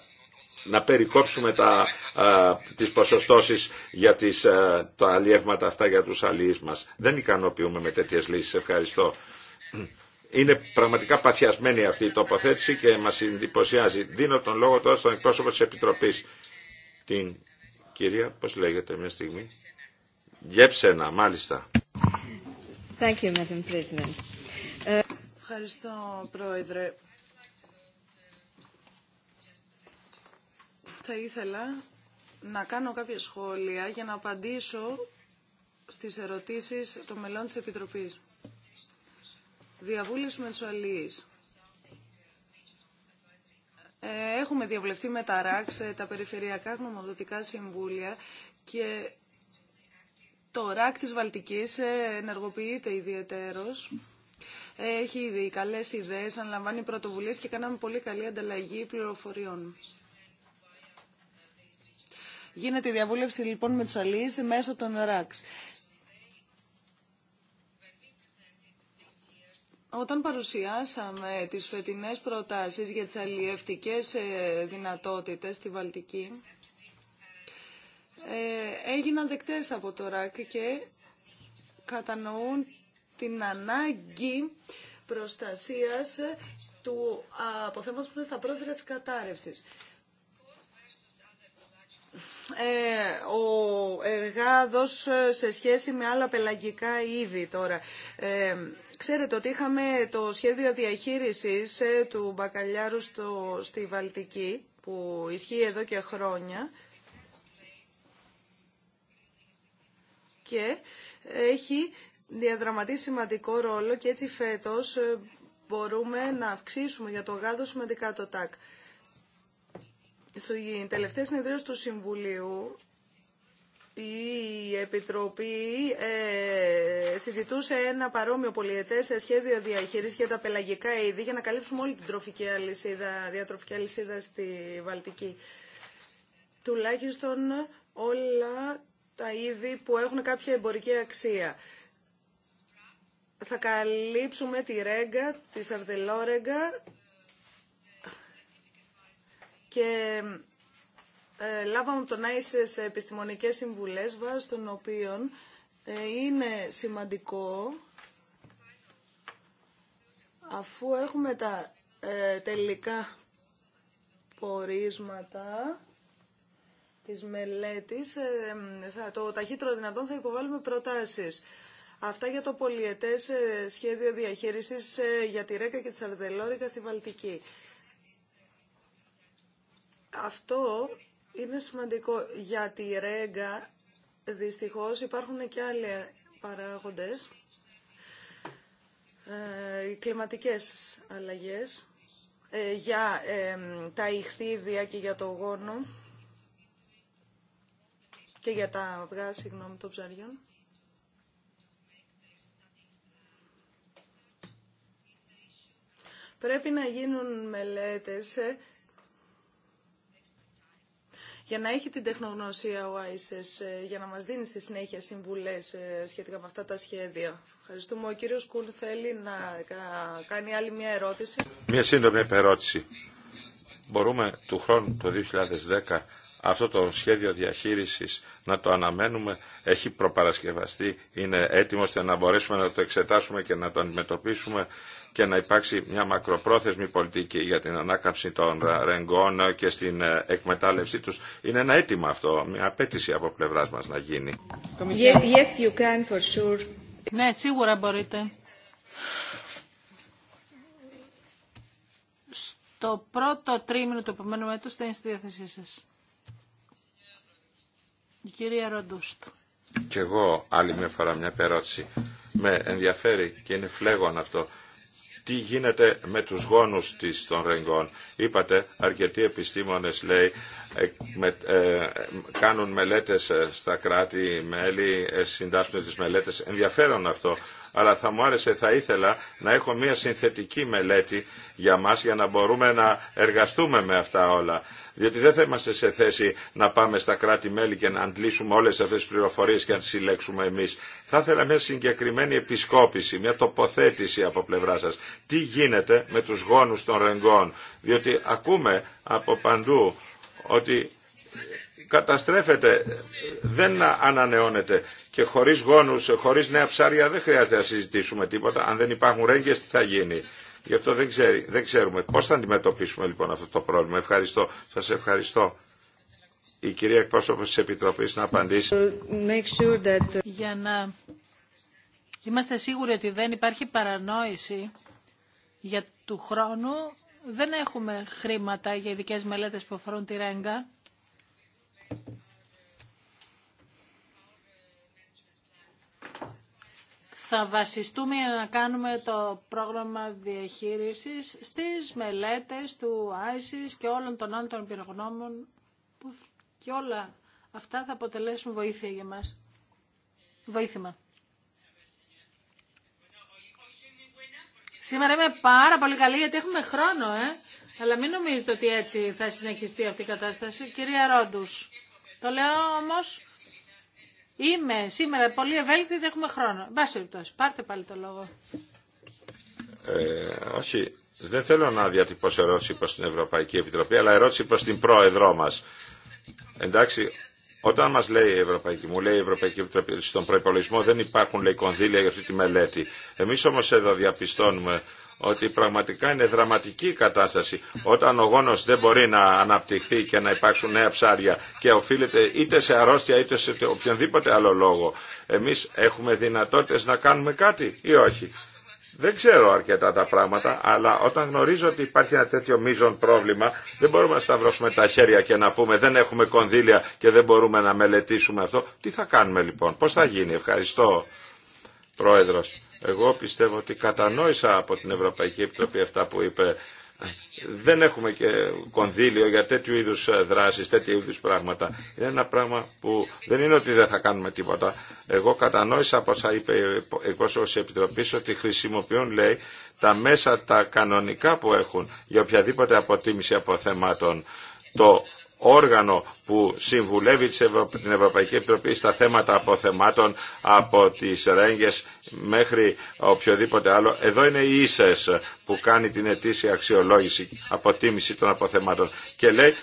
να περικόψουμε τα, α, τις ποσοστώσεις για τις, τα αλλιεύματα αυτά για τους αλλιείς μας. Δεν ικανοποιούμε με τέτοιες λύσεις. Ευχαριστώ. Είναι πραγματικά παθιασμένη αυτή η τοποθέτηση και μας εντυπωσιάζει. Δίνω τον λόγο τώρα στον εκπρόσωπο της Επιτροπής. Την κυρία, πώς λέγεται μια στιγμή. Γέψενα, μάλιστα. Ευχαριστώ, Πρόεδρε. θα ήθελα να κάνω κάποια σχόλια για να απαντήσω στις ερωτήσεις των μελών της Επιτροπής. Διαβούλευση με τους ε, Έχουμε διαβουλευτεί με τα σε τα Περιφερειακά Γνωμοδοτικά Συμβούλια και το ΡΑΚ της Βαλτικής ε, ενεργοποιείται ιδιαίτερος. Έχει ήδη καλές ιδέες, αναλαμβάνει πρωτοβουλίες και κάναμε πολύ καλή ανταλλαγή πληροφοριών. Γίνεται η διαβούλευση λοιπόν με τους αλληλείς μέσω των ΡΑΚΣ. Όταν παρουσιάσαμε τις φετινές προτάσεις για τις αλλιευτικές ε, δυνατότητες στη Βαλτική, ε, έγιναν δεκτές από το ΡΑΚ και κατανοούν την ανάγκη προστασίας του αποθέματος που είναι στα πρόθυρα της κατάρρευσης. Ε, ο εργάδος ε, σε σχέση με άλλα πελαγικά είδη τώρα. Ε, ξέρετε ότι είχαμε το σχέδιο διαχείρισης του μπακαλιάρου στο, στη Βαλτική που ισχύει εδώ και χρόνια και έχει διαδραματίσει σημαντικό ρόλο και έτσι φέτος μπορούμε να αυξήσουμε για το γάδο σημαντικά το τάκ. Στην τελευταία συνεδρίαση του Συμβουλίου η Επιτροπή ε, συζητούσε ένα παρόμοιο πολιετές σε σχέδιο διαχείρισης για τα πελαγικά είδη για να καλύψουμε όλη την τροφική αλυσίδα, διατροφική αλυσίδα στη Βαλτική. Τουλάχιστον όλα τα είδη που έχουν κάποια εμπορική αξία. Θα καλύψουμε τη ρέγγα, τη σαρδελόρεγκα και ε, λάβαμε από τον σε επιστημονικές συμβουλές βάσει των οποίων ε, είναι σημαντικό αφού έχουμε τα ε, τελικά πορίσματα της μελέτης, θα, το ταχύτερο δυνατόν θα υποβάλουμε προτάσεις. Αυτά για το πολιετές σχέδιο διαχείρισης για τη ΡΕΚΑ και τη Σαρδελόρικα στη Βαλτική. Αυτό είναι σημαντικό για τη ρέγγα. Δυστυχώς υπάρχουν και άλλοι παράγοντες, ε, οι κλιματικές αλλαγές, ε, για ε, τα ηχθίδια και για το γόνο και για τα αυγά, συγγνώμη, των ψαριών. Πρέπει να γίνουν μελέτες για να έχει την τεχνογνωσία ο ΆΙΣΕΣ ε, για να μας δίνει στη συνέχεια συμβουλές ε, σχετικά με αυτά τα σχέδια. Ευχαριστούμε. Ο κύριος Κούν θέλει να κάνει άλλη μια ερώτηση. Μια σύντομη επερώτηση. Μπορούμε του χρόνου το 2010 αυτό το σχέδιο διαχείρισης να το αναμένουμε, έχει προπαρασκευαστεί, είναι έτοιμο ώστε να μπορέσουμε να το εξετάσουμε και να το αντιμετωπίσουμε και να υπάρξει μια μακροπρόθεσμη πολιτική για την ανάκαμψη των ρεγκών και στην ε, εκμετάλλευσή τους. Είναι ένα αίτημα αυτό, μια απέτηση από πλευράς μας να γίνει. Yes, you can for sure. Ναι, σίγουρα μπορείτε. Στο πρώτο τρίμηνο του επομένου έτους θα είναι στη διάθεσή σας. Η κυρία Ροντούστ. Κι εγώ άλλη μια φορά μια περώτηση. Με ενδιαφέρει και είναι φλέγον αυτό. Τι γίνεται με τους γόνους της των ρεγγών. Είπατε, αρκετοί επιστήμονες λέει, ε, με, ε, κάνουν μελέτες ε, στα κράτη-μέλη, ε, συντάσσουν τις μελέτες. Ενδιαφέρον αυτό αλλά θα μου άρεσε, θα ήθελα να έχω μια συνθετική μελέτη για μας για να μπορούμε να εργαστούμε με αυτά όλα διότι δεν θα είμαστε σε θέση να πάμε στα κράτη-μέλη και να αντλήσουμε όλες αυτές τις πληροφορίες και να τις συλλέξουμε εμείς. Θα ήθελα μια συγκεκριμένη επισκόπηση, μια τοποθέτηση από πλευρά σας. Τι γίνεται με τους γόνους των ρεγγών, διότι ακούμε από παντού ότι καταστρέφεται, δεν ανανεώνεται και χωρίς γόνους, χωρίς νέα ψάρια δεν χρειάζεται να συζητήσουμε τίποτα. Αν δεν υπάρχουν ρέγγες τι θα γίνει. Γι' αυτό δεν, ξέρουμε πώ θα αντιμετωπίσουμε λοιπόν αυτό το πρόβλημα. Ευχαριστώ. Σας ευχαριστώ. Η κυρία εκπρόσωπο τη Επιτροπή, να απαντήσει. Uh, uh, για να είμαστε σίγουροι ότι δεν υπάρχει παρανόηση για του χρόνου, δεν έχουμε χρήματα για ειδικέ μελέτε που αφορούν τη Ρέγκα. θα βασιστούμε για να κάνουμε το πρόγραμμα διαχείρισης στις μελέτες του ISIS και όλων των άλλων των πυρογνώμων που και όλα αυτά θα αποτελέσουν βοήθεια για μας. Βοήθημα. Σήμερα είμαι πάρα πολύ καλή γιατί έχουμε χρόνο, ε. Αλλά μην νομίζετε ότι έτσι θα συνεχιστεί αυτή η κατάσταση. Κυρία Ρόντους, το λέω όμως Είμαι σήμερα πολύ ευέλικτη, δεν έχουμε χρόνο. Εν πάρτε πάλι το λόγο. Ε, όχι, δεν θέλω να διατυπώσω ερώτηση προς την Ευρωπαϊκή Επιτροπή, αλλά ερώτηση προς την Πρόεδρό μας. Εντάξει, όταν μας λέει η Ευρωπαϊκή, μου λέει η Ευρωπαϊκή Επιτροπή, στον προπολογισμό δεν υπάρχουν λέει κονδύλια για αυτή τη μελέτη. Εμείς όμως εδώ διαπιστώνουμε ότι πραγματικά είναι δραματική η κατάσταση όταν ο γόνος δεν μπορεί να αναπτυχθεί και να υπάρξουν νέα ψάρια και οφείλεται είτε σε αρρώστια είτε σε οποιονδήποτε άλλο λόγο. Εμείς έχουμε δυνατότητες να κάνουμε κάτι ή όχι. Δεν ξέρω αρκετά τα πράγματα, αλλά όταν γνωρίζω ότι υπάρχει ένα τέτοιο μείζον πρόβλημα, δεν μπορούμε να σταυρώσουμε τα χέρια και να πούμε δεν έχουμε κονδύλια και δεν μπορούμε να μελετήσουμε αυτό. Τι θα κάνουμε λοιπόν, πώς θα γίνει, ευχαριστώ. Πρόεδρος, εγώ πιστεύω ότι κατανόησα από την Ευρωπαϊκή Επιτροπή αυτά που είπε. Δεν έχουμε και κονδύλιο για τέτοιου είδους ε, δράσεις, τέτοιου είδους πράγματα. Είναι ένα πράγμα που δεν είναι ότι δεν θα κάνουμε τίποτα. Εγώ κατανόησα από όσα είπε εκπρόσωπος Επιτροπής ότι χρησιμοποιούν, λέει, τα μέσα τα κανονικά που έχουν για οποιαδήποτε αποτίμηση αποθεμάτων. Το όργανο που συμβουλεύει την Ευρωπαϊκή Επιτροπή στα θέματα αποθεμάτων από τις Ρέγγες μέχρι οποιοδήποτε άλλο. Εδώ είναι η ίσες που κάνει την ετήσια αξιολόγηση, αποτίμηση των αποθεμάτων και λέει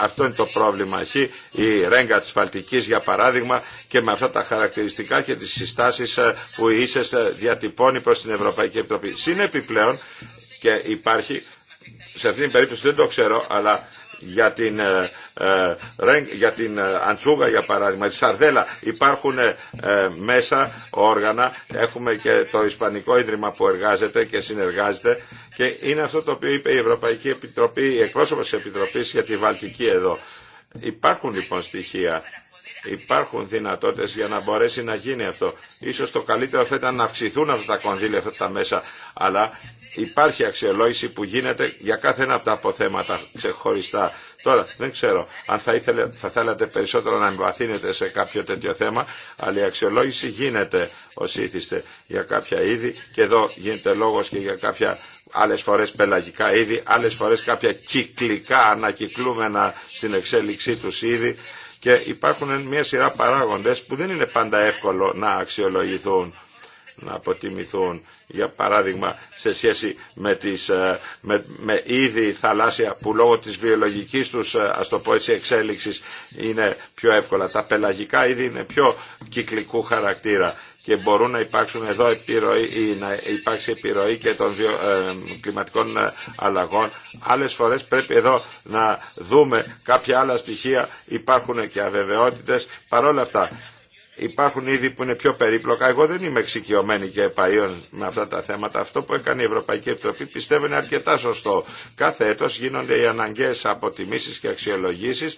αυτό είναι το πρόβλημα. Έχει η Ρέγγα της Φαλτικής για παράδειγμα και με αυτά τα χαρακτηριστικά και τις συστάσεις ε, που η ίσες ε, διατυπώνει προς την Ευρωπαϊκή Επιτροπή. Συνεπιπλέον και υπάρχει σε αυτήν την περίπτωση δεν το ξέρω, αλλά για την, ε, ε, για την ε, αντσούγα για παράδειγμα, τη σαρδέλα υπάρχουν μέσα όργανα, έχουμε και το Ισπανικό Ίδρυμα που εργάζεται και συνεργάζεται και είναι αυτό το οποίο είπε η Ευρωπαϊκή Επιτροπή, η εκπρόσωπος της Επιτροπής για τη Βαλτική εδώ. Υπάρχουν λοιπόν στοιχεία υπάρχουν δυνατότητες για να μπορέσει να γίνει αυτό. Ίσως το καλύτερο θα ήταν να αυξηθούν αυτά τα κονδύλια, αυτά τα μέσα, αλλά υπάρχει αξιολόγηση που γίνεται για κάθε ένα από τα αποθέματα ξεχωριστά. Τώρα δεν ξέρω αν θα, ήθελε, θα θέλατε περισσότερο να εμβαθύνετε σε κάποιο τέτοιο θέμα, αλλά η αξιολόγηση γίνεται ω ήθιστε για κάποια είδη και εδώ γίνεται λόγος και για κάποια άλλες φορές πελαγικά είδη, άλλες φορές κάποια κυκλικά ανακυκλούμενα στην εξέλιξή τους είδη και υπάρχουν μια σειρά παράγοντες που δεν είναι πάντα εύκολο να αξιολογηθούν, να αποτιμηθούν για παράδειγμα σε σχέση με, τις, ε, με, με είδη θαλάσσια που λόγω της βιολογικής τους ε, ας το πω έτσι εξέλιξης είναι πιο εύκολα. Τα πελαγικά είδη είναι πιο κυκλικού χαρακτήρα και μπορούν να υπάρξουν εδώ επιρροή ή να υπάρξει επιρροή και των ε, κλιματικών αλλαγών. Άλλες φορές πρέπει εδώ να δούμε κάποια άλλα στοιχεία, υπάρχουν και αβεβαιότητες. Παρ' αυτά Υπάρχουν ήδη που είναι πιο περίπλοκα. Εγώ δεν είμαι εξοικειωμένη και επαίων με αυτά τα θέματα. Αυτό που έκανε η Ευρωπαϊκή Επιτροπή πιστεύω είναι αρκετά σωστό. Κάθε έτος γίνονται οι αναγκαίε αποτιμήσει και αξιολογήσει.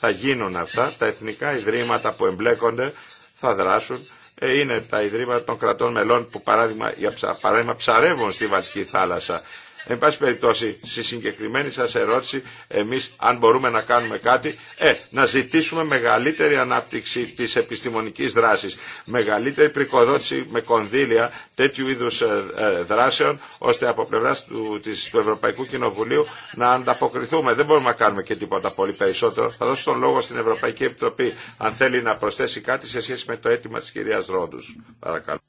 Θα γίνουν αυτά. Τα εθνικά ιδρύματα που εμπλέκονται θα δράσουν ε, είναι τα ιδρύματα των κρατών μελών που παράδειγμα, για παράδειγμα ψαρεύουν στη Βαλτική θάλασσα Εν πάση περιπτώσει, στη συγκεκριμένη σας ερώτηση, εμείς αν μπορούμε να κάνουμε κάτι, ε, να ζητήσουμε μεγαλύτερη ανάπτυξη της επιστημονικής δράσης, μεγαλύτερη πρικοδότηση με κονδύλια τέτοιου είδους ε, ε, δράσεων, ώστε από πλευρά του, του Ευρωπαϊκού Κοινοβουλίου να ανταποκριθούμε. Δεν μπορούμε να κάνουμε και τίποτα πολύ περισσότερο. Θα δώσω τον λόγο στην Ευρωπαϊκή Επιτροπή, αν θέλει να προσθέσει κάτι σε σχέση με το αίτημα της κυρίας Ρόντους. Παρακαλώ.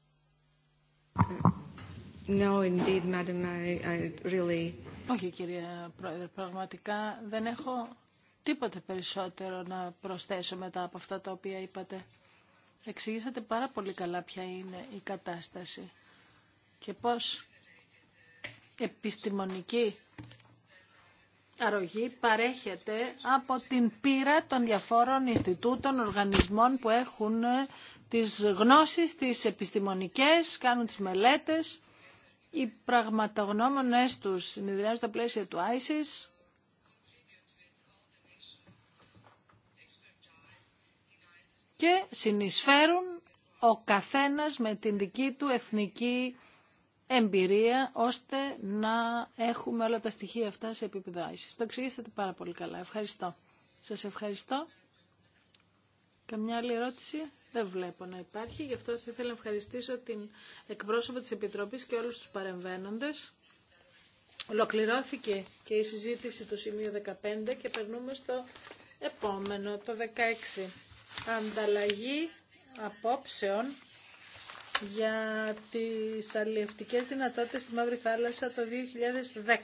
No, indeed, madam, I, I really... Όχι, κυρία Πρόεδρε, πραγματικά δεν έχω τίποτε περισσότερο να προσθέσω μετά από αυτά τα οποία είπατε. Εξηγήσατε πάρα πολύ καλά ποια είναι η κατάσταση και πώς επιστημονική αρρωγή παρέχεται από την πείρα των διαφόρων Ινστιτούτων, οργανισμών που έχουν τις γνώσεις, τις επιστημονικές, κάνουν τις μελέτες οι πραγματογνώμονες τους συνδυάζουν στα πλαίσια του ISIS. και συνεισφέρουν ο καθένας με την δική του εθνική εμπειρία ώστε να έχουμε όλα τα στοιχεία αυτά σε επίπεδο ISIS. Το εξηγήσατε πάρα πολύ καλά. Ευχαριστώ. Σας ευχαριστώ. Καμιά άλλη ερώτηση. Δεν βλέπω να υπάρχει. Γι' αυτό θα ήθελα να ευχαριστήσω την εκπρόσωπο της Επιτροπής και όλους τους παρεμβαίνοντες. Ολοκληρώθηκε και η συζήτηση του σημείου 15 και περνούμε στο επόμενο, το 16. Ανταλλαγή απόψεων για τις αλληλευτικές δυνατότητες στη Μαύρη Θάλασσα το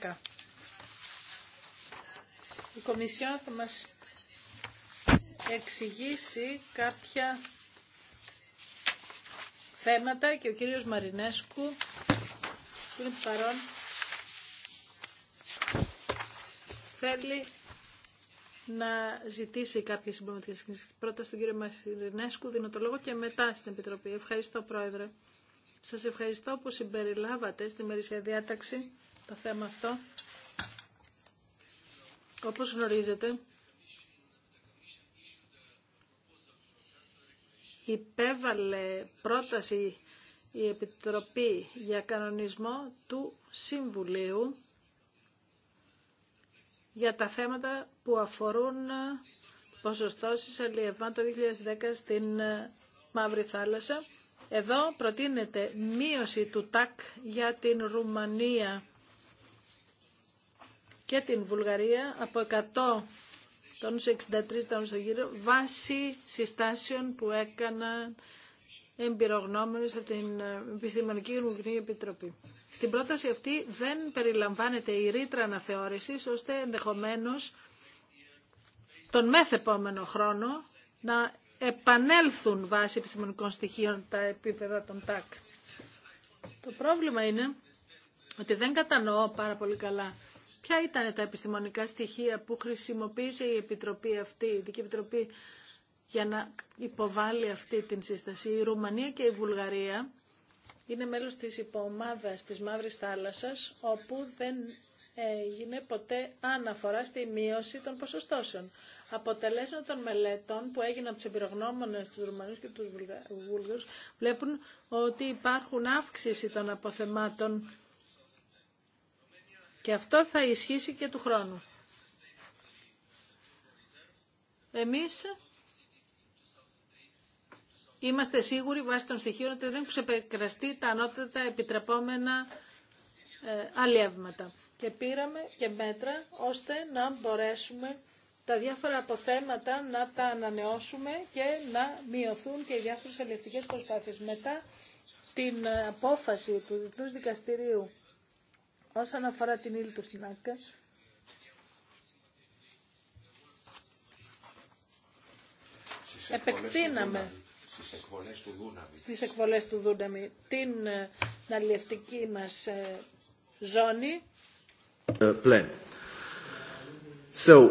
2010. Η Κομισιόν θα μας εξηγήσει κάποια θέματα και ο κύριος Μαρινέσκου που είναι παρόν θέλει να ζητήσει κάποιες συμπληρωματικές κινήσεις. Πρώτα στον κύριο Μαρινέσκου δίνω το λόγο και μετά στην Επιτροπή. Ευχαριστώ Πρόεδρε. Σας ευχαριστώ που συμπεριλάβατε στη μερίσια διάταξη το θέμα αυτό. Όπως γνωρίζετε, υπέβαλε πρόταση η Επιτροπή για κανονισμό του Συμβουλίου για τα θέματα που αφορούν ποσοστώσεις αλλιευμάτων το 2010 στην Μαύρη Θάλασσα. Εδώ προτείνεται μείωση του ΤΑΚ για την Ρουμανία και την Βουλγαρία από 100 τόνους 63 τόνους στο γύρο, βάσει συστάσεων που έκαναν εμπειρογνώμονες από την Επιστημονική Γνωγική Επιτροπή. Στην πρόταση αυτή δεν περιλαμβάνεται η ρήτρα αναθεώρησης, ώστε ενδεχομένως τον μεθεπόμενο χρόνο να επανέλθουν βάσει επιστημονικών στοιχείων τα επίπεδα των ΤΑΚ. Το πρόβλημα είναι ότι δεν κατανοώ πάρα πολύ καλά Ποια ήταν τα επιστημονικά στοιχεία που χρησιμοποίησε η Επιτροπή αυτή, η Ειδική Επιτροπή, για να υποβάλει αυτή την σύσταση. Η Ρουμανία και η Βουλγαρία είναι μέλος της υποομάδας της Μαύρης Θάλασσας, όπου δεν έγινε ποτέ αναφορά στη μείωση των ποσοστώσεων. Αποτελέσματα των μελέτων που έγιναν από τους εμπειρογνώμονες, τους Ρουμανούς και τους Βουλγαρούς βλέπουν ότι υπάρχουν αύξηση των αποθεμάτων και αυτό θα ισχύσει και του χρόνου. Εμείς είμαστε σίγουροι βάσει των στοιχείων ότι δεν έχουν τα ανώτατα επιτρεπόμενα ε, αλλιεύματα. Και πήραμε και μέτρα ώστε να μπορέσουμε τα διάφορα αποθέματα να τα ανανεώσουμε και να μειωθούν και οι διάφορες αλληλευτικές προσπάθειες. Μετά την ε, απόφαση του Διεθνούς Δικαστηρίου Όσον αφορά την ύλη του Σνάκα. επεκτείναμε στις εκβολές του Δούναμι, στις εκβολές του Δούναμι την ε, αλληλευτική μας ε, ζώνη. Plan. Ε, so,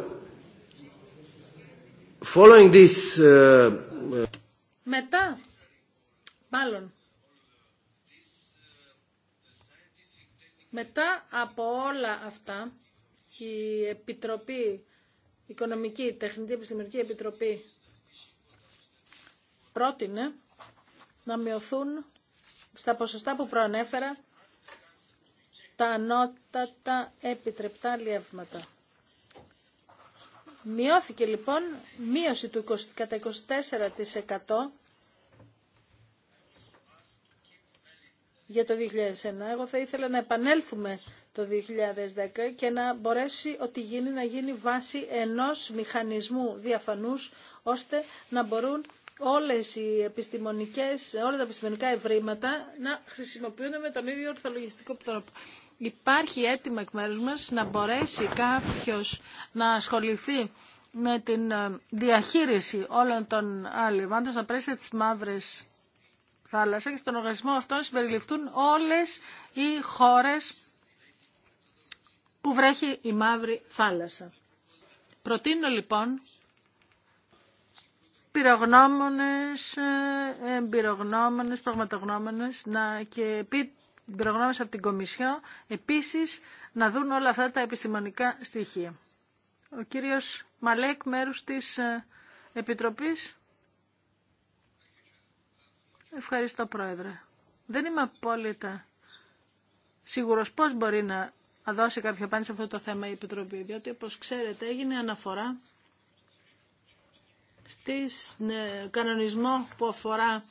following this, Μετά, μάλλον, Μετά από όλα αυτά, η Επιτροπή Οικονομική, Τεχνητή Επιστημονική Επιτροπή πρότεινε να μειωθούν στα ποσοστά που προανέφερα τα ανώτατα επιτρεπτά λιεύματα. Μειώθηκε λοιπόν μείωση του κατά 24% για το 2001. Εγώ θα ήθελα να επανέλθουμε το 2010 και να μπορέσει ό,τι γίνει να γίνει βάση ενός μηχανισμού διαφανούς ώστε να μπορούν όλες οι επιστημονικές, όλα τα επιστημονικά ευρήματα να χρησιμοποιούνται με τον ίδιο ορθολογιστικό τρόπο. Υπάρχει έτοιμο εκ μέρους μας να μπορέσει κάποιος να ασχοληθεί με την ε, διαχείριση όλων των άλλων, πάντως να πρέσει τις μαύρες θάλασσα και στον οργανισμό αυτόν συμπεριληφθούν όλες οι χώρες που βρέχει η μαύρη θάλασσα. Προτείνω λοιπόν πυρογνώμονες, ε, εμπειρογνώμονες, πραγματογνώμονες να, και πυρογνώμονες από την Κομισιό επίσης να δουν όλα αυτά τα επιστημονικά στοιχεία. Ο κύριος Μαλέκ μέρους της ε, Επιτροπής. Ευχαριστώ, Πρόεδρε. Δεν είμαι απόλυτα σίγουρος πώς μπορεί να δώσει κάποια απάντηση σε αυτό το θέμα η Επιτροπή, διότι, όπως ξέρετε, έγινε αναφορά στις ναι, κανονισμό που αφορά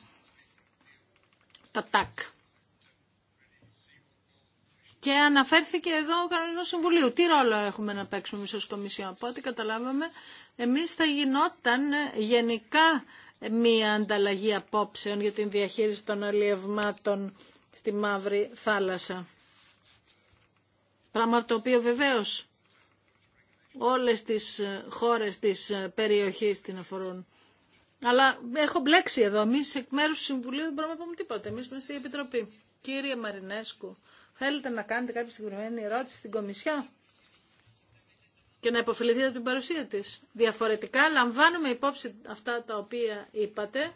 τα ΤΑΚ. Και αναφέρθηκε εδώ ο κανονισμός συμβουλίου. Τι ρόλο έχουμε να παίξουμε εμείς ως Κομισιόν. Από ό,τι καταλάβαμε, εμείς θα γινόταν γενικά μία ανταλλαγή απόψεων για την διαχείριση των αλλιευμάτων στη Μαύρη Θάλασσα. Πράγμα το οποίο βεβαίως όλες τις χώρες της περιοχής την αφορούν. Αλλά έχω μπλέξει εδώ. Εμεί εκ μέρου του Συμβουλίου δεν μπορούμε να πούμε τίποτα. Εμεί είμαστε η Επιτροπή. Κύριε Μαρινέσκου, θέλετε να κάνετε κάποια συγκεκριμένη ερώτηση στην Κομισιά και να υποφεληθείτε από την παρουσία της. Διαφορετικά λαμβάνουμε υπόψη αυτά τα οποία είπατε,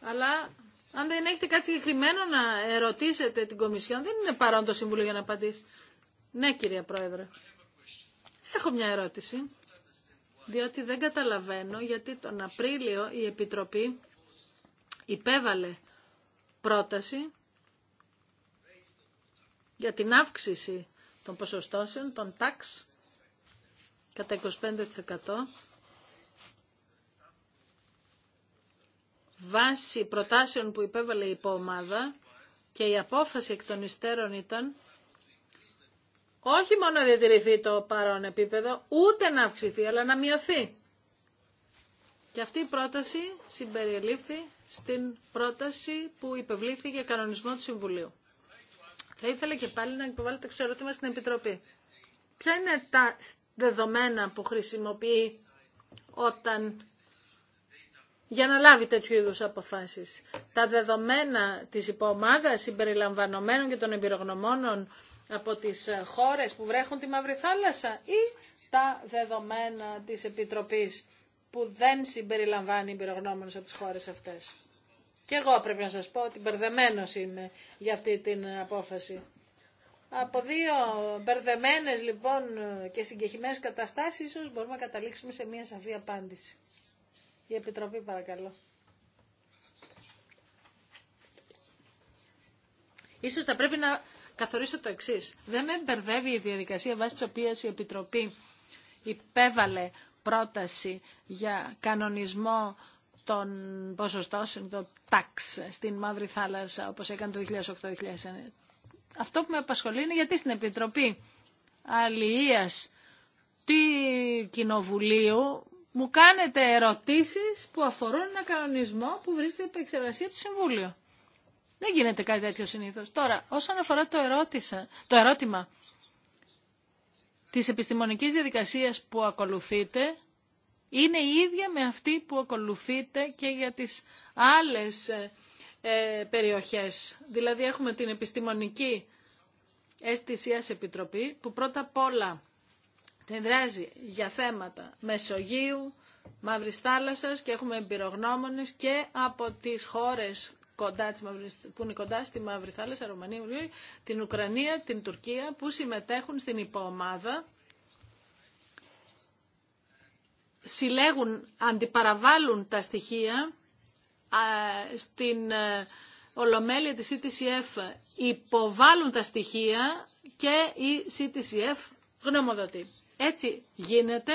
αλλά αν δεν έχετε κάτι συγκεκριμένο να ερωτήσετε την Κομισιόν, δεν είναι παρόν το Συμβούλιο για να απαντήσει. Ναι, κυρία Πρόεδρε. Έχω μια ερώτηση, διότι δεν καταλαβαίνω γιατί τον Απρίλιο η Επιτροπή υπέβαλε πρόταση για την αύξηση των ποσοστώσεων, των τάξ, κατά 25% βάσει προτάσεων που υπέβαλε η υποομάδα και η απόφαση εκ των υστέρων ήταν όχι μόνο να διατηρηθεί το παρόν επίπεδο, ούτε να αυξηθεί, αλλά να μειωθεί. Και αυτή η πρόταση συμπεριλήφθη στην πρόταση που υπευλήφθη για κανονισμό του Συμβουλίου. Θα ήθελα και πάλι να υποβάλω το εξωτερικό στην Επιτροπή. Ποια είναι τα δεδομένα που χρησιμοποιεί όταν για να λάβει τέτοιου είδου αποφάσεις. Τα δεδομένα της υποομάδας συμπεριλαμβανομένων και των εμπειρογνωμόνων από τις χώρες που βρέχουν τη Μαύρη Θάλασσα ή τα δεδομένα της Επιτροπής που δεν συμπεριλαμβάνει εμπειρογνώμονες από τις χώρες αυτές. Και εγώ πρέπει να σας πω ότι μπερδεμένο είμαι για αυτή την απόφαση. Από δύο μπερδεμένε λοιπόν και συγκεχημένε καταστάσεις ίσω μπορούμε να καταλήξουμε σε μια σαφή απάντηση. Η Επιτροπή παρακαλώ. Ίσως θα πρέπει να καθορίσω το εξής. Δεν με μπερδεύει η διαδικασία βάσει της οποίας η Επιτροπή υπέβαλε πρόταση για κανονισμό των ποσοστώσεων, το tax στην Μαύρη Θάλασσα, όπως έκανε το 2008-2009 αυτό που με απασχολεί είναι γιατί στην Επιτροπή Αλληλείας του Κοινοβουλίου μου κάνετε ερωτήσεις που αφορούν ένα κανονισμό που βρίσκεται υπό εξεργασία του Συμβούλιο. Δεν γίνεται κάτι τέτοιο συνήθως. Τώρα, όσον αφορά το, ερώτησα, ερώτημα της επιστημονικής διαδικασίας που ακολουθείτε, είναι η ίδια με αυτή που ακολουθείτε και για τις άλλες ε, ε, περιοχές. Δηλαδή έχουμε την επιστημονική αισθησίας επιτροπή που πρώτα απ' όλα τεντράζει για θέματα Μεσογείου, μαύρη θάλασσα και έχουμε εμπειρογνώμονες και από τις χώρες που είναι κοντά στη Μαύρη Θάλασσα, Ουλή, την Ουκρανία, την Τουρκία που συμμετέχουν στην υποομάδα συλλέγουν, αντιπαραβάλλουν τα στοιχεία στην ε, ολομέλεια της CTCF υποβάλλουν τα στοιχεία και η CTCF γνωμοδοτεί. Έτσι γίνεται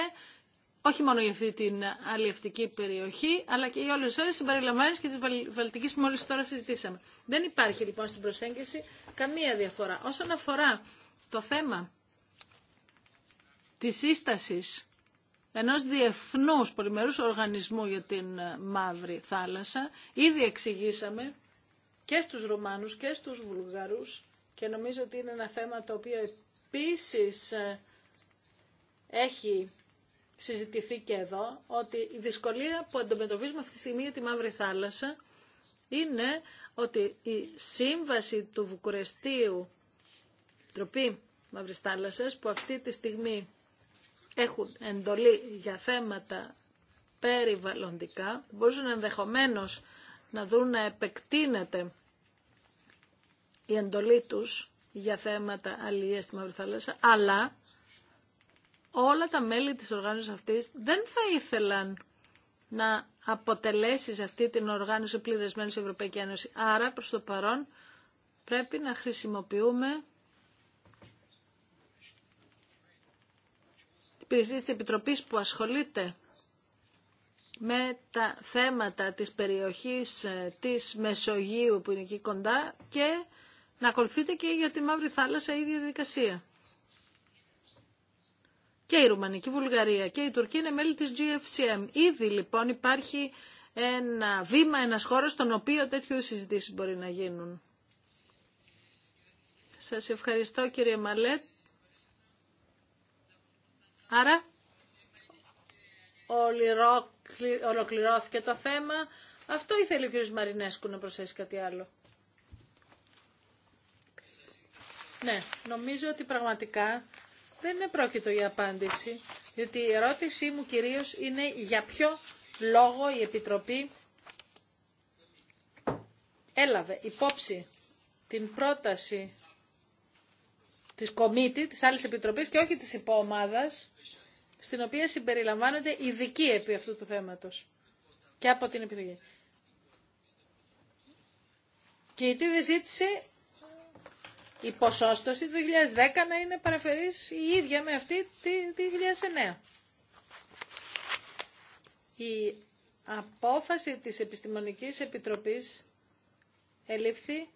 όχι μόνο για αυτή την αλληλευτική περιοχή, αλλά και για όλε τι άλλε συμπεριλαμβάνει και τη Βαλτική που μόλι τώρα συζητήσαμε. Δεν υπάρχει λοιπόν στην προσέγγιση καμία διαφορά. Όσον αφορά το θέμα τη σύσταση Ενό διεθνούς πολυμερούς οργανισμού για την ε, Μαύρη Θάλασσα. Ήδη εξηγήσαμε και στους Ρωμάνους και στους Βουλγαρούς και νομίζω ότι είναι ένα θέμα το οποίο επίσης ε, έχει συζητηθεί και εδώ, ότι η δυσκολία που αντιμετωπίζουμε αυτή τη στιγμή για τη Μαύρη Θάλασσα είναι ότι η σύμβαση του Βουκουρεστίου Τροπή Μαύρης Θάλασσας που αυτή τη στιγμή έχουν εντολή για θέματα περιβαλλοντικά, μπορούν ενδεχομένως να δουν να επεκτείνεται η εντολή τους για θέματα αλληλείας στη Μαύρη Θάλασσα, αλλά όλα τα μέλη της οργάνωσης αυτής δεν θα ήθελαν να αποτελέσει αυτή την οργάνωση πληρεσμένη Ευρωπαϊκή Ένωση. Άρα, προς το παρόν, πρέπει να χρησιμοποιούμε υπηρεσίες της που ασχολείται με τα θέματα της περιοχής ε, της Μεσογείου που είναι εκεί κοντά και να ακολουθείτε και για τη Μαύρη Θάλασσα η ίδια διαδικασία. Και η Ρουμανική Βουλγαρία και η Τουρκία είναι μέλη της GFCM. Ήδη λοιπόν υπάρχει ένα βήμα, ένας χώρος στον οποίο τέτοιου συζητήσεις μπορεί να γίνουν. Σας ευχαριστώ κύριε Μαλέτ. Άρα ολοκληρώθηκε το θέμα. Αυτό ήθελε ο κ. Μαρινέσκου να προσθέσει κάτι άλλο. Ναι, νομίζω ότι πραγματικά δεν είναι πρόκειτο για απάντηση, διότι η ερώτησή μου κυρίως είναι για ποιο λόγο η Επιτροπή έλαβε υπόψη την πρόταση της κομίτη, της άλλης επιτροπής και όχι της υποομάδας, στην οποία συμπεριλαμβάνονται ειδικοί επί αυτού του θέματος και από την επιτροπή. Και η Τίδη ζήτησε η ποσόστοση του 2010 να είναι παραφερής η ίδια με αυτή του 2009. Η απόφαση της Επιστημονικής Επιτροπής ελήφθη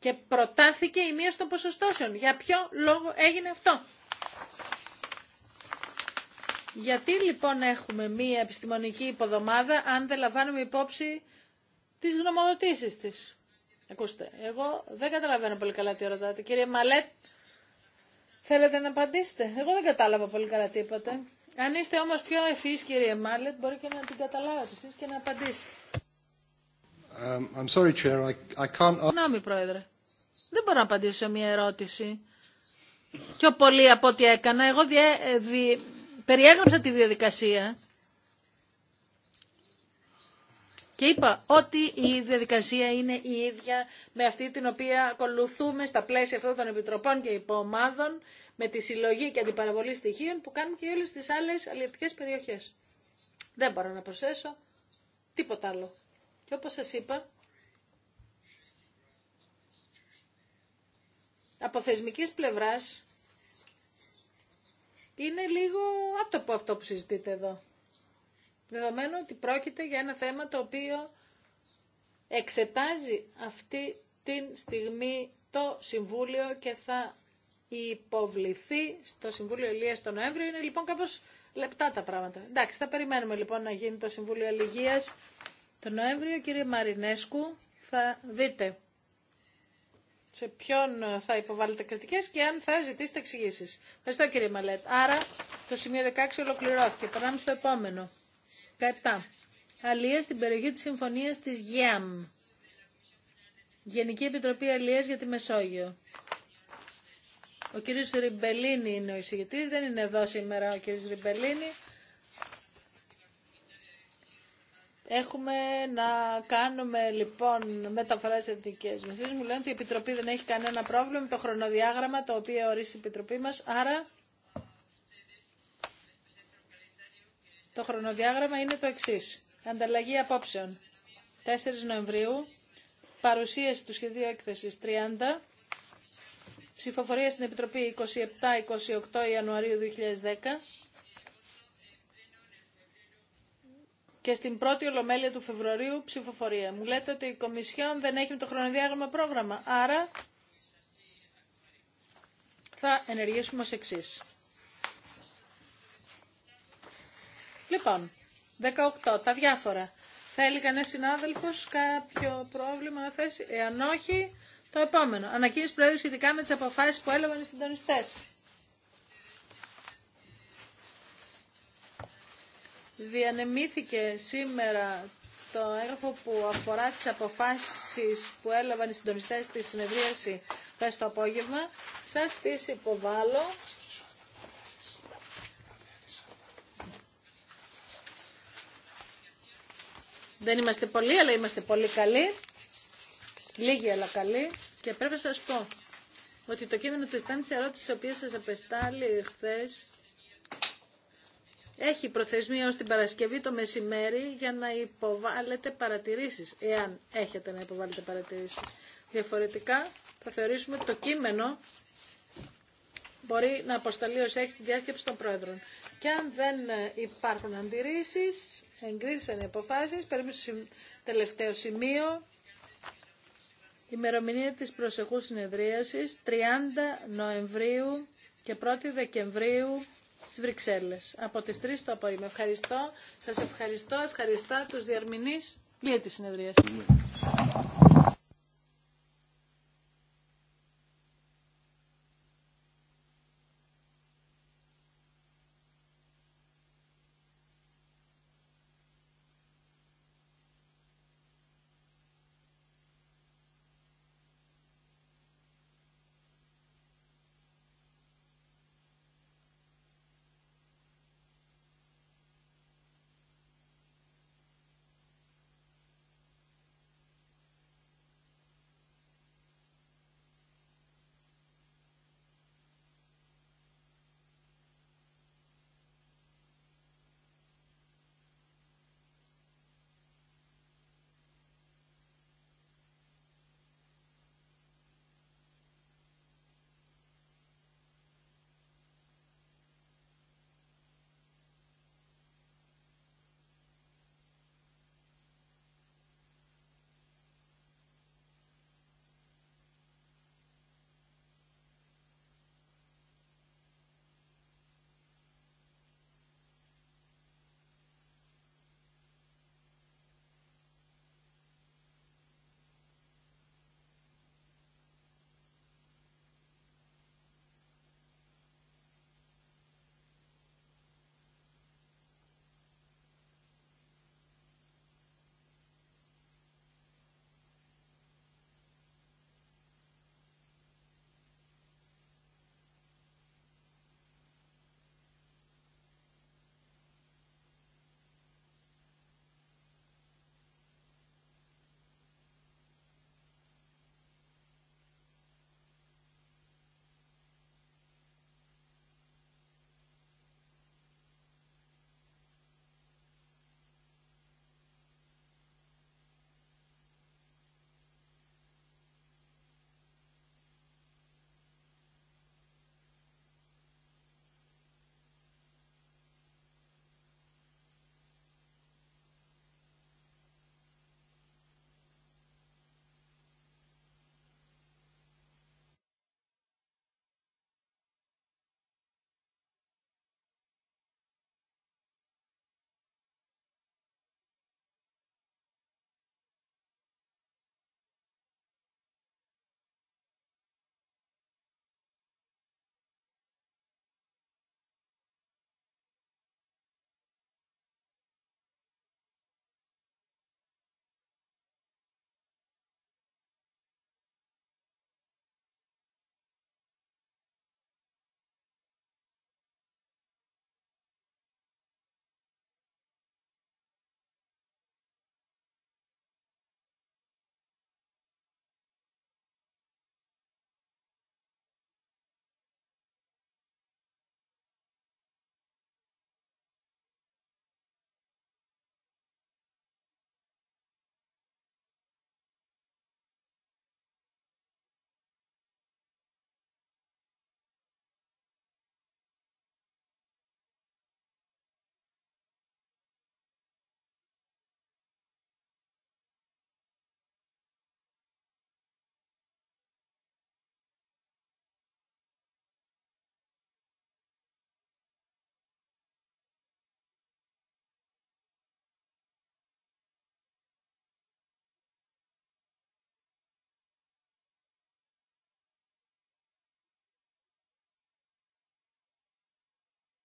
και προτάθηκε η μείωση των ποσοστώσεων. Για ποιο λόγο έγινε αυτό. Γιατί λοιπόν έχουμε μία επιστημονική υποδομάδα αν δεν λαμβάνουμε υπόψη τις γνωμοδοτήσεις της. Ακούστε, εγώ δεν καταλαβαίνω πολύ καλά τι ρωτάτε. Κύριε Μαλέτ, θέλετε να απαντήσετε. Εγώ δεν κατάλαβα πολύ καλά τίποτα. Αν είστε όμως πιο ευφύς κύριε Μάλετ, μπορεί και να την καταλάβετε εσείς και να απαντήσετε. Um, I, πρόεδρε. Δεν μπορώ να απαντήσω μια ερώτηση. Πιο πολύ από ό,τι έκανα. Εγώ διε, περιέγραψα τη διαδικασία και είπα ότι η διαδικασία είναι η ίδια με αυτή την οποία ακολουθούμε στα πλαίσια αυτών των επιτροπών και υποομάδων με τη συλλογή και αντιπαραβολή στοιχείων που κάνουν και όλες τις άλλες αλληλευτικές περιοχές. Δεν μπορώ να προσθέσω τίποτα άλλο. Και όπως σας είπα, από θεσμικής πλευράς είναι λίγο αυτό που συζητείτε εδώ. Δεδομένου ότι πρόκειται για ένα θέμα το οποίο εξετάζει αυτή τη στιγμή το Συμβούλιο και θα υποβληθεί στο Συμβούλιο Ελίας τον Νοέμβριο. Είναι λοιπόν κάπως λεπτά τα πράγματα. Εντάξει, θα περιμένουμε λοιπόν να γίνει το Συμβούλιο Αλληγίας τον Νοέμβριο. Κύριε Μαρινέσκου, θα δείτε σε ποιον ε, θα υποβάλλετε κριτικές και αν θα ζητήσετε εξηγήσει. Ευχαριστώ κύριε Μαλέτ. Άρα το σημείο 16 ολοκληρώθηκε. Περνάμε στο επόμενο. 17. Αλία στην περιοχή της Συμφωνίας της ΓΙΑΜ. Γενική Επιτροπή Αλλιέ για τη Μεσόγειο. Ο κύριος Ριμπελίνη είναι ο εισηγητής. Δεν είναι εδώ σήμερα ο κύριος Ριμπελίνη. Έχουμε να κάνουμε λοιπόν μεταφορά στι εθνικέ μα. Μου λένε ότι η Επιτροπή δεν έχει κανένα πρόβλημα με το χρονοδιάγραμμα το οποίο ορίσει η Επιτροπή μα. Άρα το χρονοδιάγραμμα είναι το εξή. Ανταλλαγή απόψεων 4 Νοεμβρίου, παρουσίαση του σχεδίου έκθεση 30, ψηφοφορία στην Επιτροπή 27-28 Ιανουαρίου 2010. και στην πρώτη ολομέλεια του Φεβρουαρίου ψηφοφορία. Μου λέτε ότι η Κομισιόν δεν έχει με το χρονοδιάγραμμα πρόγραμμα. Άρα θα ενεργήσουμε ως εξή. Λοιπόν, 18. Τα διάφορα. Θέλει κανένα συνάδελφο κάποιο πρόβλημα να θέσει. Εάν όχι, το επόμενο. Ανακοίνωση Πρόεδρου σχετικά με τι αποφάσει που έλαβαν οι συντονιστέ. διανεμήθηκε σήμερα το έγγραφο που αφορά τις αποφάσεις που έλαβαν οι συντονιστές στη συνεδρίαση πες το απόγευμα. Σας τις υποβάλλω. Δεν είμαστε πολλοί, αλλά είμαστε πολύ καλοί. Λίγοι, αλλά καλοί. Και πρέπει να σας πω ότι το κείμενο του ήταν της ερώτησης, η σας απεστάλλει χθες, έχει προθεσμία ως την Παρασκευή το μεσημέρι για να υποβάλλετε παρατηρήσεις, εάν έχετε να υποβάλλετε παρατηρήσεις. Διαφορετικά θα θεωρήσουμε το κείμενο μπορεί να αποσταλεί ως έχει τη διάσκεψη των πρόεδρων. Και αν δεν υπάρχουν αντιρρήσεις, εγκρίθησαν οι αποφάσεις, περίπου στο τελευταίο σημείο, η ημερομηνία της προσεχούς συνεδρίασης, 30 Νοεμβρίου και 1 Δεκεμβρίου στις Βρυξέλλες από τις 3 το απόγευμα. Ευχαριστώ, σας ευχαριστώ, ευχαριστώ τους διαρμηνείς. Λύε τη συνεδρίαση.